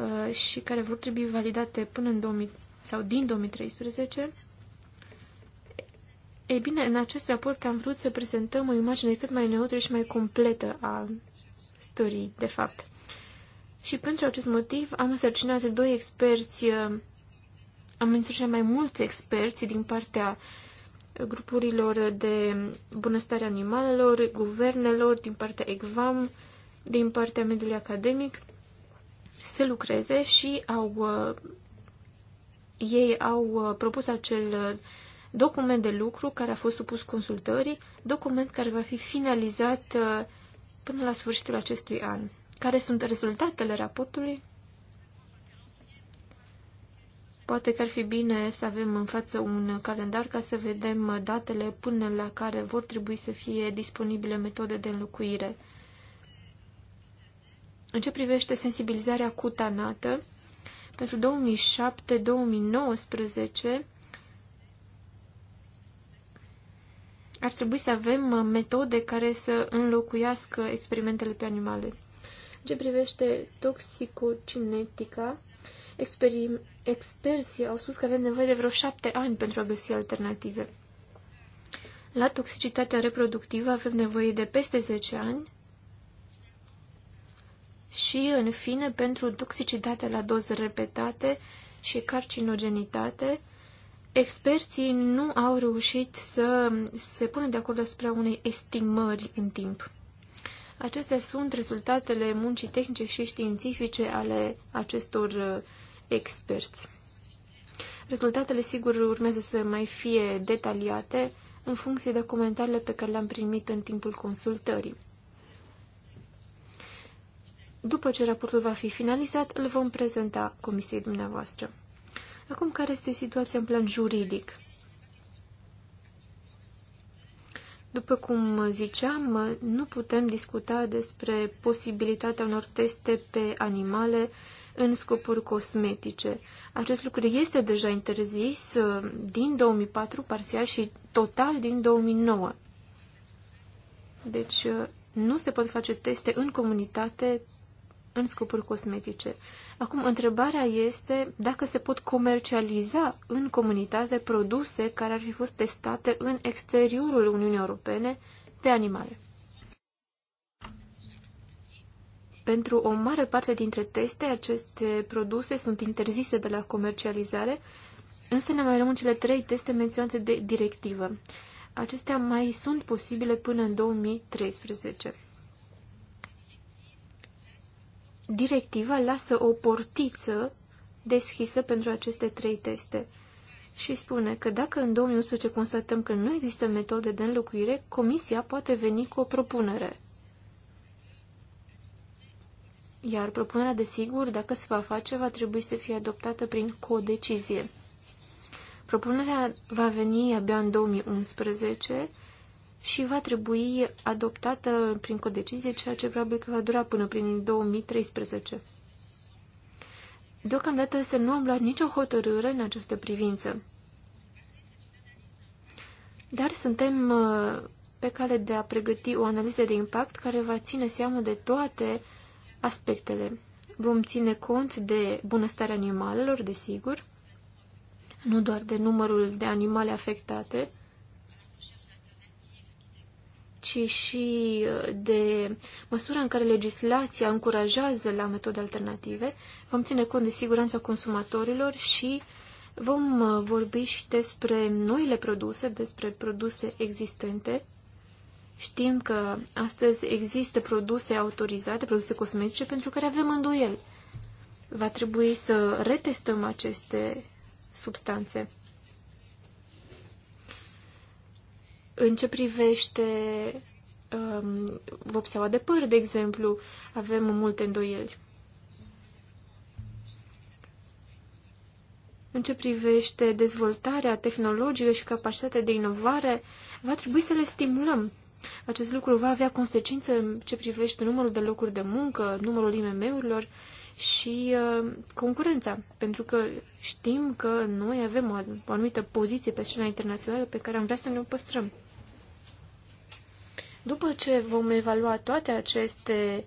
Uh, și care vor trebui validate până în 2000 sau din 2013. Ei bine, în acest raport am vrut să prezentăm o imagine cât mai neutră și mai completă a stării, de fapt. Și pentru acest motiv am însărcinat doi experți, uh, am însărcinat mai mulți experți din partea grupurilor de bunăstare animalelor, guvernelor, din partea EGVAM, din partea mediului academic, să lucreze și au, uh, ei au uh, propus acel uh, document de lucru care a fost supus consultării, document care va fi finalizat până la sfârșitul acestui an. Care sunt rezultatele raportului? Poate că ar fi bine să avem în față un calendar ca să vedem datele până la care vor trebui să fie disponibile metode de înlocuire. În ce privește sensibilizarea cutanată, pentru 2007-2019 ar trebui să avem metode care să înlocuiască experimentele pe animale. În Ce privește toxicocinetica, experim- experții au spus că avem nevoie de vreo șapte ani pentru a găsi alternative. La toxicitatea reproductivă avem nevoie de peste 10 ani și, în fine, pentru toxicitatea la doze repetate și carcinogenitate, experții nu au reușit să se pună de acord asupra unei estimări în timp. Acestea sunt rezultatele muncii tehnice și științifice ale acestor uh, experți. Rezultatele, sigur, urmează să mai fie detaliate în funcție de comentariile pe care le-am primit în timpul consultării. După ce raportul va fi finalizat, îl vom prezenta comisiei dumneavoastră. Acum, care este situația în plan juridic? După cum ziceam, nu putem discuta despre posibilitatea unor teste pe animale în scopuri cosmetice. Acest lucru este deja interzis uh, din 2004, parțial și total din 2009. Deci uh, nu se pot face teste în comunitate în scopuri cosmetice. Acum, întrebarea este dacă se pot comercializa în comunitate produse care ar fi fost testate în exteriorul Uniunii Europene pe animale. Pentru o mare parte dintre teste, aceste produse sunt interzise de la comercializare, însă ne mai rămân cele trei teste menționate de directivă. Acestea mai sunt posibile până în 2013 directiva lasă o portiță deschisă pentru aceste trei teste și spune că dacă în 2011 constatăm că nu există metode de înlocuire, Comisia poate veni cu o propunere. Iar propunerea, desigur, dacă se va face, va trebui să fie adoptată prin codecizie. Propunerea va veni abia în 2011 și va trebui adoptată prin codecizie, ceea ce probabil că va dura până prin 2013. Deocamdată să nu am luat nicio hotărâre în această privință. Dar suntem uh, pe cale de a pregăti o analiză de impact care va ține seamă de toate aspectele. Vom ține cont de bunăstarea animalelor, desigur, nu doar de numărul de animale afectate, ci și uh, de măsura în care legislația încurajează la metode alternative. Vom ține cont de siguranța consumatorilor și vom uh, vorbi și despre noile produse, despre produse existente. Știm că astăzi există produse autorizate, produse cosmetice, pentru care avem îndoieli. Va trebui să retestăm aceste substanțe. În ce privește um, vopseaua de păr, de exemplu, avem multe îndoieli. În ce privește dezvoltarea tehnologică și capacitatea de inovare, va trebui să le stimulăm. Acest lucru va avea consecințe în ce privește numărul de locuri de muncă, numărul IMM-urilor și uh, concurența, pentru că știm că noi avem o, o anumită poziție pe scena internațională pe care am vrea să ne o păstrăm. După ce vom evalua toate aceste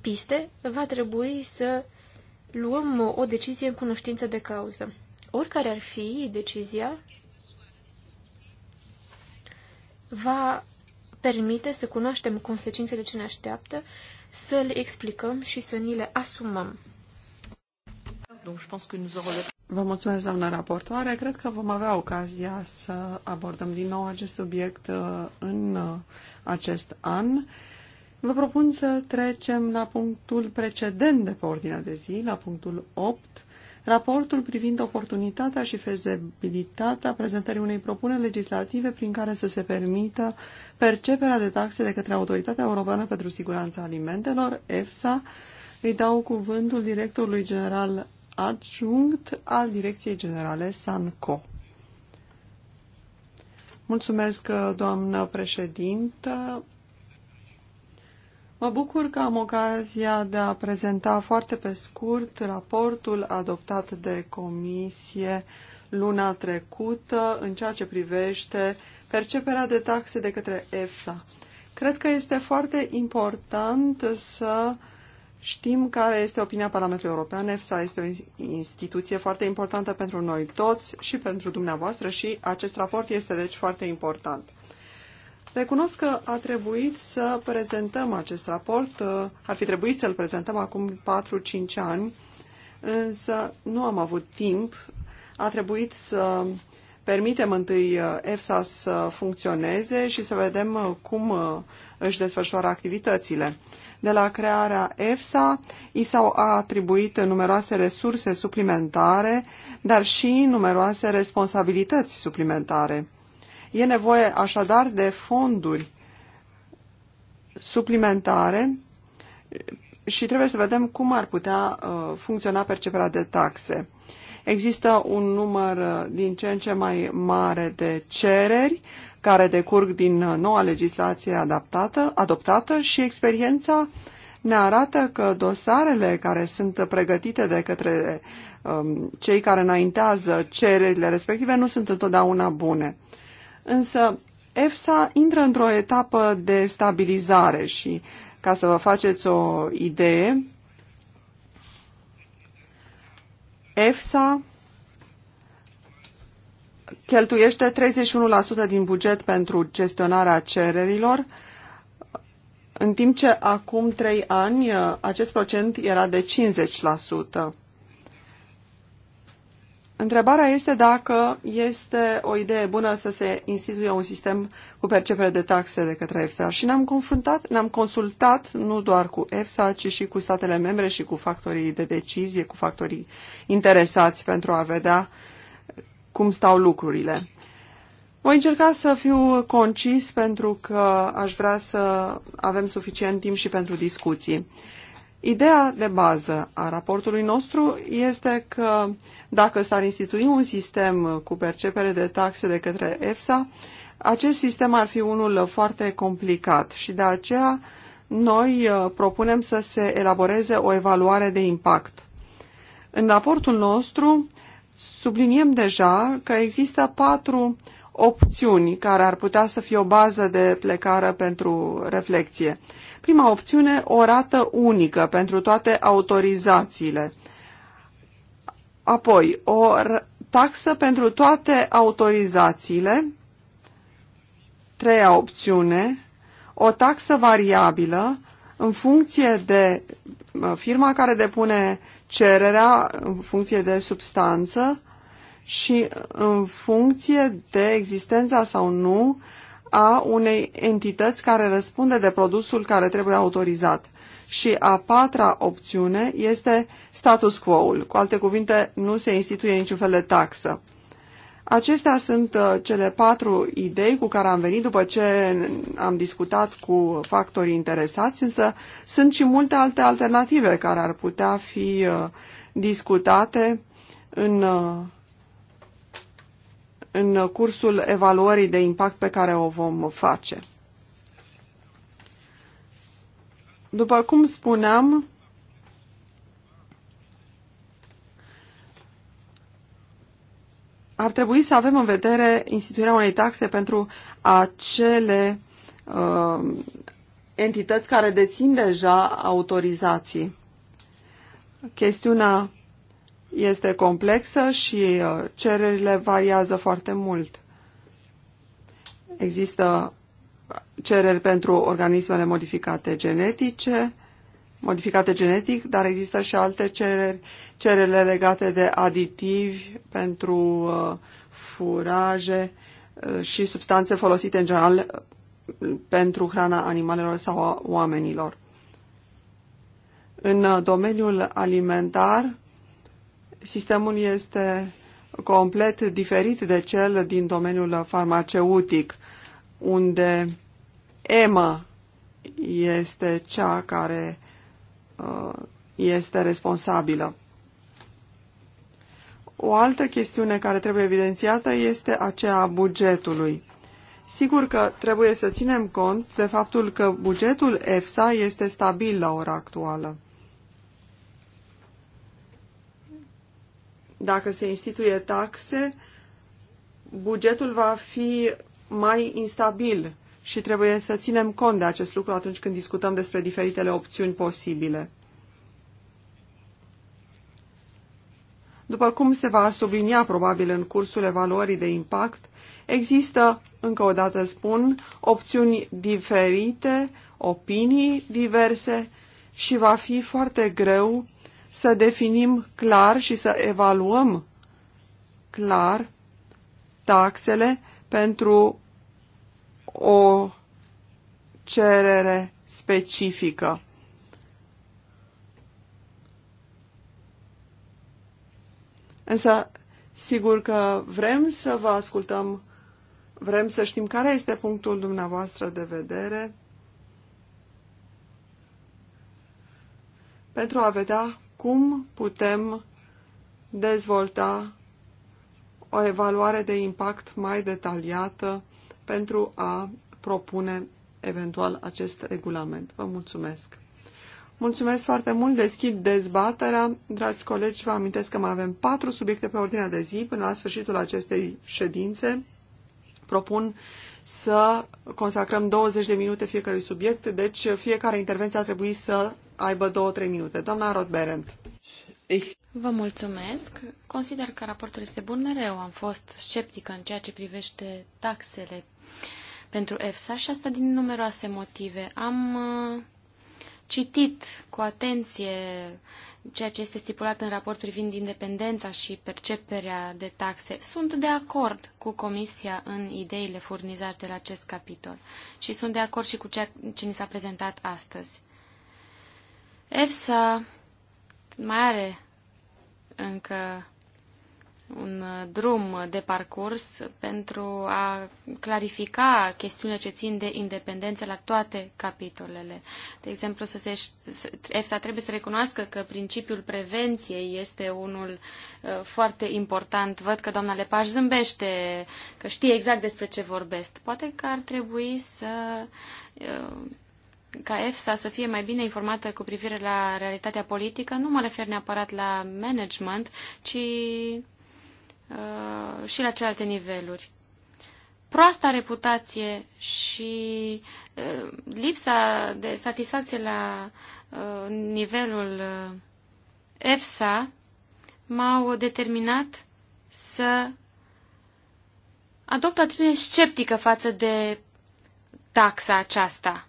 piste, va trebui să luăm o decizie în cunoștință de cauză. Oricare ar fi decizia, va permite să cunoaștem consecințele ce ne așteaptă, să le explicăm și să ni le asumăm. Vă mulțumesc, doamnă raportoare. Cred că vom avea ocazia să abordăm din nou acest subiect uh, în uh, acest an. Vă propun să trecem la punctul precedent de pe ordinea de zi, la punctul 8, raportul privind oportunitatea și fezibilitatea prezentării unei propuneri legislative prin care să se permită perceperea de taxe de către Autoritatea Europeană pentru Siguranța Alimentelor, EFSA. Îi dau cuvântul directorului general adjunct al Direcției Generale Sanco. Mulțumesc, uh, doamnă președintă. Mă bucur că am ocazia de a prezenta foarte pe scurt raportul adoptat de comisie luna trecută în ceea ce privește perceperea de taxe de către EFSA. Cred că este foarte important să uh, Știm care este opinia Parlamentului European. EFSA este o instituție foarte importantă pentru noi toți și pentru dumneavoastră și acest raport este deci foarte important. Recunosc că a trebuit să prezentăm acest raport, uh, ar fi trebuit să-l prezentăm acum 4-5 ani, însă nu am avut timp. A trebuit să permitem întâi uh, EFSA să funcționeze și să vedem uh, cum își desfășoară activitățile. De la crearea EFSA, i s-au atribuit numeroase resurse suplimentare, dar și numeroase responsabilități suplimentare. E nevoie așadar de fonduri suplimentare și trebuie să vedem cum ar putea uh, funcționa perceperea de taxe. Există un număr uh, din ce în ce mai mare de cereri care decurg din noua legislație adaptată, adoptată și experiența ne arată că dosarele care sunt pregătite de către um, cei care înaintează cererile respective nu sunt întotdeauna bune. Însă EFSA intră într-o etapă de stabilizare și, ca să vă faceți o idee, EFSA cheltuiește 31% din buget pentru gestionarea cererilor, în timp ce acum 3 ani uh, acest procent era de 50%. Întrebarea este dacă este o idee bună să se instituie un sistem cu percepere de taxe de către EFSA. Și ne-am confruntat, ne-am consultat nu doar cu EFSA, ci și cu statele membre și cu factorii de decizie, cu factorii interesați pentru a vedea uh, cum stau lucrurile. Voi încerca să fiu concis pentru că aș vrea să avem suficient timp și pentru discuții. Ideea de bază a raportului nostru este că dacă s-ar institui un sistem cu percepere de taxe de către EFSA, acest sistem ar fi unul foarte complicat și de aceea noi uh, propunem să se elaboreze o evaluare de impact. În raportul nostru Subliniem deja că există patru opțiuni care ar putea să fie o bază de plecare pentru reflexie. Prima opțiune, o rată unică pentru toate autorizațiile. Apoi, o taxă pentru toate autorizațiile. Treia opțiune, o taxă variabilă în funcție de uh, firma care depune cererea în funcție de substanță și în funcție de existența sau nu a unei entități care răspunde de produsul care trebuie autorizat. Și a patra opțiune este status quo-ul. Cu alte cuvinte, nu se instituie niciun fel de taxă. Acestea sunt uh, cele patru idei cu care am venit după ce am discutat cu factorii interesați, însă sunt și multe alte alternative care ar putea fi uh, discutate în, uh, în cursul evaluării de impact pe care o vom face. După cum spuneam, ar trebui să avem în vedere instituirea unei taxe pentru acele uh, entități care dețin deja autorizații. Chestiunea este complexă și uh, cererile variază foarte mult. Există cereri pentru organismele modificate genetice, modificate genetic, dar există și alte cereri, cerele legate de aditivi pentru uh, furaje uh, și substanțe folosite în general uh, pentru hrana animalelor sau a oamenilor. În domeniul alimentar, sistemul este complet diferit de cel din domeniul farmaceutic, unde EMA este cea care Uh, este responsabilă. O altă chestiune care trebuie evidențiată este aceea a bugetului. Sigur că trebuie să ținem cont de faptul că bugetul EFSA este stabil la ora actuală. Dacă se instituie taxe, bugetul va fi mai instabil și trebuie să ținem cont de acest lucru atunci când discutăm despre diferitele opțiuni posibile. După cum se va sublinia probabil în cursul evaluării de impact, există, încă o dată spun, opțiuni diferite, opinii diverse și va fi foarte greu să definim clar și să evaluăm clar taxele pentru o cerere specifică. Însă, sigur că vrem să vă ascultăm, vrem să știm care este punctul dumneavoastră de vedere pentru a vedea cum putem dezvolta o evaluare de impact mai detaliată pentru a propune eventual acest regulament. Vă mulțumesc! Mulțumesc foarte mult, deschid dezbaterea. Dragi colegi, vă amintesc că mai avem patru subiecte pe ordinea de zi până la sfârșitul acestei ședințe. Propun să consacrăm 20 de minute fiecărui subiect, deci fiecare intervenție ar trebui să aibă 2-3 minute. Doamna Rodberent. Vă mulțumesc. Consider că raportul este bun mereu. Am fost sceptică în ceea ce privește taxele pentru EFSA și asta din numeroase motive. Am uh, citit cu atenție ceea ce este stipulat în raport privind independența și perceperea de taxe. Sunt de acord cu Comisia în ideile furnizate la acest capitol și sunt de acord și cu ceea ce ni s-a prezentat astăzi. EFSA mai are încă un drum de parcurs pentru a clarifica chestiunile ce țin de independență la toate capitolele. De exemplu, să se, EFSA trebuie să recunoască că principiul prevenției este unul uh, foarte important. Văd că doamna Lepaș zâmbește, că știe exact despre ce vorbesc. Poate că ar trebui să uh, ca EFSA să fie mai bine informată cu privire la realitatea politică, nu mă refer neapărat la management, ci uh, și la celelalte niveluri. Proasta reputație și uh, lipsa de satisfacție la uh, nivelul uh, EFSA m-au determinat să adopt o atitudine sceptică față de taxa aceasta.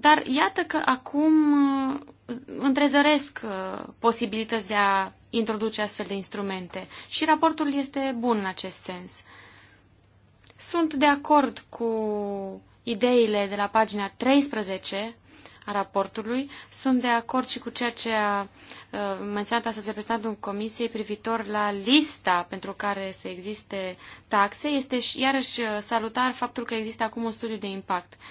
Dar iată că acum uh, întrezăresc uh, posibilități de a introduce astfel de instrumente și raportul este bun în acest sens. Sunt de acord cu ideile de la pagina 13 a raportului. Sunt de acord și cu ceea ce a uh, menționat astăzi reprezentantul Comisiei privitor la lista pentru care să existe taxe. Este și, iarăși salutar faptul că există acum un studiu de impact. Uh,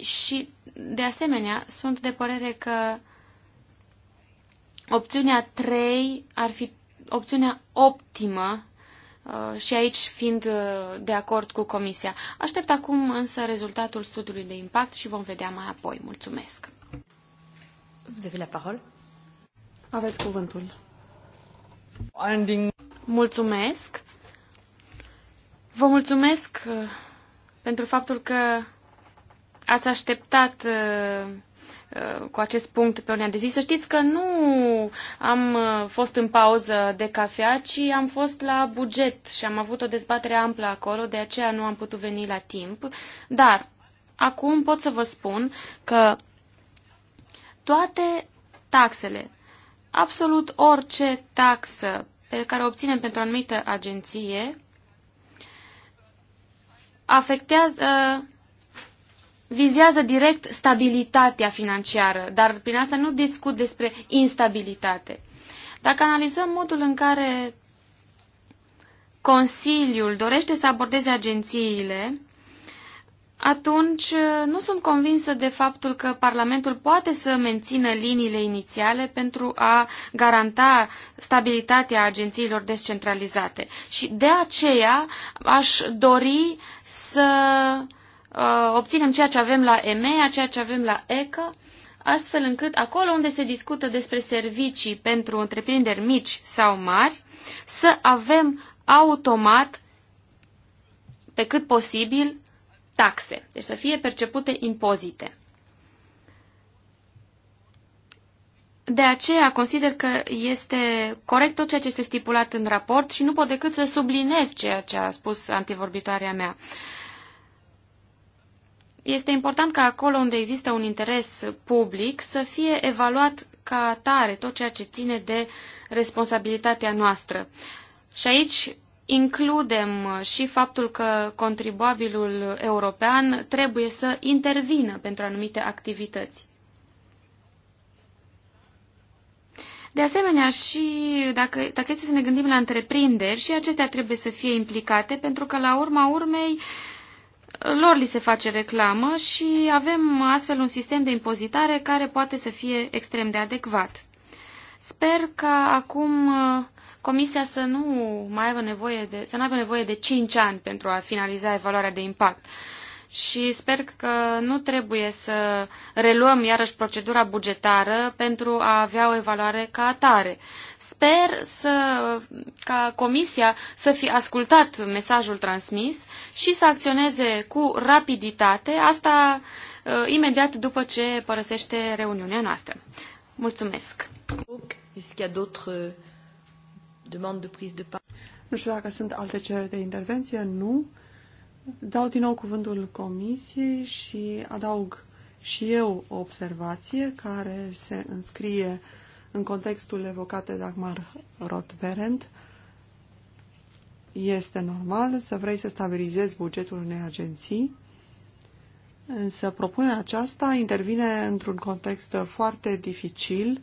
și, de asemenea, sunt de părere că opțiunea 3 ar fi opțiunea optimă uh, și aici fiind uh, de acord cu Comisia. Aștept acum însă rezultatul studiului de impact și vom vedea mai apoi. Mulțumesc! la Aveți cuvântul. Mulțumesc! Vă mulțumesc uh, pentru faptul că ați așteptat uh, uh, cu acest punct pe ordinea de zi. Să știți că nu am uh, fost în pauză de cafea, ci am fost la buget și am avut o dezbatere amplă acolo, de aceea nu am putut veni la timp. Dar acum pot să vă spun că toate taxele, absolut orice taxă pe care o obținem pentru o anumită agenție, afectează vizează direct stabilitatea financiară, dar prin asta nu discut despre instabilitate. Dacă analizăm modul în care Consiliul dorește să abordeze agențiile, atunci uh, nu sunt convinsă de faptul că Parlamentul poate să mențină liniile inițiale pentru a garanta stabilitatea agențiilor descentralizate. Și de aceea aș dori să Uh, obținem ceea ce avem la EMEA, ceea ce avem la ECA, astfel încât acolo unde se discută despre servicii pentru întreprinderi mici sau mari, să avem automat, pe cât posibil, taxe, deci să fie percepute impozite. De aceea consider că este corect tot ceea ce este stipulat în raport și nu pot decât să sublinez ceea ce a spus antivorbitoarea mea. Uh, este important ca acolo unde există un interes public să fie evaluat ca atare tot ceea ce ține de responsabilitatea noastră. Și aici includem și faptul că contribuabilul european trebuie să intervină pentru anumite activități. De asemenea, și dacă, dacă este să ne gândim la întreprinderi, și acestea trebuie să fie implicate, pentru că, la urma urmei, lor li se face reclamă și avem astfel un sistem de impozitare care poate să fie extrem de adecvat. Sper că acum uh, Comisia să nu mai aibă nevoie de, să nu aibă nevoie de 5 ani pentru a finaliza evaluarea de impact și sper că nu trebuie să reluăm iarăși procedura bugetară pentru a avea o evaluare ca atare. Sper să, ca Comisia să fi ascultat mesajul transmis și să acționeze cu rapiditate, asta uh, imediat după ce părăsește reuniunea noastră. Mulțumesc! Nu știu dacă sunt alte cereri de intervenție, nu. Dau din nou cuvântul comisiei și adaug și eu o observație care se înscrie în contextul evocat de Dagmar Rothberend. Este normal să vrei să stabilizezi bugetul unei agenții, însă propunerea aceasta intervine într-un context foarte dificil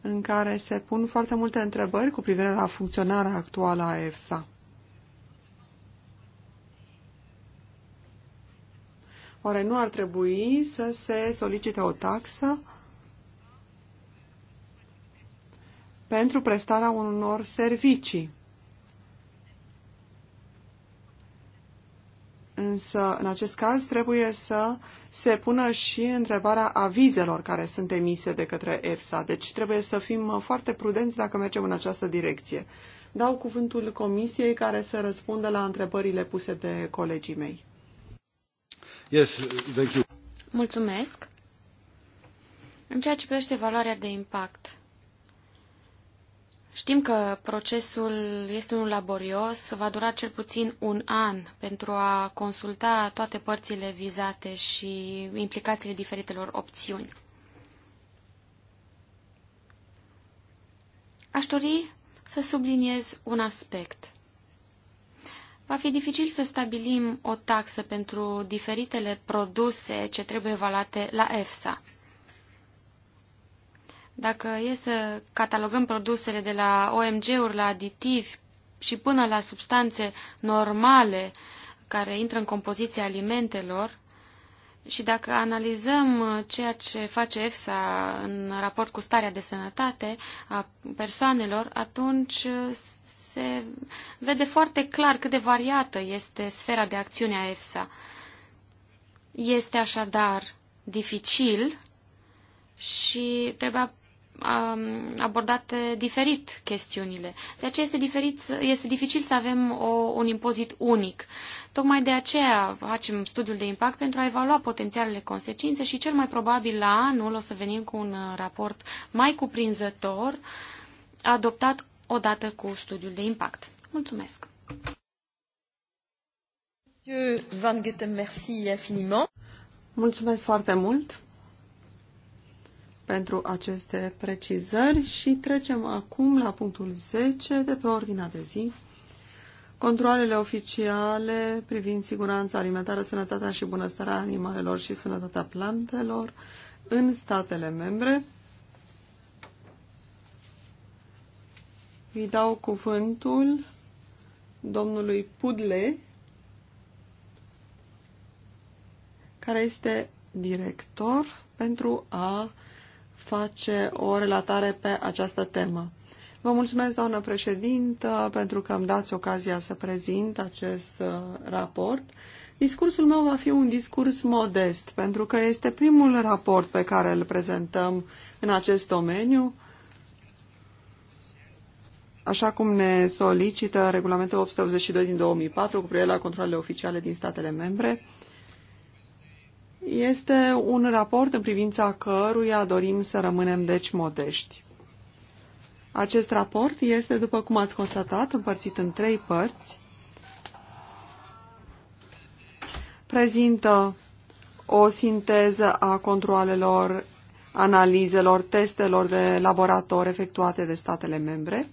în care se pun foarte multe întrebări cu privire la funcționarea actuală a EFSA. Oare nu ar trebui să se solicite o taxă pentru prestarea unor servicii? Însă, în acest caz, trebuie să se pună și întrebarea avizelor care sunt emise de către EFSA. Deci trebuie să fim foarte prudenți dacă mergem în această direcție. Dau cuvântul comisiei care să răspundă la întrebările puse de colegii mei. Mulțumesc. În ceea ce privește valoarea de impact, știm că procesul este unul laborios, va dura cel puțin un an pentru a consulta toate părțile vizate și implicațiile diferitelor opțiuni. Aș dori să subliniez un aspect. Va fi dificil să stabilim o taxă pentru diferitele produse ce trebuie valate la EFSA. Dacă e să catalogăm produsele de la OMG-uri la aditivi și până la substanțe normale care intră în compoziția alimentelor, și dacă analizăm ceea ce face EFSA în raport cu starea de sănătate a persoanelor, atunci se vede foarte clar cât de variată este sfera de acțiune a EFSA. Este așadar dificil și trebuia um, abordate diferit chestiunile. De aceea este, diferit, este dificil să avem o, un impozit unic. Tocmai de aceea facem studiul de impact pentru a evalua potențialele consecințe și cel mai probabil la anul o să venim cu un raport mai cuprinzător adoptat odată cu studiul de impact. Mulțumesc! Van Gutten, merci infiniment. Mulțumesc foarte mult pentru aceste precizări și trecem acum la punctul 10 de pe ordinea de zi. Controlele oficiale privind siguranța alimentară, sănătatea și bunăstarea animalelor și sănătatea plantelor în statele membre. Îi dau cuvântul domnului Pudle, care este director pentru a face o relatare pe această temă. Vă mulțumesc, doamnă președintă, pentru că îmi dați ocazia să prezint acest uh, raport. Discursul meu va fi un discurs modest, pentru că este primul raport pe care îl prezentăm în acest domeniu așa cum ne solicită regulamentul 882 din 2004 cu privire la controlele oficiale din statele membre. Este un raport în privința căruia dorim să rămânem deci modești. Acest raport este, după cum ați constatat, împărțit în trei părți. Prezintă o sinteză a controalelor, analizelor, testelor de laborator efectuate de statele membre.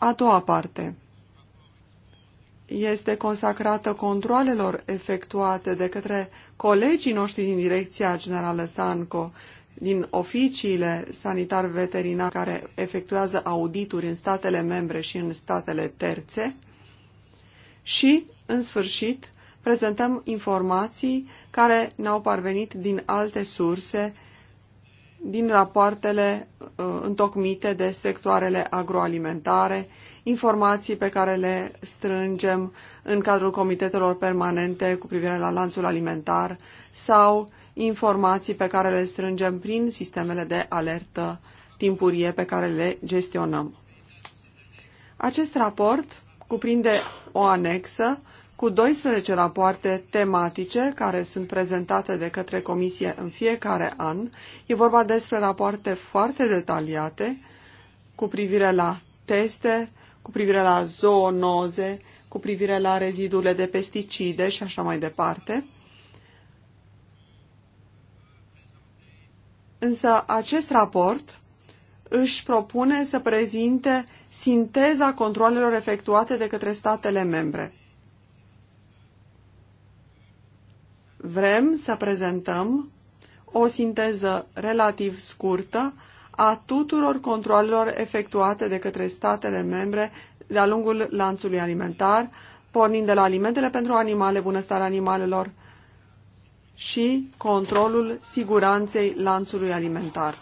A doua parte este consacrată controalelor efectuate de către colegii noștri din Direcția Generală Sanco, din oficiile sanitar veterinare care efectuează audituri în statele membre și în statele terțe și, în sfârșit, prezentăm informații care ne-au parvenit din alte surse din rapoartele uh, întocmite de sectoarele agroalimentare, informații pe care le strângem în cadrul comitetelor permanente cu privire la lanțul alimentar sau informații pe care le strângem prin sistemele de alertă timpurie pe care le gestionăm. Acest raport cuprinde o anexă cu 12 rapoarte tematice care sunt prezentate de către comisie în fiecare an. E vorba despre rapoarte foarte detaliate cu privire la teste, cu privire la zoonoze, cu privire la rezidurile de pesticide și așa mai departe. Însă acest raport își propune să prezinte sinteza controlelor efectuate de către statele membre. Vrem să prezentăm o sinteză relativ scurtă a tuturor controlelor efectuate de către statele membre de-a lungul lanțului alimentar, pornind de la alimentele pentru animale, bunăstarea animalelor și controlul siguranței lanțului alimentar.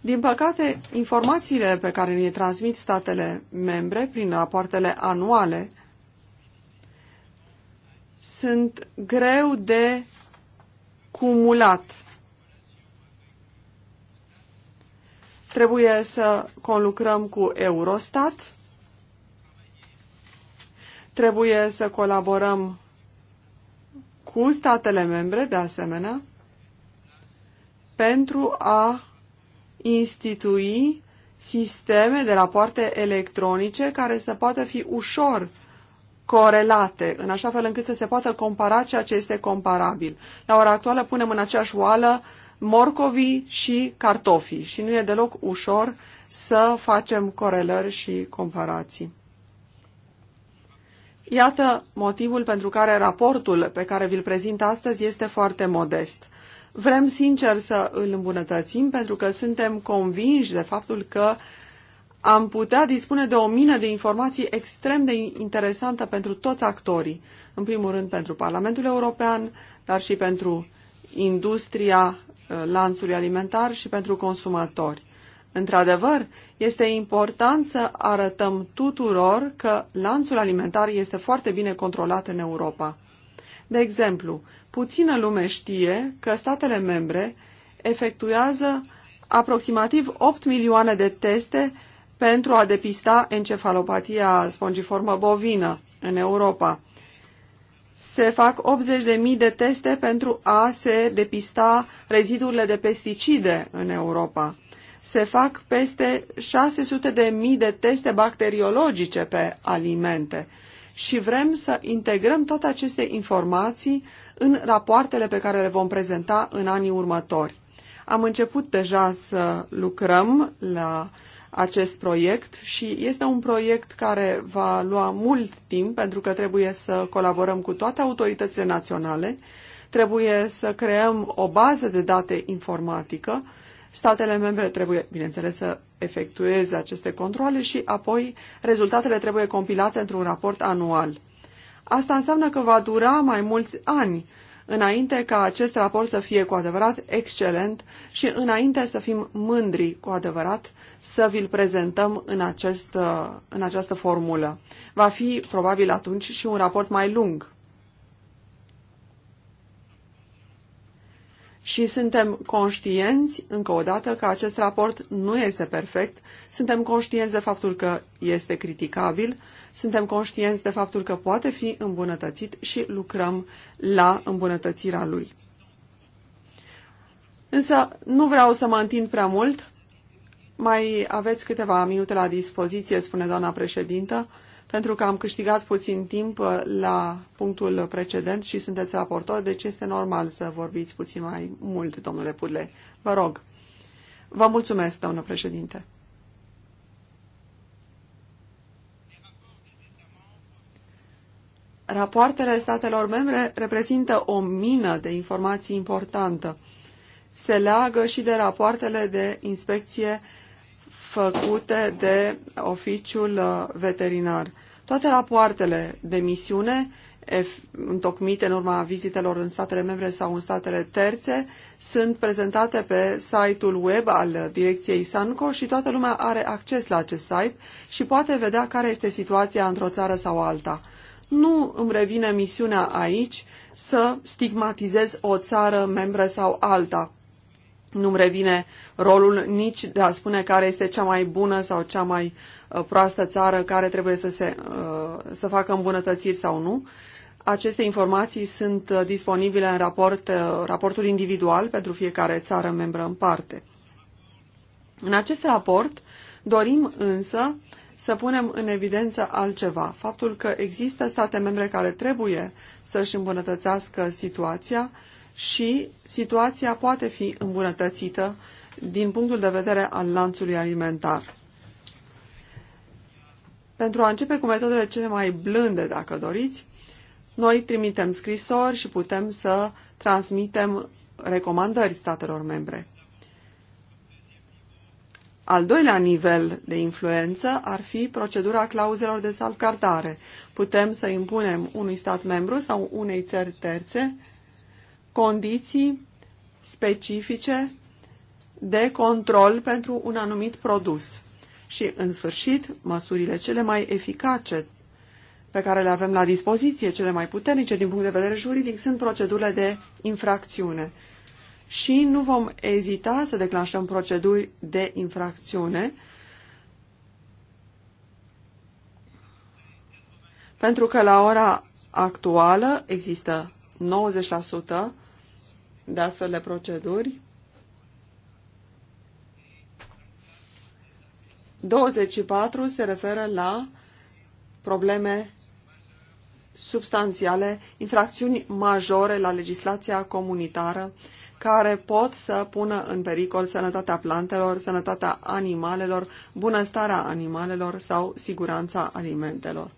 Din păcate, informațiile pe care le transmit statele membre prin rapoartele anuale sunt greu de cumulat. Trebuie să conlucrăm cu Eurostat, trebuie să colaborăm cu statele membre, de asemenea, pentru a institui sisteme de rapoarte electronice care să poată fi ușor corelate, în așa fel încât să se poată compara ceea ce este comparabil. La ora actuală punem în aceeași oală morcovii și cartofii și nu e deloc ușor să facem corelări și comparații. Iată motivul pentru care raportul pe care vi-l prezint astăzi este foarte modest. Vrem sincer să îl îmbunătățim pentru că suntem convinși de faptul că am putea dispune de o mină de informații extrem de interesantă pentru toți actorii, în primul rând pentru Parlamentul European, dar și pentru industria uh, lanțului alimentar și pentru consumatori. Într-adevăr, este important să arătăm tuturor că lanțul alimentar este foarte bine controlat în Europa. De exemplu, puțină lume știe că statele membre efectuează aproximativ 8 milioane de teste pentru a depista encefalopatia spongiformă bovină în Europa. Se fac 80.000 de teste pentru a se depista rezidurile de pesticide în Europa. Se fac peste 600.000 de teste bacteriologice pe alimente și vrem să integrăm toate aceste informații în rapoartele pe care le vom prezenta în anii următori. Am început deja să lucrăm la acest proiect și este un proiect care va lua mult timp pentru că trebuie să colaborăm cu toate autoritățile naționale, trebuie să creăm o bază de date informatică, statele membre trebuie, bineînțeles, să efectueze aceste controle și apoi rezultatele trebuie compilate într-un raport anual. Asta înseamnă că va dura mai mulți ani înainte ca acest raport să fie cu adevărat excelent și înainte să fim mândri cu adevărat să vi-l prezentăm în, acest, în această formulă. Va fi probabil atunci și un raport mai lung. și suntem conștienți, încă o dată, că acest raport nu este perfect, suntem conștienți de faptul că este criticabil, suntem conștienți de faptul că poate fi îmbunătățit și lucrăm la îmbunătățirea lui. Însă nu vreau să mă întind prea mult. Mai aveți câteva minute la dispoziție, spune doamna președintă pentru că am câștigat puțin timp uh, la punctul precedent și sunteți raportor, deci este normal să vorbiți puțin mai mult, domnule Pudle. Vă rog. Vă mulțumesc, domnule președinte. Rapoartele statelor membre reprezintă o mină de informații importantă. Se leagă și de rapoartele de inspecție făcute de oficiul uh, veterinar. Toate rapoartele de misiune întocmite în urma vizitelor în statele membre sau în statele terțe sunt prezentate pe site-ul web al direcției Sanco și toată lumea are acces la acest site și poate vedea care este situația într-o țară sau alta. Nu îmi revine misiunea aici să stigmatizez o țară membră sau alta. Nu-mi revine rolul nici de a spune care este cea mai bună sau cea mai uh, proastă țară care trebuie să, se, uh, să facă îmbunătățiri sau nu. Aceste informații sunt uh, disponibile în raport, raportul individual pentru fiecare țară membră în parte. În acest raport dorim însă să punem în evidență altceva, faptul că există state membre care trebuie să-și îmbunătățească situația și situația poate fi îmbunătățită din punctul de vedere al lanțului alimentar. Pentru a începe cu metodele cele mai blânde, dacă doriți, noi trimitem scrisori și putem să transmitem recomandări statelor membre. Al doilea nivel de influență ar fi procedura clauzelor de salvgardare. Putem să impunem unui stat membru sau unei țări terțe condiții specifice de control pentru un anumit produs. Și, în sfârșit, măsurile cele mai eficace pe care le avem la dispoziție, cele mai puternice din punct de vedere juridic, sunt procedurile de infracțiune. Și nu vom ezita să declanșăm proceduri de infracțiune pentru că la ora actuală există 90% de astfel de proceduri. 24 se referă la probleme substanțiale, infracțiuni majore la legislația comunitară care pot să pună în pericol sănătatea plantelor, sănătatea animalelor, bunăstarea animalelor sau siguranța alimentelor.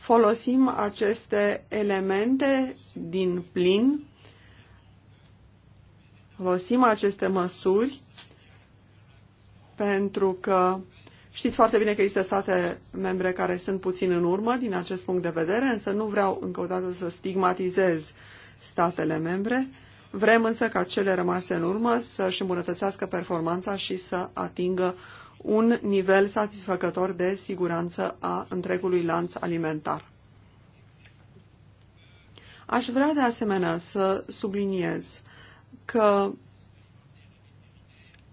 folosim aceste elemente din plin, folosim aceste măsuri pentru că știți foarte bine că există state membre care sunt puțin în urmă din acest punct de vedere, însă nu vreau încă o dată să stigmatizez statele membre. Vrem însă ca cele rămase în urmă să-și îmbunătățească performanța și să atingă un nivel satisfăcător de siguranță a întregului lanț alimentar. Aș vrea de asemenea să subliniez că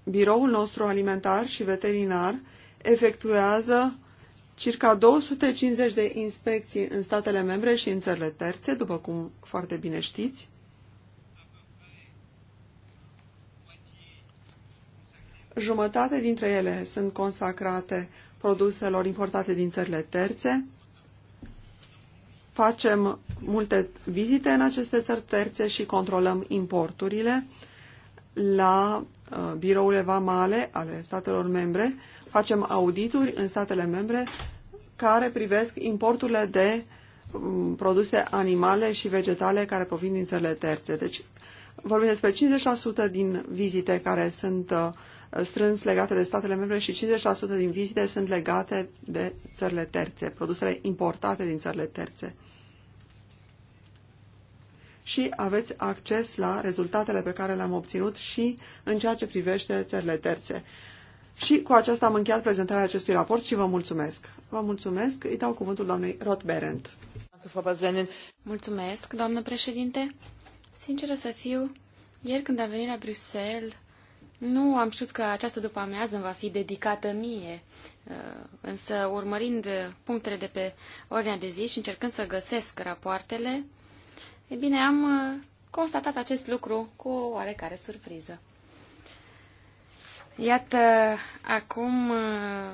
biroul nostru alimentar și veterinar efectuează circa 250 de inspecții în statele membre și în țările terțe, după cum foarte bine știți, Jumătate dintre ele sunt consacrate produselor importate din țările terțe. Facem multe vizite în aceste țări terțe și controlăm importurile la uh, birourile vamale ale statelor membre. Facem audituri în statele membre care privesc importurile de mm, produse animale și vegetale care provin din țările terțe. Deci vorbim despre 50% din vizite care sunt uh, strâns legate de statele membre și 50% din vizite sunt legate de țările terțe, produsele importate din țările terțe. Și aveți acces la rezultatele pe care le-am obținut și în ceea ce privește țările terțe. Și cu aceasta am încheiat prezentarea acestui raport și vă mulțumesc. Vă mulțumesc, îi dau cuvântul doamnei roth Berend. Mulțumesc, doamnă președinte. Sinceră să fiu, ieri când am venit la Bruxelles, nu am știut că această după-amiază va fi dedicată mie, uh, însă urmărind punctele de pe ordinea de zi și încercând să găsesc rapoartele, e bine, am uh, constatat acest lucru cu oarecare surpriză. Iată, acum uh,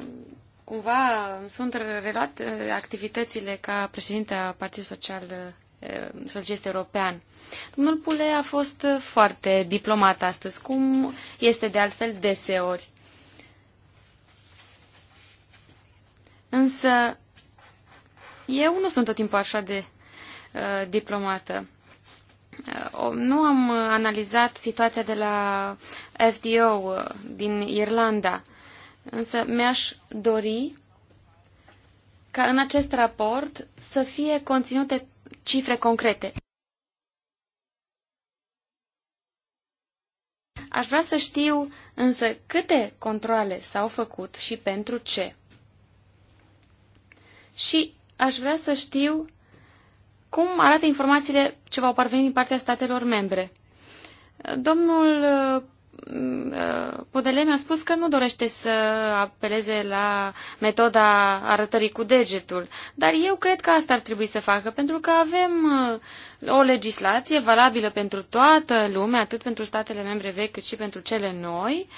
um, cumva sunt reluat activitățile ca președinte a Partidului Social Eh, socialist european. Domnul Pule a fost foarte diplomat astăzi, cum este de altfel deseori. Însă eu nu sunt tot timpul așa de uh, diplomată. Uh, nu am analizat situația de la FDO uh, din Irlanda, însă mi-aș dori ca în acest raport să fie conținute cifre concrete. Aș vrea să știu însă câte controle s-au făcut și pentru ce. Și aș vrea să știu cum arată informațiile ce v-au parvenit din partea statelor membre. Domnul Podele mi-a spus că nu dorește să apeleze la metoda arătării cu degetul, dar eu cred că asta ar trebui să facă, pentru că avem uh, o legislație valabilă pentru toată lumea, atât pentru statele membre vechi cât și pentru cele noi, uh,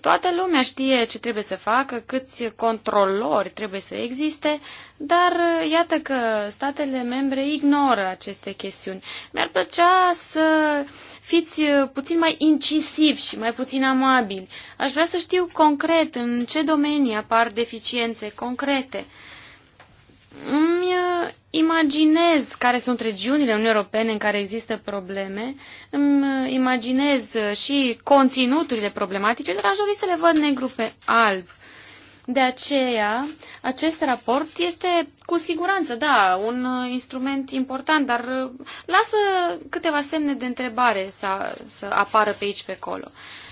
Toată lumea știe ce trebuie să facă, câți controlori trebuie să existe, dar uh, iată că statele membre ignoră aceste chestiuni. Mi-ar plăcea să fiți uh, puțin mai incisivi și mai puțin amabili. Aș vrea să știu concret în ce domenii apar deficiențe concrete îmi uh, imaginez care sunt regiunile Uniunii Europene în care există probleme, îmi uh, imaginez uh, și conținuturile problematice, dar aș dori să le văd negru pe alb. De aceea, acest raport este cu siguranță, da, un instrument important, dar lasă câteva semne de întrebare să, să apară pe aici, pe acolo.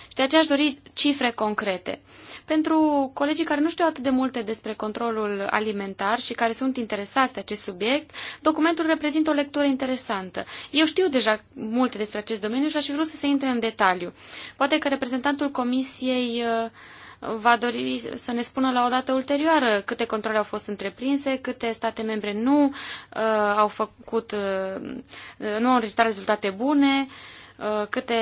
Și de aceea aș dori cifre concrete. Uh, pentru colegii care nu știu atât de multe despre controlul alimentar și care sunt interesați de acest subiect, documentul reprezintă o lectură interesantă. Eu știu deja multe despre acest domeniu și aș vrea să se intre în detaliu. Poate că reprezentantul comisiei uh, va dori să ne spună la o dată ulterioară câte controle au fost întreprinse, câte state membre nu uh, au făcut, uh, nu au înregistrat rezultate bune, uh, Uh, câte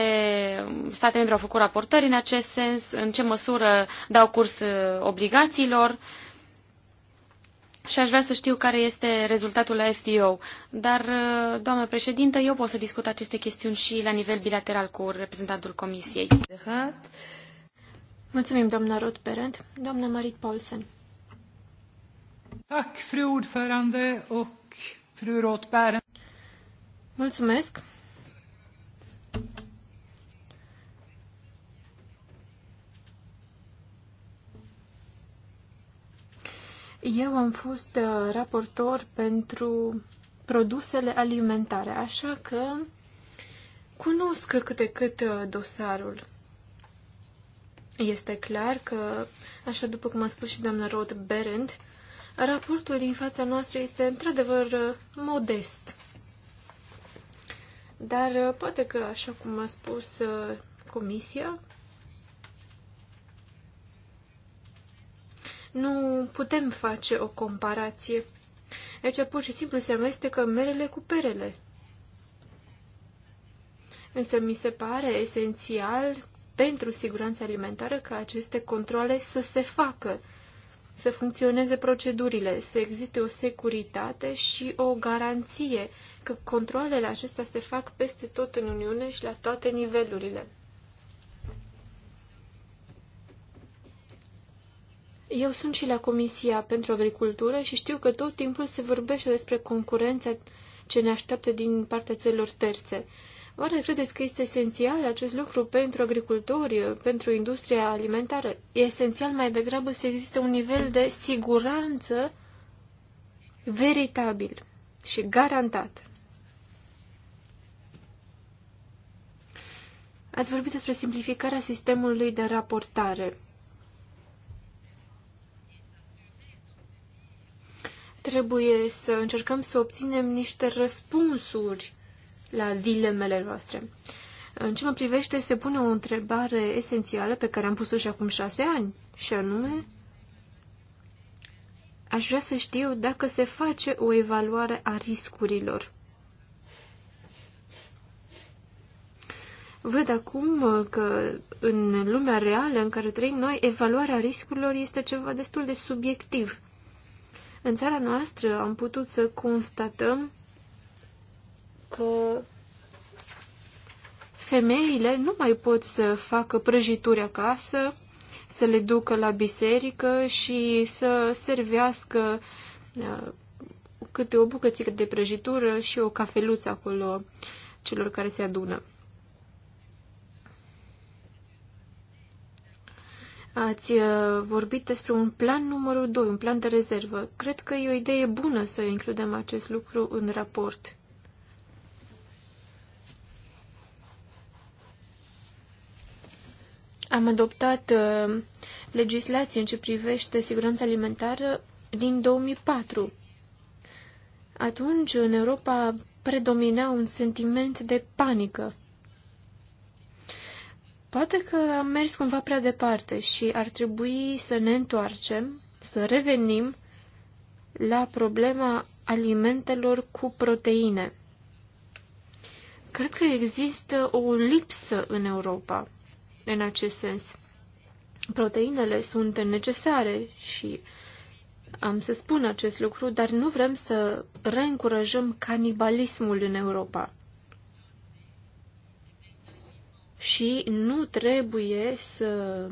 state membre au făcut raportări în acest sens, în ce măsură dau curs uh, obligațiilor și aș vrea să știu care este rezultatul la FTO. Dar, uh, doamnă președintă, eu pot să discut aceste chestiuni și la nivel bilateral cu reprezentantul Comisiei. Mulțumim, doamna Ruth Berend. Doamna Marit Paulsen. Tack, fru ordförande och fru Roth Mulțumesc. Eu am fost uh, raportor pentru produsele alimentare, așa că cunosc câte cât uh, dosarul. Este clar că, așa după cum a spus și doamna Rod Berend, raportul din fața noastră este într-adevăr uh, modest. Dar poate că, așa cum a spus comisia, nu putem face o comparație. Deci, pur și simplu se amestecă merele cu perele. Însă mi se pare esențial pentru siguranța alimentară ca aceste controle să se facă, să funcționeze procedurile, să existe o securitate și o garanție că controlele acestea se fac peste tot în Uniune și la toate nivelurile. Eu sunt și la Comisia pentru Agricultură și știu că tot timpul se vorbește despre concurența ce ne așteaptă din partea țărilor terțe. Oare credeți că este esențial acest lucru pentru agricultori, pentru industria alimentară? E esențial mai degrabă să existe un nivel de siguranță veritabil și garantat. Ați vorbit despre simplificarea sistemului de raportare. Trebuie să încercăm să obținem niște răspunsuri la dilemele noastre. În ce mă privește, se pune o întrebare esențială pe care am pus-o și acum șase ani, și anume, aș vrea să știu dacă se face o evaluare a riscurilor. Văd acum că în lumea reală în care trăim noi, evaluarea riscurilor este ceva destul de subiectiv – în țara noastră am putut să constatăm că femeile nu mai pot să facă prăjituri acasă, să le ducă la biserică și să servească uh, câte o bucățică de prăjitură și o cafeluță acolo celor care se adună. Ați uh, vorbit despre un plan numărul 2, un plan de rezervă. Cred că e o idee bună să includem acest lucru în raport. Am adoptat uh, legislație în ce privește siguranța alimentară din 2004. Atunci, în Europa, predomina un sentiment de panică. Poate că am mers cumva prea departe și ar trebui să ne întoarcem, să revenim la problema alimentelor cu proteine. Cred că există o lipsă în Europa în acest sens. Proteinele sunt necesare și am să spun acest lucru, dar nu vrem să reîncurajăm canibalismul în Europa și nu trebuie să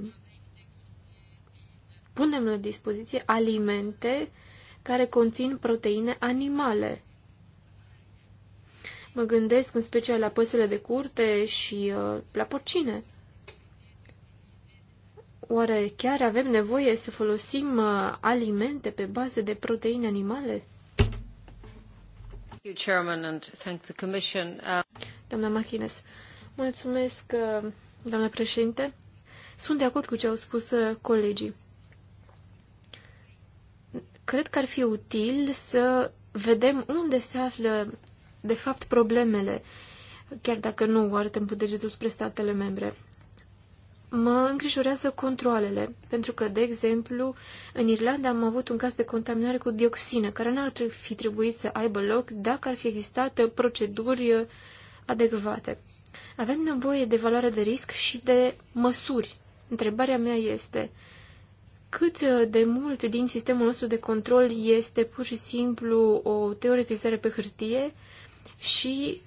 punem la dispoziție alimente care conțin proteine animale. Mă gândesc în special la păsele de curte și uh, la porcine. Oare chiar avem nevoie să folosim uh, alimente pe bază de proteine animale? Uh, Doamna Machines, Mulțumesc, uh, doamnă președinte. Sunt de acord cu ce au spus uh, colegii. Cred că ar fi util să vedem unde se află, de fapt, problemele, chiar dacă nu arătăm cu degetul spre statele membre. Mă îngrijorează controlele, pentru că, de exemplu, în Irlanda am avut un caz de contaminare cu dioxină, care n-ar fi trebuit să aibă loc dacă ar fi existat uh, proceduri adecvate. Avem nevoie de valoare de risc și de măsuri. Întrebarea mea este cât uh, de mult din sistemul nostru de control este pur și simplu o teoretizare pe hârtie și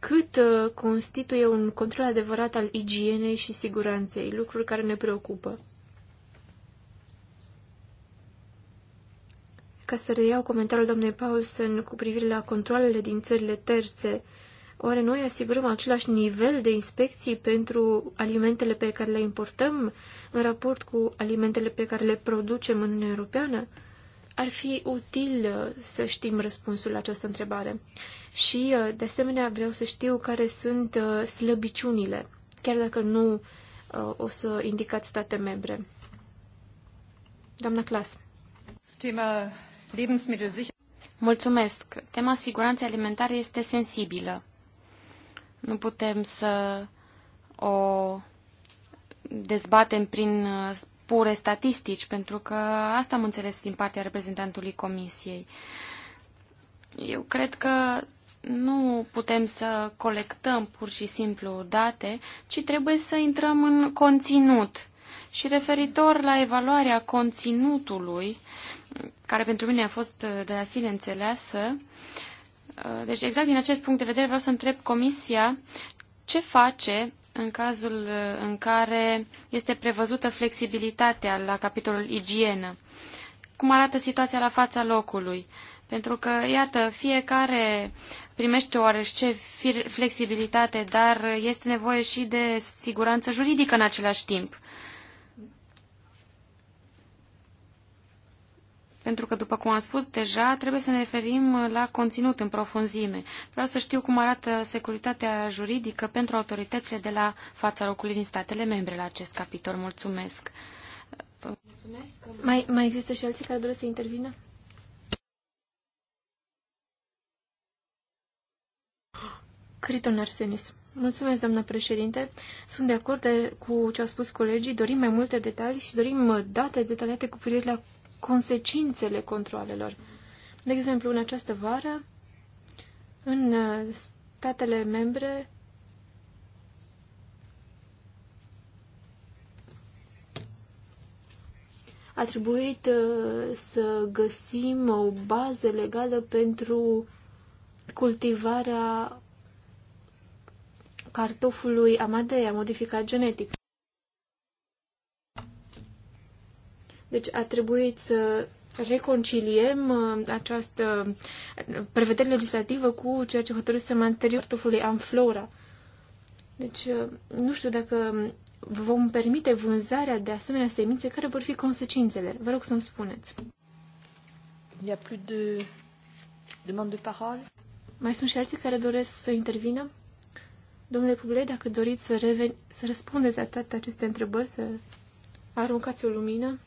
cât uh, constituie un control adevărat al igienei și siguranței, lucruri care ne preocupă. Ca să reiau comentariul doamnei Paulsen cu privire la controlele din țările terțe, Oare noi asigurăm același nivel de inspecții pentru alimentele pe care le importăm în raport cu alimentele pe care le producem în Uniunea Europeană? Ar fi util uh, să știm răspunsul la această întrebare. Și, uh, de asemenea, vreau să știu care sunt uh, slăbiciunile, chiar dacă nu o să indicați state membre. Doamna Clas. Mulțumesc. Tema siguranței alimentare este sensibilă. Nu putem să o dezbatem prin uh, pure statistici, pentru că asta am înțeles din partea reprezentantului Comisiei. Eu cred că nu putem să colectăm pur și simplu date, ci trebuie să intrăm în conținut. Și referitor la evaluarea conținutului, care pentru mine a fost uh, de la sine înțeleasă, uh, Uh, deci, exact din acest punct de vedere, vreau să întreb Comisia ce face în cazul uh, în care este prevăzută flexibilitatea la capitolul igienă. Cum arată situația la fața locului? Pentru că, iată, fiecare primește oarește flexibilitate, dar este nevoie și de siguranță juridică în același timp. pentru că, după cum am spus deja, trebuie să ne referim la conținut în profunzime. Vreau să știu cum arată securitatea juridică pentru autoritățile de la fața locului din statele membre la acest capitol. Mulțumesc! Mulțumesc! Mai, mai există și alții care doresc să intervină? Criton Arsenis. Mulțumesc, doamnă președinte. Sunt de acord de, cu ce au spus colegii. Dorim mai multe detalii și dorim uh, date detaliate cu privire la consecințele controalelor. De exemplu, în această vară, în uh, statele membre, a trebuit uh, să găsim o bază legală pentru cultivarea cartofului Amadea modificat genetic. Deci a trebuit să reconciliem uh, această prevedere legislativă cu ceea ce hotărâsem anterior cartofului Amflora. Deci uh, nu știu dacă vom permite vânzarea de asemenea semințe, care vor fi consecințele. Vă rog să-mi spuneți. Il a plus de demande de parole. Mai sunt și alții care doresc să intervină? Domnule Publei, dacă doriți să, reveni, să răspundeți la toate aceste întrebări, să aruncați o lumină.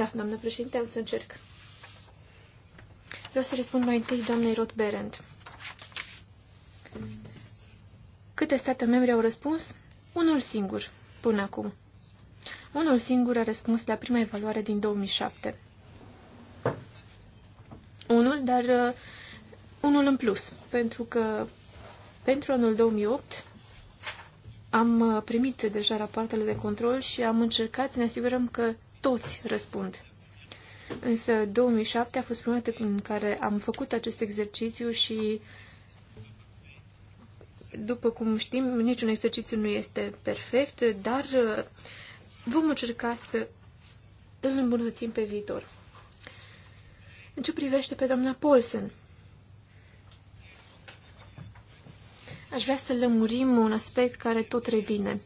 Da, doamnă președinte, am să încerc. Vreau să răspund mai întâi doamnei Roth Berend. Câte state membre au răspuns? Unul singur, până acum. Unul singur a răspuns la prima evaluare din 2007. Unul, dar uh, unul în plus, pentru că pentru anul 2008 am uh, primit deja rapoartele de control și am încercat să ne asigurăm că toți răspund. Însă 2007 a fost prima în care am făcut acest exercițiu și, după cum știm, niciun exercițiu nu este perfect, dar uh, vom încerca să îl îmbunătățim pe viitor. În ce privește pe doamna Paulsen, aș vrea să lămurim un aspect care tot revine.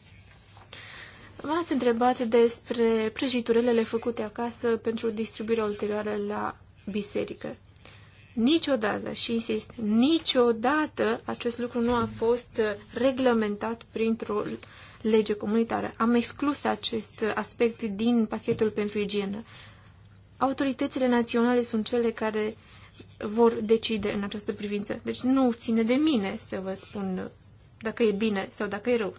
V-ați întrebat despre prăjiturelele făcute acasă pentru distribuirea ulterioară la biserică. Niciodată, și insist, niciodată acest lucru nu a fost reglementat printr-o lege comunitară. Am exclus acest aspect din pachetul pentru igienă. Autoritățile naționale sunt cele care vor decide în această privință. Deci nu ține de mine să vă spun dacă e bine sau dacă e rău.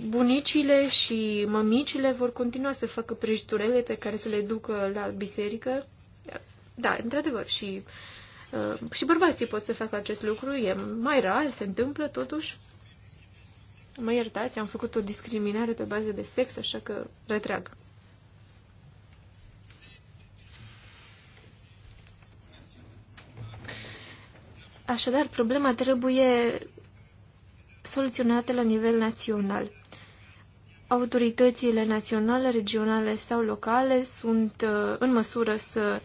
bunicile și mămicile vor continua să facă prăjiturele pe care să le ducă la biserică. Da, într-adevăr, și, uh, și bărbații pot să facă acest lucru, e mai rar, se întâmplă totuși. Mă iertați, am făcut o discriminare pe bază de sex, așa că retrag. Așadar, problema trebuie soluționată la nivel național autoritățile naționale, regionale sau locale sunt uh, în măsură să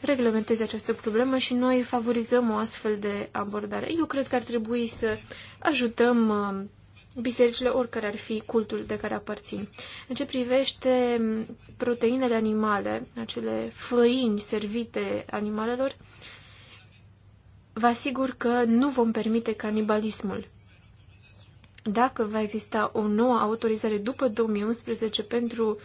reglementeze această problemă și noi favorizăm o astfel de abordare. Eu cred că ar trebui să ajutăm uh, bisericile, oricare ar fi cultul de care aparțin. În ce privește um, proteinele animale, acele făini servite animalelor, vă asigur că nu vom permite canibalismul dacă va exista o nouă autorizare după 2011 pentru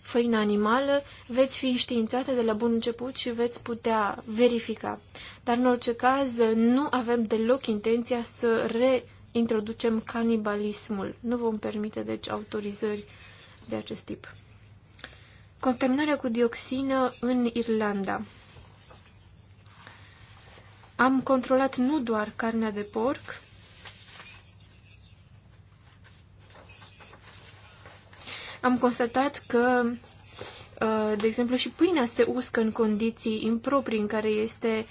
făina animală, veți fi științate de la bun început și veți putea verifica. Dar în orice caz, nu avem deloc intenția să reintroducem canibalismul. Nu vom permite, deci, autorizări de acest tip. Contaminarea cu dioxină în Irlanda. Am controlat nu doar carnea de porc, am constatat că, uh, de exemplu, și pâinea se uscă în condiții improprii în care este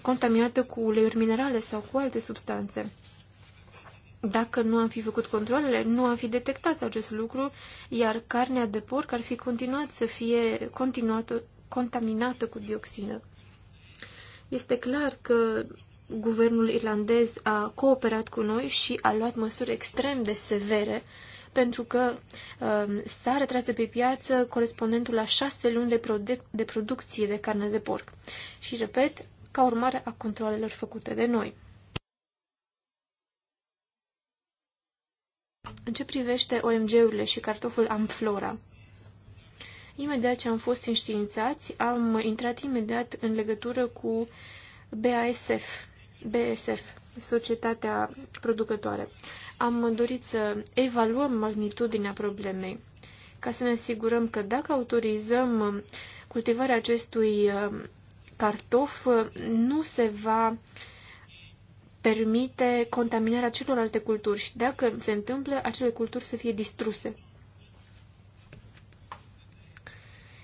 contaminată cu uleiuri minerale sau cu alte substanțe. Dacă nu am fi făcut controlele, nu am fi detectat acest lucru, iar carnea de porc ar fi continuat să fie continuată, contaminată cu dioxină. Este clar că guvernul irlandez a cooperat cu noi și a luat măsuri extrem de severe pentru că uh, s-a retras de pe piață corespondentul la șase luni de, produc- de producție de carne de porc. Și, repet, ca urmare a controlelor făcute de noi. În ce privește OMG-urile și cartoful Amflora? Imediat ce am fost înștiințați, am intrat imediat în legătură cu BASF, BSF, societatea producătoare am dorit să evaluăm magnitudinea problemei, ca să ne asigurăm că dacă autorizăm cultivarea acestui uh, cartof, nu se va permite contaminarea celorlalte culturi și dacă se întâmplă, acele culturi să fie distruse.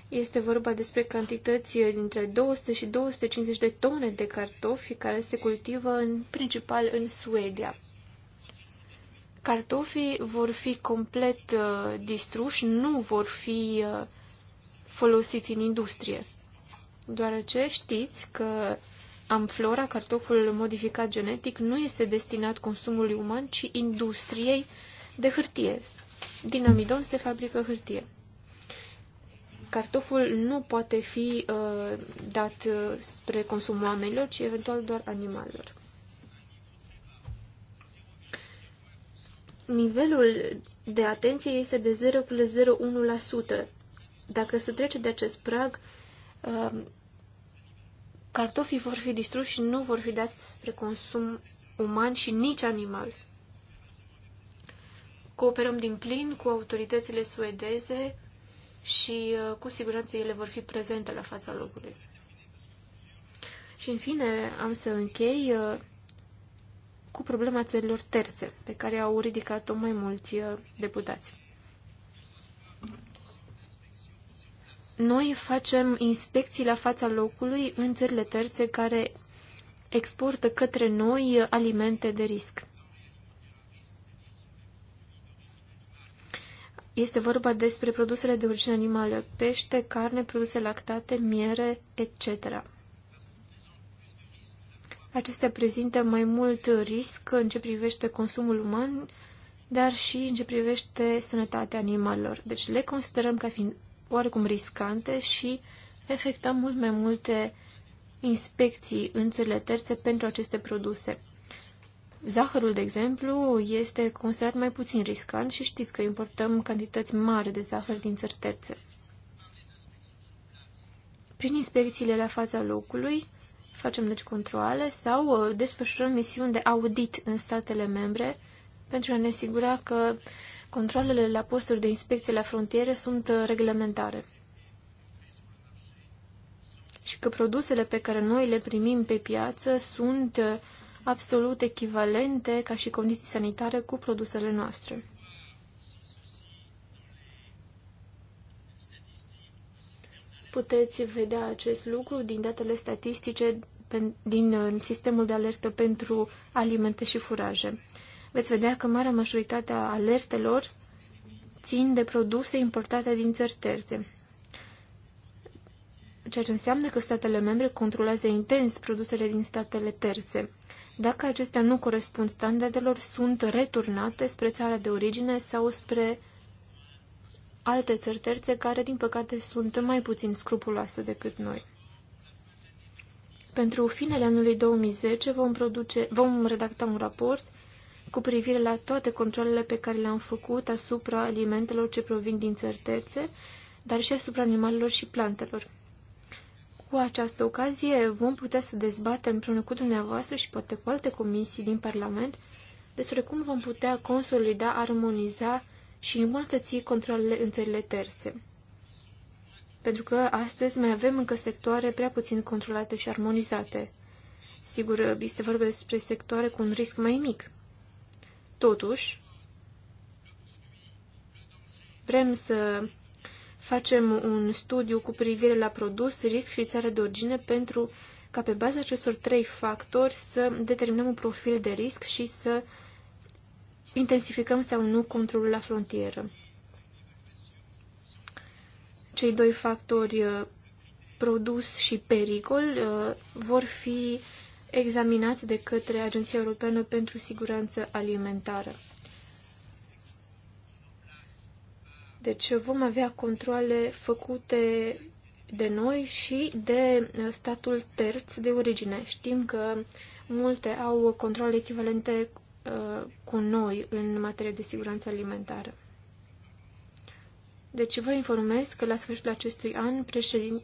Este vorba despre cantități dintre 200 și 250 de tone de cartofi care se cultivă în principal în Suedia cartofii vor fi complet uh, distruși, nu vor fi uh, folosiți în industrie. Deoarece știți că amflora, cartoful modificat genetic, nu este destinat consumului uman, ci industriei de hârtie. Din amidon se fabrică hârtie. Cartoful nu poate fi uh, dat uh, spre consumul oamenilor, ci eventual doar animalelor. nivelul de atenție este de 0,01%. Dacă se trece de acest prag, um, cartofii vor fi distruși și nu vor fi dați spre consum uman și nici animal. Cooperăm din plin cu autoritățile suedeze și uh, cu siguranță ele vor fi prezente la fața locului. Și în fine, am să închei uh, cu problema țărilor terțe, pe care au ridicat-o mai mulți uh, deputați. Noi facem inspecții la fața locului în țările terțe care exportă către noi uh, alimente de risc. Este vorba despre produsele de origine animală, pește, carne, produse lactate, miere, etc. Acestea prezintă mai mult risc în ce privește consumul uman, dar și în ce privește sănătatea animalelor. Deci le considerăm ca fiind oarecum riscante și efectăm mult mai multe inspecții în țările terțe pentru aceste produse. Zahărul, de exemplu, este considerat mai puțin riscant și știți că importăm cantități mari de zahăr din țări terțe. Prin inspecțiile la faza locului, facem deci controle sau uh, desfășurăm misiuni de audit în statele membre pentru a ne asigura că controlele la posturi de inspecție la frontiere sunt uh, reglementare și că produsele pe care noi le primim pe piață sunt uh, absolut echivalente ca și condiții sanitare cu produsele noastre. Puteți vedea acest lucru din datele statistice din uh, sistemul de alertă pentru alimente și furaje. Veți vedea că marea majoritate a alertelor țin de produse importate din țări terțe. Ceea ce înseamnă că statele membre controlează intens produsele din statele terțe. Dacă acestea nu corespund standardelor, sunt returnate spre țara de origine sau spre alte țări terțe care, din păcate, sunt mai puțin scrupuloase decât noi. Pentru finele anului 2010 vom, produce, vom redacta un raport cu privire la toate controlele pe care le-am făcut asupra alimentelor ce provin din țări terțe, dar și asupra animalelor și plantelor. Cu această ocazie vom putea să dezbatem împreună cu dumneavoastră și poate cu alte comisii din Parlament despre cum vom putea consolida, armoniza și îmbunătăți controlele în țările terțe. Pentru că astăzi mai avem încă sectoare prea puțin controlate și armonizate. Sigur, este vorba despre sectoare cu un risc mai mic. Totuși, vrem să facem un studiu cu privire la produs, risc și țară de origine pentru ca pe baza acestor trei factori să determinăm un profil de risc și să intensificăm sau nu controlul la frontieră. Cei doi factori, uh, produs și pericol, uh, vor fi examinați de către Agenția Europeană pentru Siguranță Alimentară. Deci uh, vom avea controle făcute de noi și de statul terț de origine. Știm că multe au controle echivalente Uh, cu noi în materie de siguranță alimentară. Deci vă informez că la sfârșitul acestui an președin...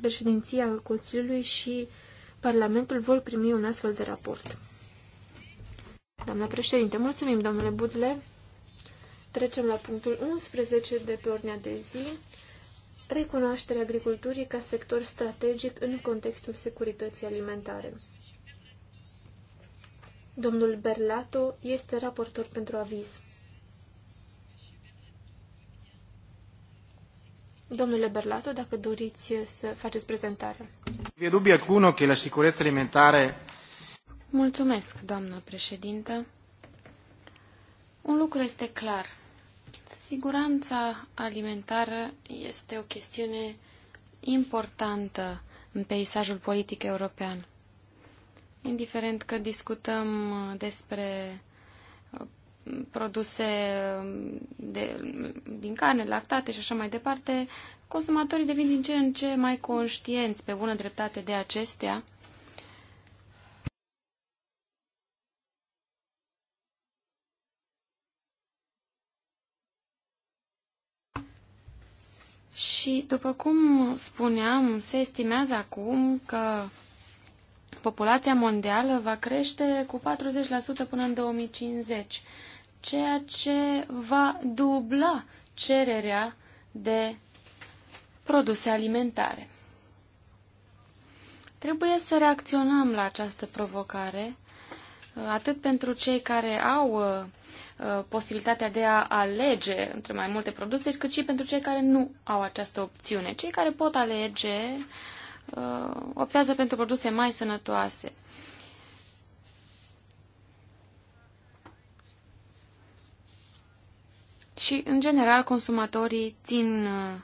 președinția Consiliului și Parlamentul vor primi un astfel de raport. Doamna președinte, mulțumim, domnule Budle. Trecem la punctul 11 de pe ordinea de zi. Recunoașterea agriculturii ca sector strategic în contextul securității alimentare. Domnul Berlato este raportor pentru aviz. Domnule Berlato, dacă doriți să faceți prezentarea. Vi dubbio alcuno că la sicurezza alimentare... Mulțumesc, doamnă președintă. Un lucru este clar. Siguranța alimentară este o chestiune importantă în peisajul politic european indiferent că discutăm despre uh, produse uh, de, din carne, lactate și așa mai departe, consumatorii devin din ce în ce mai conștienți pe bună dreptate de acestea. Și, după cum spuneam, se estimează acum că populația mondială va crește cu 40% până în 2050, ceea ce va dubla cererea de produse alimentare. Trebuie să reacționăm la această provocare, atât pentru cei care au uh, uh, posibilitatea de a alege între mai multe produse, cât și pentru cei care nu au această opțiune. Cei care pot alege uh, Uh, optează pentru produse mai sănătoase. Și, în general, consumatorii țin uh,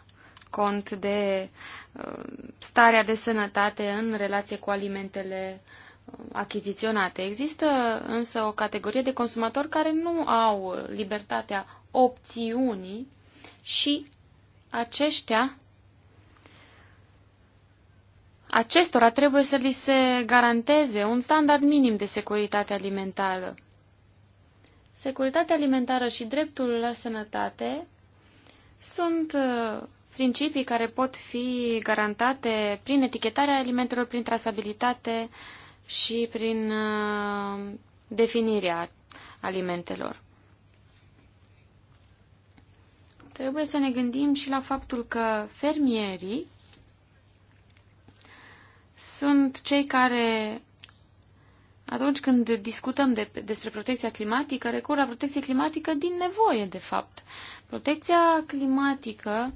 cont de uh, starea de sănătate în relație cu alimentele achiziționate. Există însă o categorie de consumatori care nu au libertatea opțiunii și aceștia acestora trebuie să li se garanteze un standard minim de securitate alimentară. Securitatea alimentară și dreptul la sănătate sunt uh, principii care pot fi garantate prin etichetarea alimentelor, prin trasabilitate și prin uh, definirea alimentelor. Trebuie să ne gândim și la faptul că fermierii sunt cei care, atunci când discutăm de, despre protecția climatică, recur la protecție climatică din nevoie, de fapt. Protecția climatică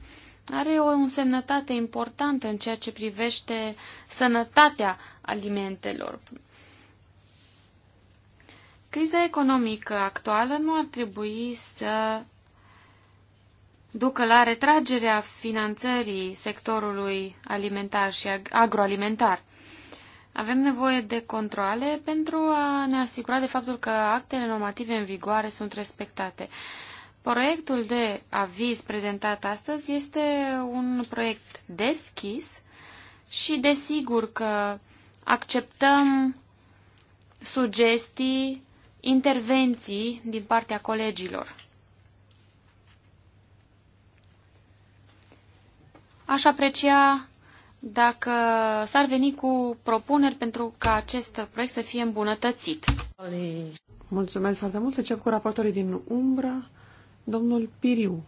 are o însemnătate importantă în ceea ce privește sănătatea alimentelor. Criza economică actuală nu ar trebui să ducă la retragerea finanțării sectorului alimentar și agroalimentar. Avem nevoie de controle pentru a ne asigura de faptul că actele normative în vigoare sunt respectate. Proiectul de aviz prezentat astăzi este un proiect deschis și desigur că acceptăm sugestii, intervenții din partea colegilor. Aș aprecia dacă s-ar veni cu propuneri pentru ca acest proiect să fie îmbunătățit. Mulțumesc foarte mult. Încep cu raportorii din Umbra, domnul Piriu.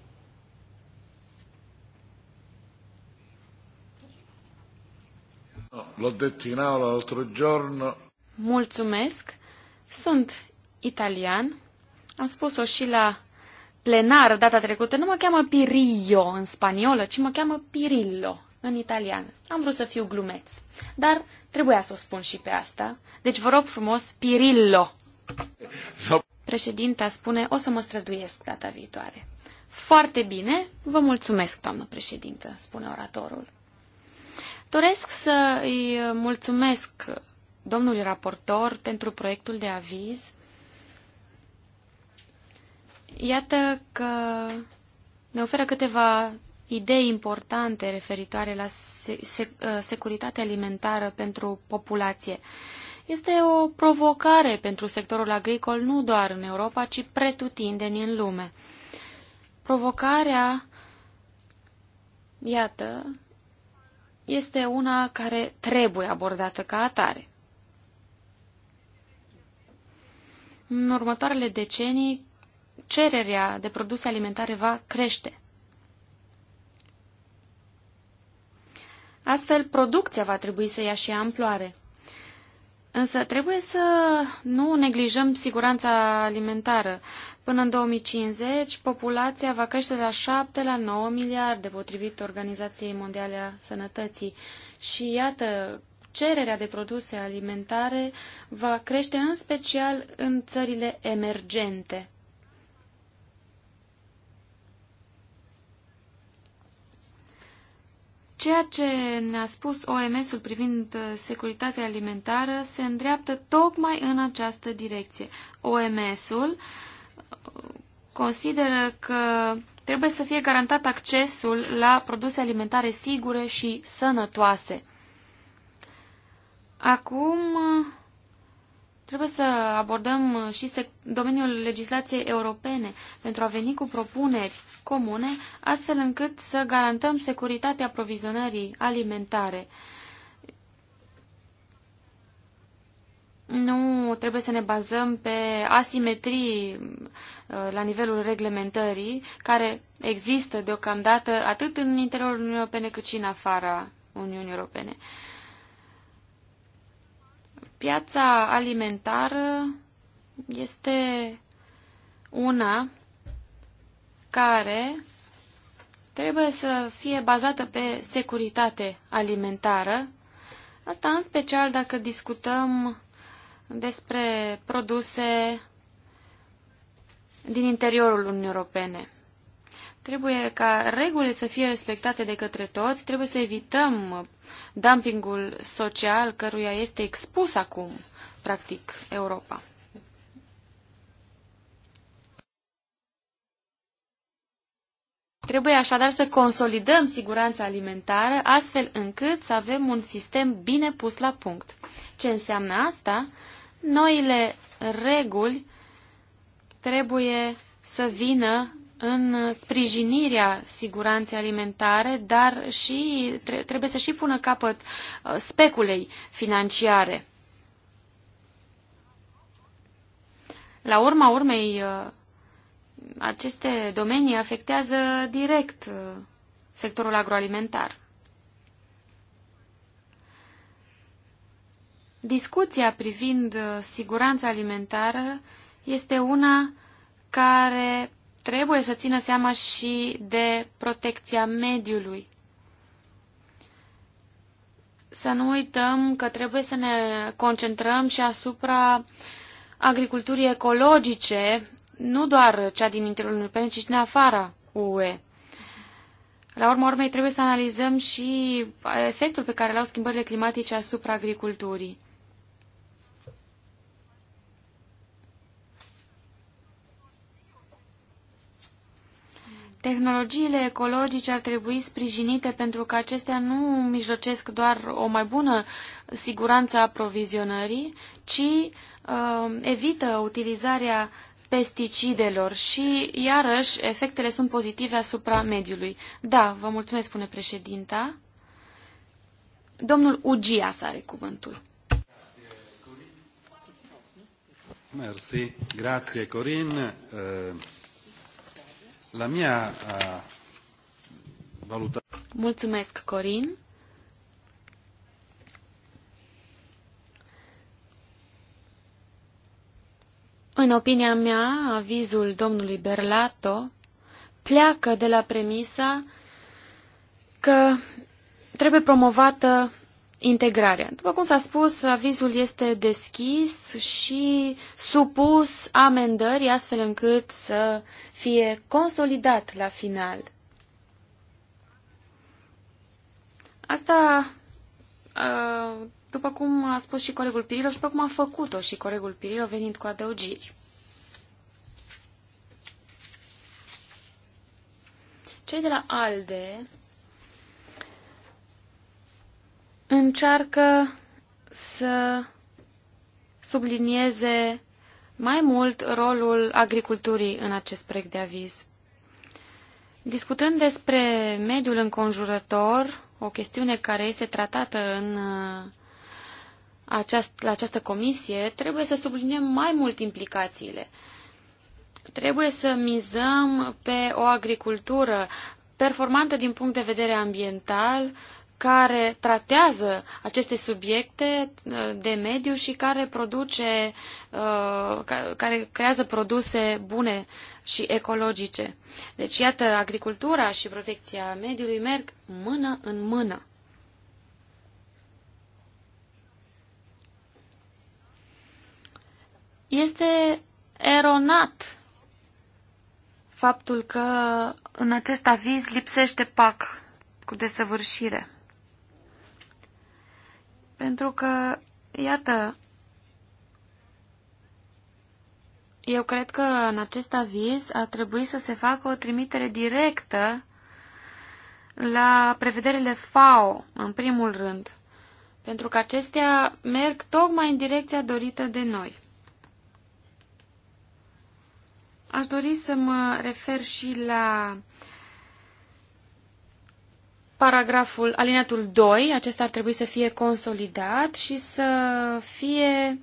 L'ho detto in aula l'altro giorno. Mulțumesc. Sunt italian. Am spus-o și la plenară data trecută nu mă cheamă Pirillo în spaniolă, ci mă cheamă Pirillo în italiană. Am vrut să fiu glumeț, dar trebuia să o spun și pe asta. Deci vă rog frumos, Pirillo. No. Președinta spune, o să mă străduiesc data viitoare. Foarte bine, vă mulțumesc, doamnă președintă, spune oratorul. Doresc să îi mulțumesc domnului raportor pentru proiectul de aviz Iată că ne oferă câteva idei importante referitoare la uh, securitatea alimentară pentru populație. Este o provocare pentru sectorul agricol nu doar în Europa, ci pretutindeni în lume. Provocarea, iată, este una care trebuie abordată ca atare. În următoarele decenii, cererea de produse alimentare va crește. Astfel, producția va trebui să ia și amploare. Însă trebuie să nu neglijăm siguranța alimentară. Până în 2050, populația va crește de la 7 la 9 miliarde, potrivit Organizației Mondiale a Sănătății. Și iată, cererea de produse alimentare va crește în special în țările emergente. Ceea ce ne-a spus OMS-ul privind uh, securitatea alimentară se îndreaptă tocmai în această direcție. OMS-ul uh, consideră că trebuie să fie garantat accesul la produse alimentare sigure și sănătoase. Acum uh, Trebuie să abordăm și domeniul legislației europene pentru a veni cu propuneri comune, astfel încât să garantăm securitatea aprovizionării alimentare. Nu trebuie să ne bazăm pe asimetrii uh, la nivelul reglementării care există deocamdată atât în interiorul Uniunii Europene cât și în afara Uniunii Europene. Piața alimentară este una care trebuie să fie bazată pe securitate alimentară, asta în special dacă discutăm despre produse din interiorul Uniunii Europene. Trebuie ca regulile să fie respectate de către toți, trebuie să evităm dumpingul social căruia este expus acum, practic, Europa. Trebuie așadar să consolidăm siguranța alimentară astfel încât să avem un sistem bine pus la punct. Ce înseamnă asta? Noile reguli trebuie să vină în sprijinirea siguranței alimentare, dar și trebuie să și pună capăt uh, speculei financiare. La urma urmei, uh, aceste domenii afectează direct uh, sectorul agroalimentar. Discuția privind siguranța alimentară este una care trebuie să țină seama și de protecția mediului. Să nu uităm că trebuie să ne concentrăm și asupra agriculturii ecologice, nu doar cea din interiorul Uniunii Europene, ci și din afara UE. La urma urmei, trebuie să analizăm și efectul pe care l-au schimbările climatice asupra agriculturii. Tehnologiile ecologice ar trebui sprijinite pentru că acestea nu mijlocesc doar o mai bună siguranță a aprovizionării, ci uh, evită utilizarea pesticidelor și, iarăși, efectele sunt pozitive asupra mediului. Da, vă mulțumesc, spune președinta. Domnul Ugia să are cuvântul. Mersi. Grazie, Corin. Uh la mia uh, Mulțumesc, Corin. În opinia mea, avizul domnului Berlato pleacă de la premisa că trebuie promovată integrarea. După cum s-a spus, avizul este deschis și supus amendării astfel încât să fie consolidat la final. Asta, după cum a spus și colegul Pirilo și după cum a făcut-o și colegul Pirilo venind cu adăugiri. Cei de la ALDE încearcă să sublinieze mai mult rolul agriculturii în acest proiect de aviz. Discutând despre mediul înconjurător, o chestiune care este tratată în uh, aceast, la această comisie, trebuie să subliniem mai mult implicațiile. Trebuie să mizăm pe o agricultură performantă din punct de vedere ambiental, care tratează aceste subiecte uh, de mediu și care produce, uh, care creează produse bune și ecologice. Deci, iată, agricultura și protecția mediului merg mână în mână. Este eronat faptul că în acest aviz lipsește PAC cu desăvârșire. Pentru că, iată, eu cred că în acest aviz ar trebui să se facă o trimitere directă la prevederile FAO, în primul rând, pentru că acestea merg tocmai în direcția dorită de noi. Aș dori să mă refer și la uh, paragraful, alineatul 2, acesta ar trebui să fie consolidat și să fie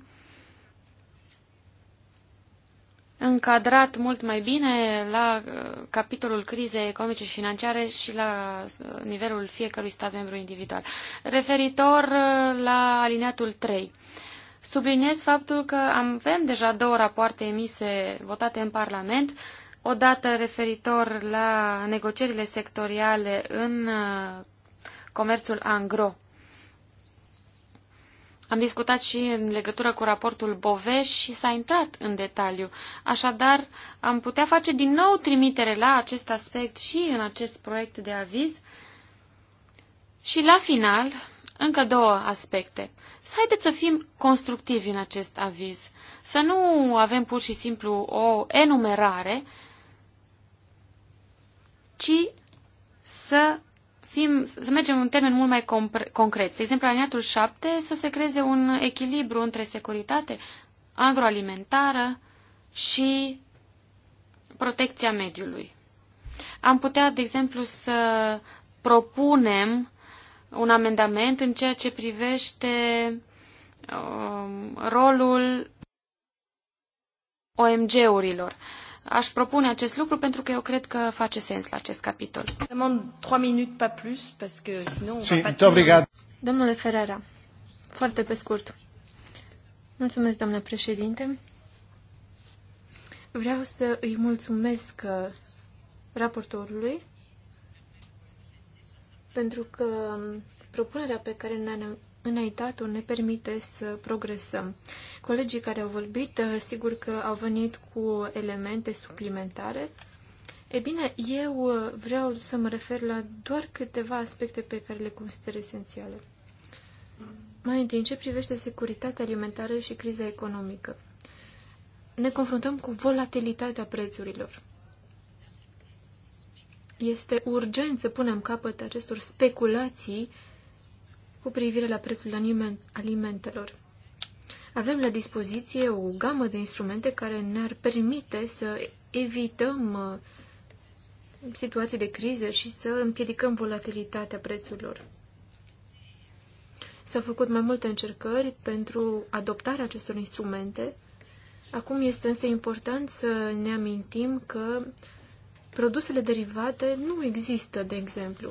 încadrat mult mai bine la uh, capitolul crizei economice și financiare și la uh, nivelul fiecărui stat membru individual. Referitor uh, la alineatul 3, subliniez faptul că avem deja două rapoarte emise, votate în Parlament, odată referitor la negocierile sectoriale în uh, comerțul angro. Am discutat și în legătură cu raportul Bove și s-a intrat în detaliu. Așadar, am putea face din nou trimitere la acest aspect și în acest proiect de aviz. Și la final, încă două aspecte. Să haideți să fim constructivi în acest aviz. Să nu avem pur și simplu o enumerare, ci să, fim, să mergem în termen mult mai concret. De exemplu, aliniatul 7, să se creeze un echilibru între securitate agroalimentară și protecția mediului. Am putea, de exemplu, să propunem un amendament în ceea ce privește um, rolul OMG-urilor. Uh, Aș propune acest lucru pentru că eu cred că face sens la acest capitol. Domnule Ferrara, foarte pe scurt. Mulțumesc, domnule președinte. Vreau să îi mulțumesc uh, raportorului pentru că um, propunerea pe care înaintat ne permite să progresăm. Colegii care au vorbit, eh, sigur că au venit cu elemente suplimentare. E bine, eu eh, vreau să mă refer la doar câteva aspecte pe care le consider esențiale. Mai întâi, în ce privește securitatea alimentară și criza economică. Ne confruntăm cu volatilitatea prețurilor. Este urgent să punem capăt acestor speculații uh, cu privire la prețul alimentelor. Avem la dispoziție o gamă de instrumente care ne-ar permite să evităm uh, situații de criză și să împiedicăm volatilitatea prețurilor. S-au făcut mai multe încercări pentru adoptarea acestor instrumente. Acum este însă important să ne amintim că produsele derivate nu există, de exemplu.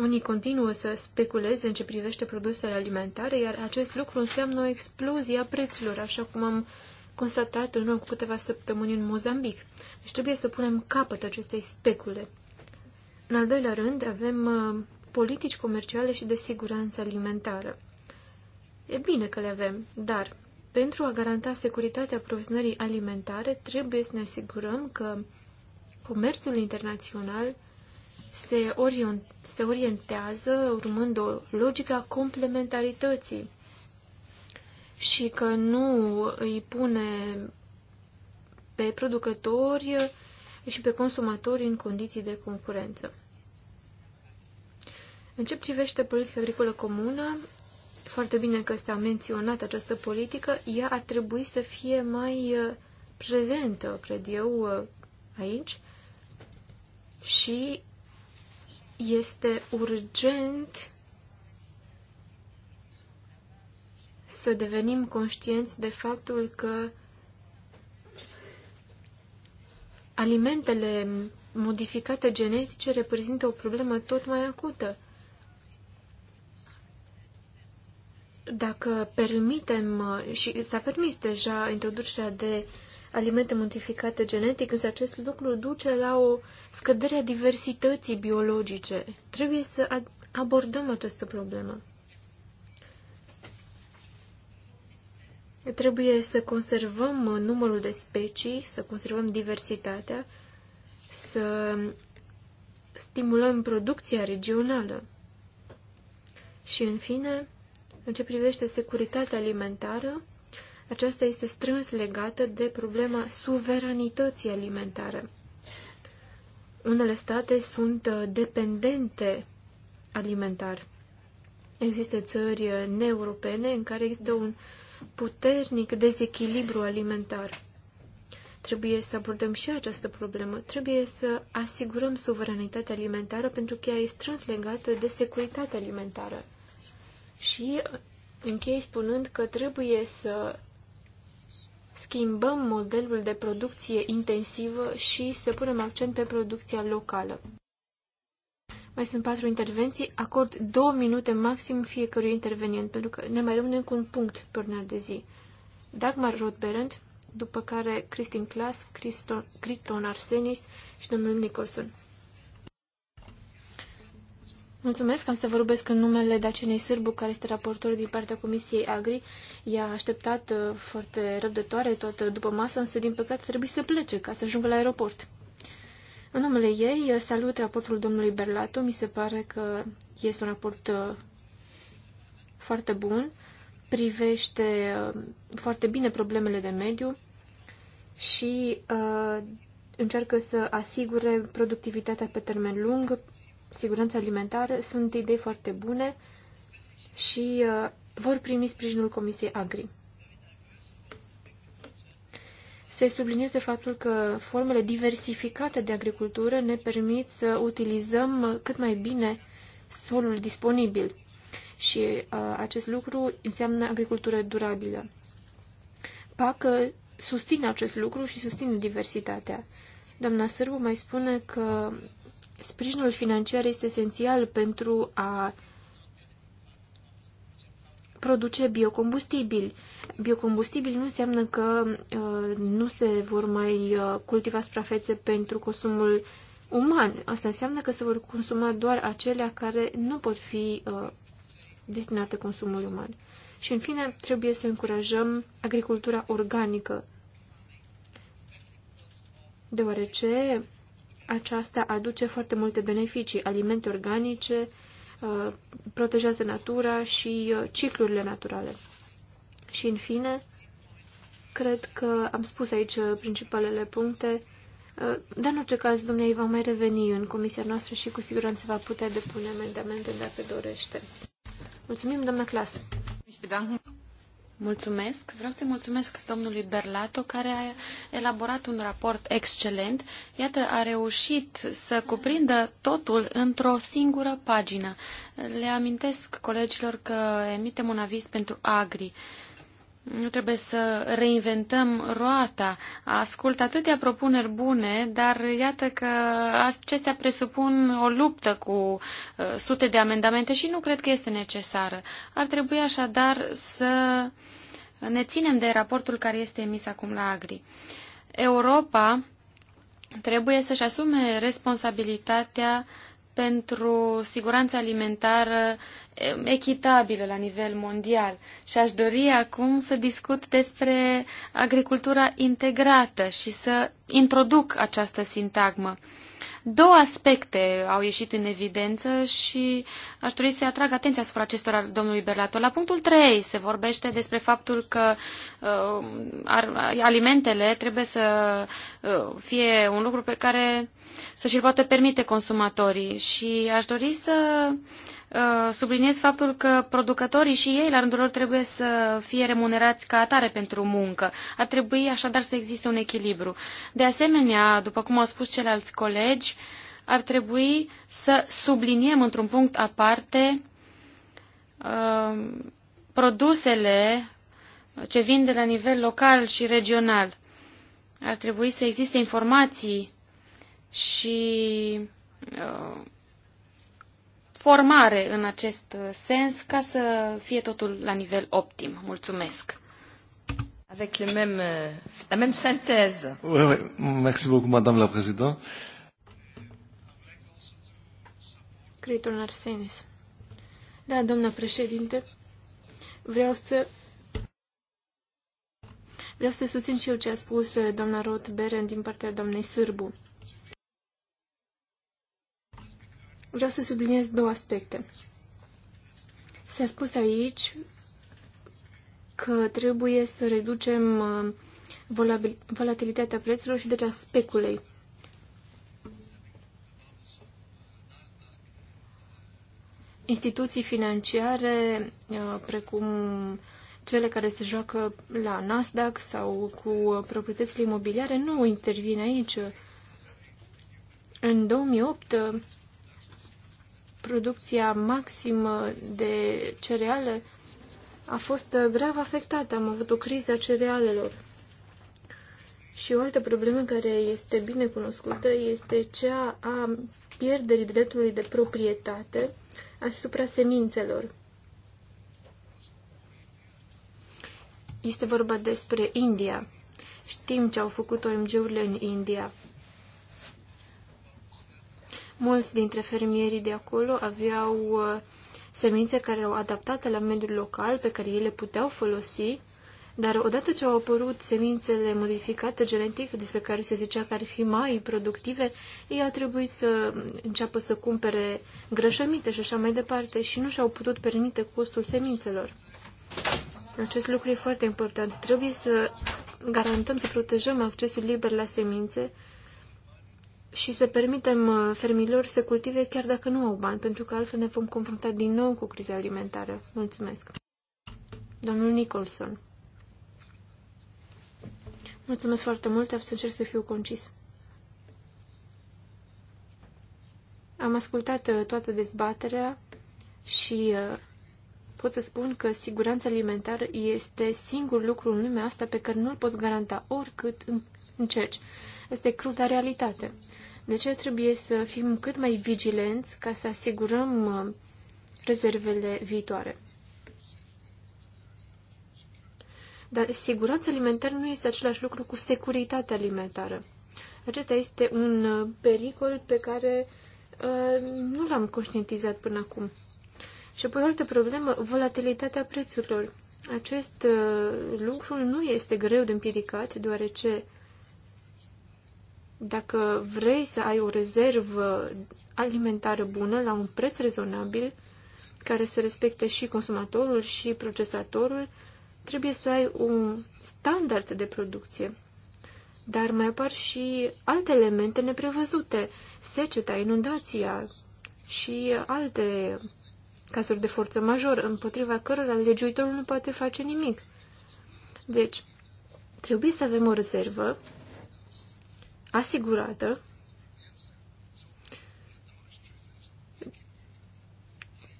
Unii continuă să speculeze în ce privește produsele alimentare, iar acest lucru înseamnă o explozie a prețurilor, așa cum am constatat în urmă cu câteva săptămâni în Mozambic. Deci trebuie să punem capăt acestei specule. În al doilea rând, avem uh, politici comerciale și de siguranță alimentară. E bine că le avem, dar pentru a garanta securitatea aprovizionării alimentare, trebuie să ne asigurăm că comerțul internațional se, orient, se orientează urmând o logică a complementarității și că nu îi pune pe producători și pe consumatori în condiții de concurență. În ce privește politica agricolă comună, foarte bine că s-a menționat această politică, ea ar trebui să fie mai uh, prezentă, cred eu, uh, aici și este urgent să devenim conștienți de faptul că alimentele modificate genetice reprezintă o problemă tot mai acută. Dacă permitem, și s-a permis deja introducerea de uh, alimente modificate genetic, însă acest lucru duce la o scădere a diversității biologice. Trebuie să abordăm această problemă. Trebuie să conservăm numărul de specii, să conservăm diversitatea, să stimulăm producția regională. Și, în fine, în ce privește securitatea alimentară, aceasta este strâns legată de problema suveranității alimentare. Unele state sunt uh, dependente alimentar. Există țări uh, neeuropene în care există un puternic dezechilibru alimentar. Trebuie să abordăm și această problemă. Trebuie să asigurăm suveranitatea alimentară pentru că ea este strâns legată de securitatea alimentară. Și uh, închei spunând că trebuie să schimbăm modelul de producție intensivă și să punem accent pe producția locală. Mai sunt patru intervenții. Acord două minute maxim fiecărui intervenient, pentru că ne mai rămânem cu un punct pe ordinea de zi. Dagmar Rothberend, după care Christine Klaas, Criton Arsenis și domnul Nicholson. Mulțumesc, am să vorbesc în numele Dacinei Sârbu, care este raportor din partea Comisiei Agri. i a așteptat uh, foarte răbdătoare tot uh, după masă, însă din păcate trebuie să plece ca să ajungă la aeroport. În numele ei uh, salut raportul domnului Berlato. Mi se pare că este un raport foarte bun, privește foarte bine problemele de mediu și încearcă să asigure productivitatea pe termen lung, siguranță alimentară sunt idei foarte bune și uh, vor primi sprijinul Comisiei Agri. Se sublinieze faptul că formele diversificate de agricultură ne permit să utilizăm cât mai bine solul disponibil și uh, acest lucru înseamnă agricultură durabilă. PAC susține acest lucru și susține diversitatea. Doamna Sârbu mai spune că sprijinul financiar este esențial pentru a produce biocombustibili. Biocombustibili nu înseamnă că uh, nu se vor mai uh, cultiva suprafețe pentru consumul uman. Asta înseamnă că se vor consuma doar acelea care nu pot fi uh, destinate consumului uman. Și, în fine, trebuie să încurajăm agricultura organică, deoarece aceasta aduce foarte multe beneficii, alimente organice, uh, protejează natura și uh, ciclurile naturale. Și în fine, cred că am spus aici uh, principalele puncte, dar în orice caz, dumneai va mai reveni în comisia noastră și cu siguranță va putea depune amendamente dacă dorește. Mulțumim, doamna Clas! Mulțumesc. Vreau să mulțumesc domnului Berlato, care a elaborat un raport excelent. Iată, a reușit să cuprindă totul într-o singură pagină. Le amintesc colegilor că emitem un aviz pentru Agri. Nu trebuie să reinventăm roata. Ascult atâtea propuneri bune, dar iată că acestea presupun o luptă cu uh, sute de amendamente și nu cred că este necesară. Ar trebui așadar să ne ținem de raportul care este emis acum la Agri. Europa trebuie să-și asume responsabilitatea pentru siguranța alimentară echitabilă la nivel mondial și aș dori acum să discut despre agricultura integrată și să introduc această sintagmă. Două aspecte au ieșit în evidență și aș dori să atrag atenția asupra acestora domnului Berlato. La punctul 3 se vorbește despre faptul că uh, ar, alimentele trebuie să uh, fie un lucru pe care să și-l poată permite consumatorii și aș dori să uh, Uh, subliniez faptul că producătorii și ei, la rândul lor, trebuie să fie remunerați ca atare pentru muncă. Ar trebui așadar să existe un echilibru. De asemenea, după cum au spus ceilalți colegi, ar trebui să subliniem într-un punct aparte uh, produsele ce vin de la nivel local și regional. Ar trebui să existe informații și uh, formare în acest uh, sens ca să fie totul la nivel optim. Mulțumesc! Avec le même, uh, la même synthèse. Oui, oui. Merci beaucoup, Madame la Présidente. Da, doamna președinte, vreau să vreau să susțin și eu ce a spus uh, doamna Roth Beren din partea doamnei Sârbu. vreau să subliniez două aspecte. S-a spus aici că trebuie să reducem uh, volatilitatea prețurilor și deci a speculei. Instituții financiare, uh, precum cele care se joacă la Nasdaq sau cu proprietățile imobiliare, nu intervin aici. În 2008, producția maximă de cereale a fost uh, grav afectată. Am avut o criză a cerealelor. Și o altă problemă care este bine cunoscută este cea a pierderii dreptului de proprietate asupra semințelor. Este vorba despre India. Știm ce au făcut OMG-urile în India. Mulți dintre fermierii de acolo aveau uh, semințe care erau adaptate la mediul local, pe care ei le puteau folosi, dar odată ce au apărut semințele modificate genetic, despre care se zicea că ar fi mai productive, ei au trebuit să înceapă să cumpere grășămite și așa mai departe și nu și-au putut permite costul semințelor. Acest lucru e foarte important. Trebuie să garantăm, să protejăm accesul liber la semințe, și să permitem uh, fermilor să cultive chiar dacă nu au bani, pentru că altfel ne vom confrunta din nou cu criza alimentară. Mulțumesc. Domnul Nicholson. Mulțumesc foarte mult, am să încerc să fiu concis. Am ascultat uh, toată dezbaterea și uh, pot să spun că siguranța alimentară este singurul lucru în lumea asta pe care nu-l poți garanta oricât încerci. Este cruda realitate. De aceea trebuie să fim cât mai vigilenți ca să asigurăm uh, rezervele viitoare. Dar siguranța alimentară nu este același lucru cu securitatea alimentară. Acesta este un uh, pericol pe care uh, nu l-am conștientizat până acum. Și apoi o altă problemă, volatilitatea prețurilor. Acest uh, lucru nu este greu de împiedicat, deoarece uh, dacă vrei să ai o rezervă alimentară bună la un preț rezonabil, care să respecte și consumatorul și procesatorul, trebuie să ai un standard de producție. Dar mai apar și alte elemente neprevăzute, seceta, inundația și alte cazuri de forță majoră, împotriva cărora legiuitorul nu poate face nimic. Deci, trebuie să avem o rezervă asigurată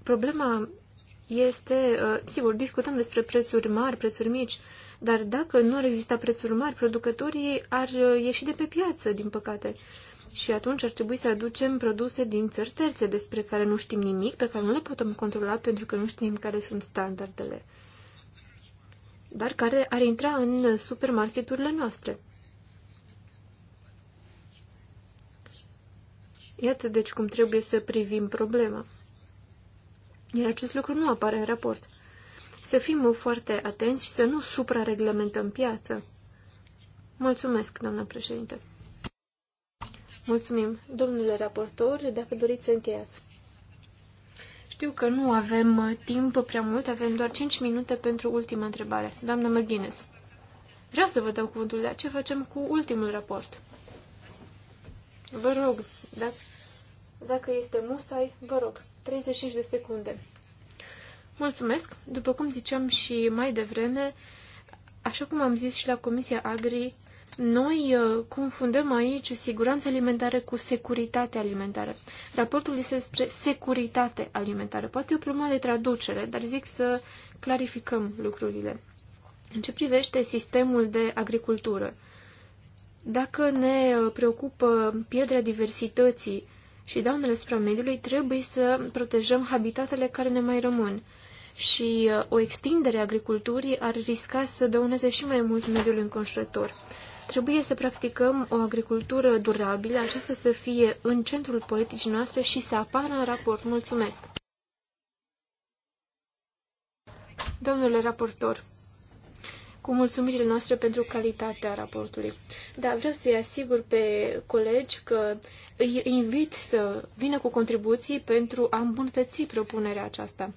problema este, uh, sigur, discutăm despre prețuri mari, prețuri mici, dar dacă nu ar exista prețuri mari, producătorii ar uh, ieși de pe piață, din păcate. Și atunci ar trebui să aducem produse din țări terțe despre care nu știm nimic, pe care nu le putem controla pentru că nu știm care sunt standardele, dar care ar intra în supermarketurile noastre. Iată deci cum trebuie să privim problema. Iar acest lucru nu apare în raport. Să fim foarte atenți și să nu suprareglementăm piața. Mulțumesc, doamnă președinte. Mulțumim, domnule raportor, dacă doriți să încheiați. Știu că nu avem uh, timp prea mult, avem doar 5 minute pentru ultima întrebare. Doamnă McGuinness, vreau să vă dau cuvântul, dar ce facem cu ultimul raport? Vă rog, dacă dacă este musai, vă rog, 35 de secunde. Mulțumesc! După cum ziceam și mai devreme, așa cum am zis și la Comisia Agri, noi uh, confundăm aici siguranța alimentară cu securitate alimentară. Raportul este despre securitate alimentară. Poate e o problemă de traducere, dar zic să clarificăm lucrurile. În ce privește sistemul de agricultură, dacă ne uh, preocupă pierderea diversității și daunele asupra mediului, trebuie să protejăm habitatele care ne mai rămân. Și uh, o extindere a agriculturii ar risca să dăuneze și mai mult mediul înconjurător. Trebuie să practicăm o agricultură durabilă, aceasta să fie în centrul politicii noastre și să apară în raport. Mulțumesc! Domnule raportor, cu mulțumirile noastre pentru calitatea raportului. Da, vreau să-i asigur pe colegi că îi invit să vină cu contribuții pentru a îmbunătăți propunerea aceasta.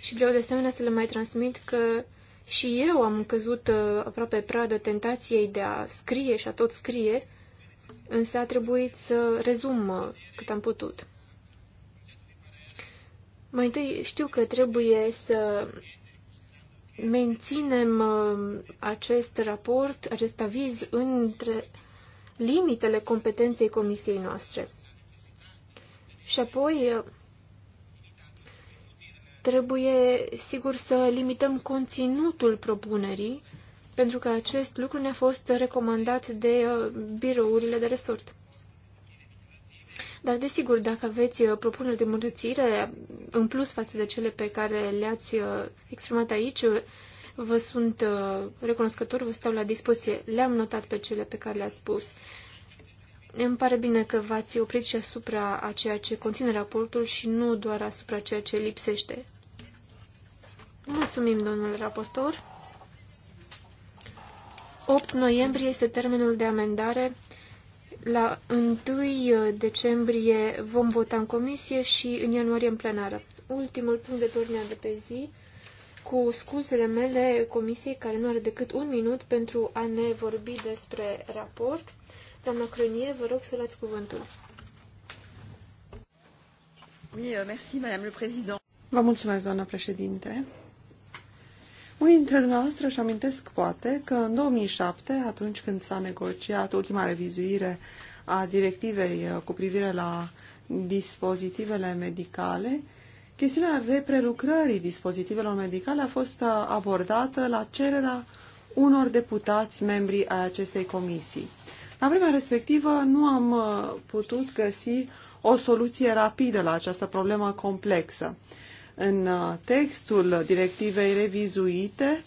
Și vreau de asemenea să le mai transmit că și eu am căzut uh, aproape pradă tentației de a scrie și a tot scrie, însă a trebuit să rezum uh, cât am putut. Mai întâi știu că trebuie să menținem uh, acest raport, acest aviz între limitele competenței comisiei noastre. Și apoi uh, trebuie, sigur, să limităm conținutul propunerii, pentru că acest lucru ne-a fost recomandat de uh, birourile de resort. Dar, desigur, dacă aveți uh, propuneri de îmbunătățire în plus față de cele pe care le-ați uh, exprimat aici, uh, vă sunt recunoscător, vă stau la dispoziție. Le-am notat pe cele pe care le-ați spus. Îmi pare bine că v-ați oprit și asupra a ceea ce conține raportul și nu doar asupra ceea ce lipsește. Mulțumim, domnule raportor. 8 noiembrie este termenul de amendare la 1 uh, decembrie vom vota în comisie și în ianuarie în plenară. Ultimul punct de turnea de pe zi, cu scuzele mele comisiei care nu are decât un minut pentru a ne vorbi despre raport. Doamna Crănie, vă rog să luați cuvântul. Oui, euh, merci, Madame le Président. Vă mulțumesc, doamna președinte. Unii dintre dumneavoastră își amintesc, poate, că în 2007, atunci când s-a negociat ultima revizuire a directivei uh, cu privire la dispozitivele medicale, chestiunea reprelucrării dispozitivelor medicale a fost uh, abordată la cererea unor deputați membri ai acestei comisii. La vremea respectivă nu am uh, putut găsi o soluție rapidă la această problemă complexă. În uh, textul directivei revizuite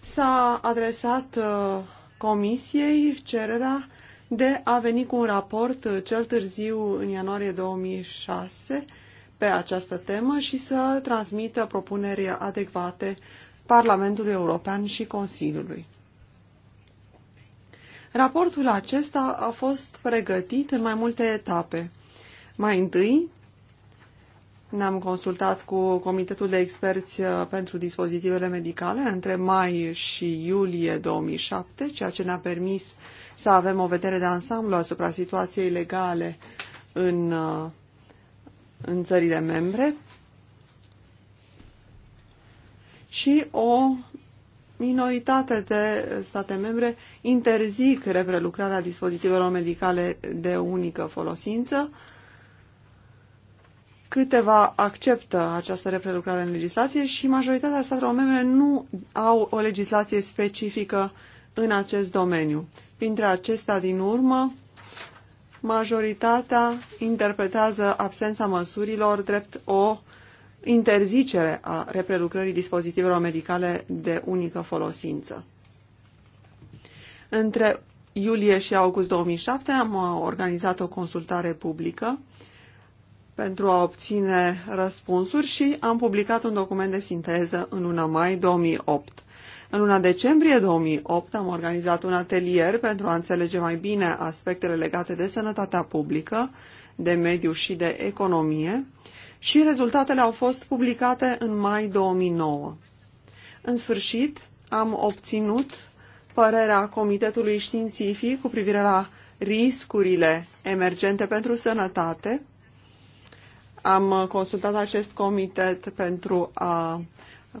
s-a adresat uh, Comisiei cererea de a veni cu un raport uh, cel târziu în ianuarie 2006 pe această temă și să transmită propuneri adecvate Parlamentului European și Consiliului. Raportul acesta a fost pregătit în mai multe etape. Mai întâi ne-am consultat cu Comitetul de Experți uh, pentru Dispozitivele Medicale între mai și iulie 2007, ceea ce ne-a permis să avem o vedere de ansamblu asupra situației legale în, uh, în țările membre și o minoritate de state membre interzic reprelucrarea dispozitivelor medicale de unică folosință, câteva acceptă această reprelucrare în legislație și majoritatea statelor membre nu au o legislație specifică în acest domeniu. Printre acestea, din urmă, majoritatea interpretează absența măsurilor drept o interzicere a reprelucrării dispozitivelor medicale de unică folosință. Între iulie și august 2007 am organizat o consultare publică pentru a obține răspunsuri și am publicat un document de sinteză în luna mai 2008. În luna decembrie 2008 am organizat un atelier pentru a înțelege mai bine aspectele legate de sănătatea publică, de mediu și de economie și rezultatele au fost publicate în mai 2009. În sfârșit, am obținut părerea Comitetului Științific cu privire la riscurile emergente pentru sănătate am consultat acest comitet pentru a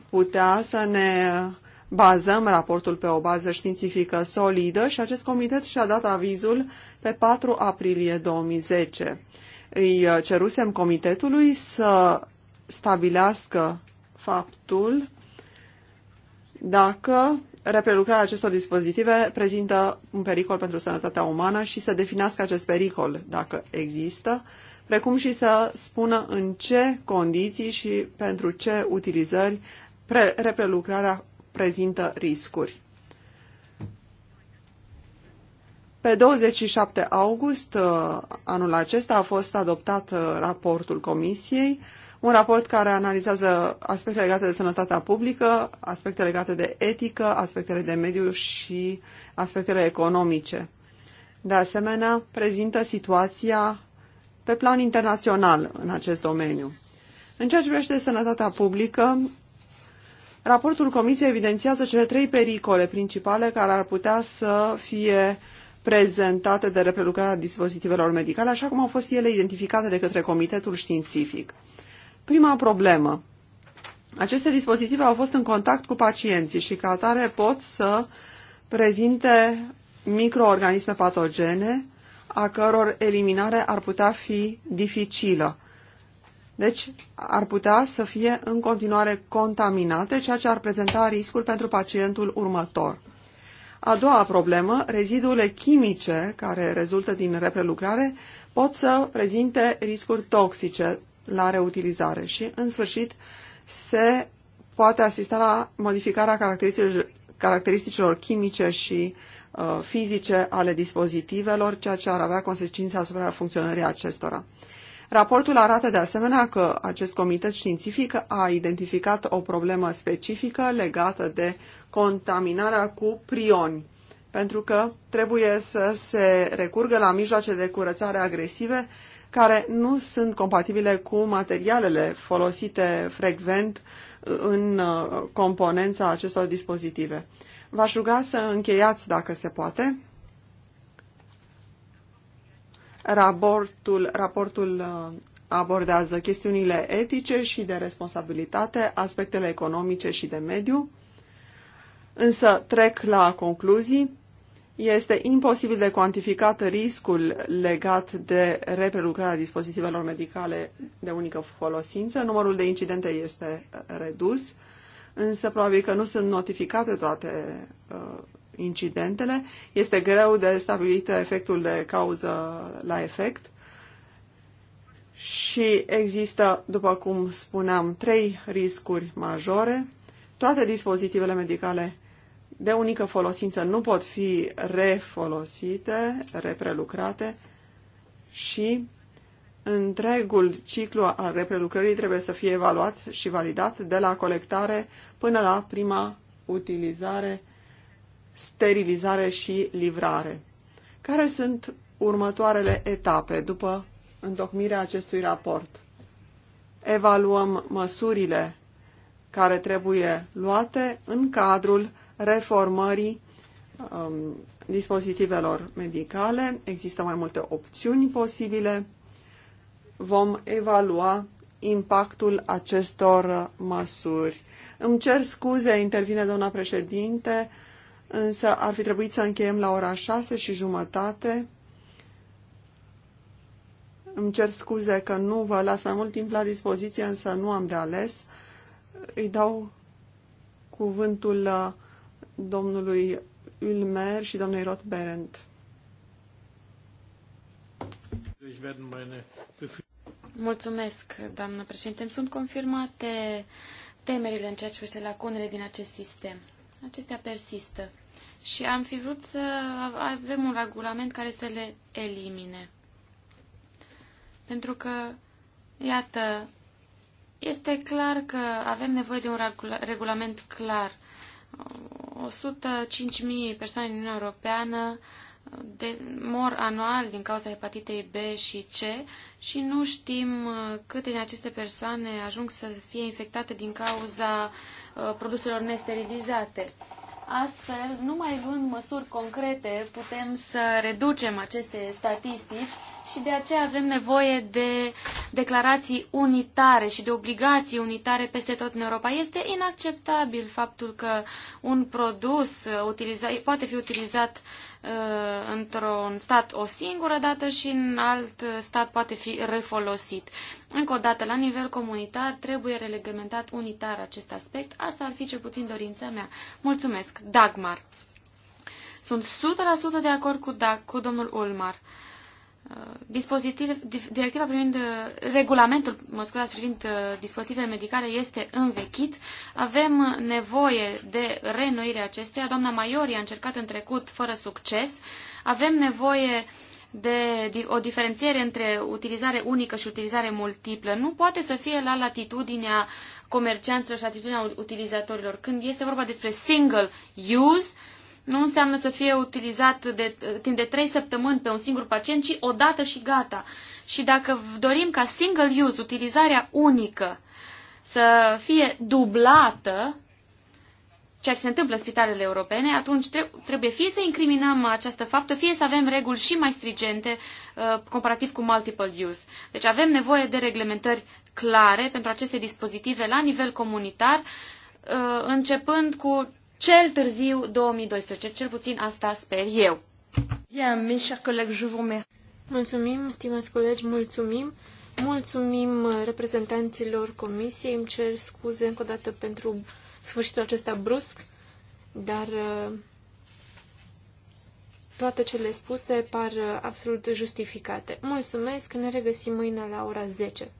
putea să ne bazăm raportul pe o bază științifică solidă și acest comitet și-a dat avizul pe 4 aprilie 2010. Îi cerusem comitetului să stabilească faptul dacă reprelucrarea acestor dispozitive prezintă un pericol pentru sănătatea umană și să definească acest pericol, dacă există, precum și să spună în ce condiții și pentru ce utilizări pre- reprelucrarea prezintă riscuri. Pe 27 august uh, anul acesta a fost adoptat uh, raportul Comisiei un raport care analizează aspecte legate de sănătatea publică, aspecte legate de etică, aspectele de mediu și aspectele economice. De asemenea, prezintă situația pe plan internațional în acest domeniu. În ceea ce privește sănătatea publică, raportul Comisiei evidențiază cele trei pericole principale care ar putea să fie prezentate de reprelucrarea dispozitivelor medicale, așa cum au fost ele identificate de către Comitetul Științific. Prima problemă. Aceste dispozitive au fost în contact cu pacienții și ca atare pot să prezinte microorganisme patogene a căror eliminare ar putea fi dificilă. Deci ar putea să fie în continuare contaminate, ceea ce ar prezenta riscul pentru pacientul următor. A doua problemă, rezidurile chimice care rezultă din reprelucrare pot să prezinte riscuri toxice la reutilizare și, în sfârșit, se poate asista la modificarea caracteristicilor, caracteristicilor chimice și uh, fizice ale dispozitivelor, ceea ce ar avea consecințe asupra funcționării acestora. Raportul arată de asemenea că acest comitet științific a identificat o problemă specifică legată de contaminarea cu prioni, pentru că trebuie să se recurgă la mijloace de curățare agresive care nu sunt compatibile cu materialele folosite frecvent în uh, componența acestor dispozitive. V-aș ruga să încheiați, dacă se poate, raportul, raportul uh, abordează chestiunile etice și de responsabilitate, aspectele economice și de mediu, însă trec la concluzii. Este imposibil de cuantificat riscul legat de reprelucrarea dispozitivelor medicale de unică folosință. Numărul de incidente este uh, redus, însă probabil că nu sunt notificate toate uh, incidentele. Este greu de stabilit efectul de cauză la efect. Și există, după cum spuneam, trei riscuri majore. Toate dispozitivele medicale de unică folosință nu pot fi refolosite, reprelucrate și întregul ciclu al reprelucrării trebuie să fie evaluat și validat de la colectare până la prima utilizare, sterilizare și livrare. Care sunt următoarele etape după întocmirea acestui raport? Evaluăm măsurile care trebuie luate în cadrul reformării um, dispozitivelor medicale. Există mai multe opțiuni posibile. Vom evalua impactul acestor măsuri. Îmi cer scuze, intervine doamna președinte, însă ar fi trebuit să încheiem la ora șase și jumătate. Îmi cer scuze că nu vă las mai mult timp la dispoziție, însă nu am de ales. Îi dau cuvântul uh, domnului Ulmer și domnului Roth Berend. Mulțumesc, doamnă președinte. sunt confirmate temerile în ceea ce privește lacunele din acest sistem. Acestea persistă. Și am fi vrut să avem un regulament care să le elimine. Pentru că, iată, este clar că avem nevoie de un regulament clar 105.000 persoane din Uniunea Europeană de, mor anual din cauza hepatitei B și C și nu știm uh, câte din aceste persoane ajung să fie infectate din cauza uh, produselor nesterilizate. Astfel, numai luând măsuri concrete, putem să reducem aceste statistici și de aceea avem nevoie de declarații unitare și de obligații unitare peste tot în Europa. Este inacceptabil faptul că un produs utiliza, poate fi utilizat Uh, într-un stat o singură dată și în alt stat poate fi refolosit. Încă o dată, la nivel comunitar, trebuie reglementat unitar acest aspect. Asta ar fi cel puțin dorința mea. Mulțumesc. Dagmar. Sunt 100% de acord cu, da, cu domnul Ulmar. Uh, dispozitiv, directiva privind uh, regulamentul, mă scuzați, privind uh, dispozitivele medicale este învechit. Avem nevoie de reînnoirea acesteia. Doamna Maiori a încercat în trecut fără succes. Avem nevoie de o diferențiere între utilizare unică și utilizare multiplă. Nu poate să fie la latitudinea comercianților și latitudinea utilizatorilor. Când este vorba despre single use, nu înseamnă să fie utilizat de, timp de 3 săptămâni pe un singur pacient, ci odată și gata. Și dacă dorim ca single use, utilizarea unică, să fie dublată, ceea ce se întâmplă în spitalele europene, atunci trebuie fie să incriminăm această faptă, fie să avem reguli și mai strigente uh, comparativ cu multiple use. Deci avem nevoie de reglementări clare pentru aceste dispozitive la nivel comunitar, uh, începând cu cel târziu 2012. Cel puțin asta sper eu. Bien, mes chers collègues, je vous remercie. Mulțumim, stimați colegi, mulțumim. Mulțumim uh, reprezentanților comisiei. Îmi cer scuze încă o dată pentru sfârșitul acesta brusc, dar uh, toate cele spuse par uh, absolut justificate. Mulțumesc, ne regăsim mâine la ora 10.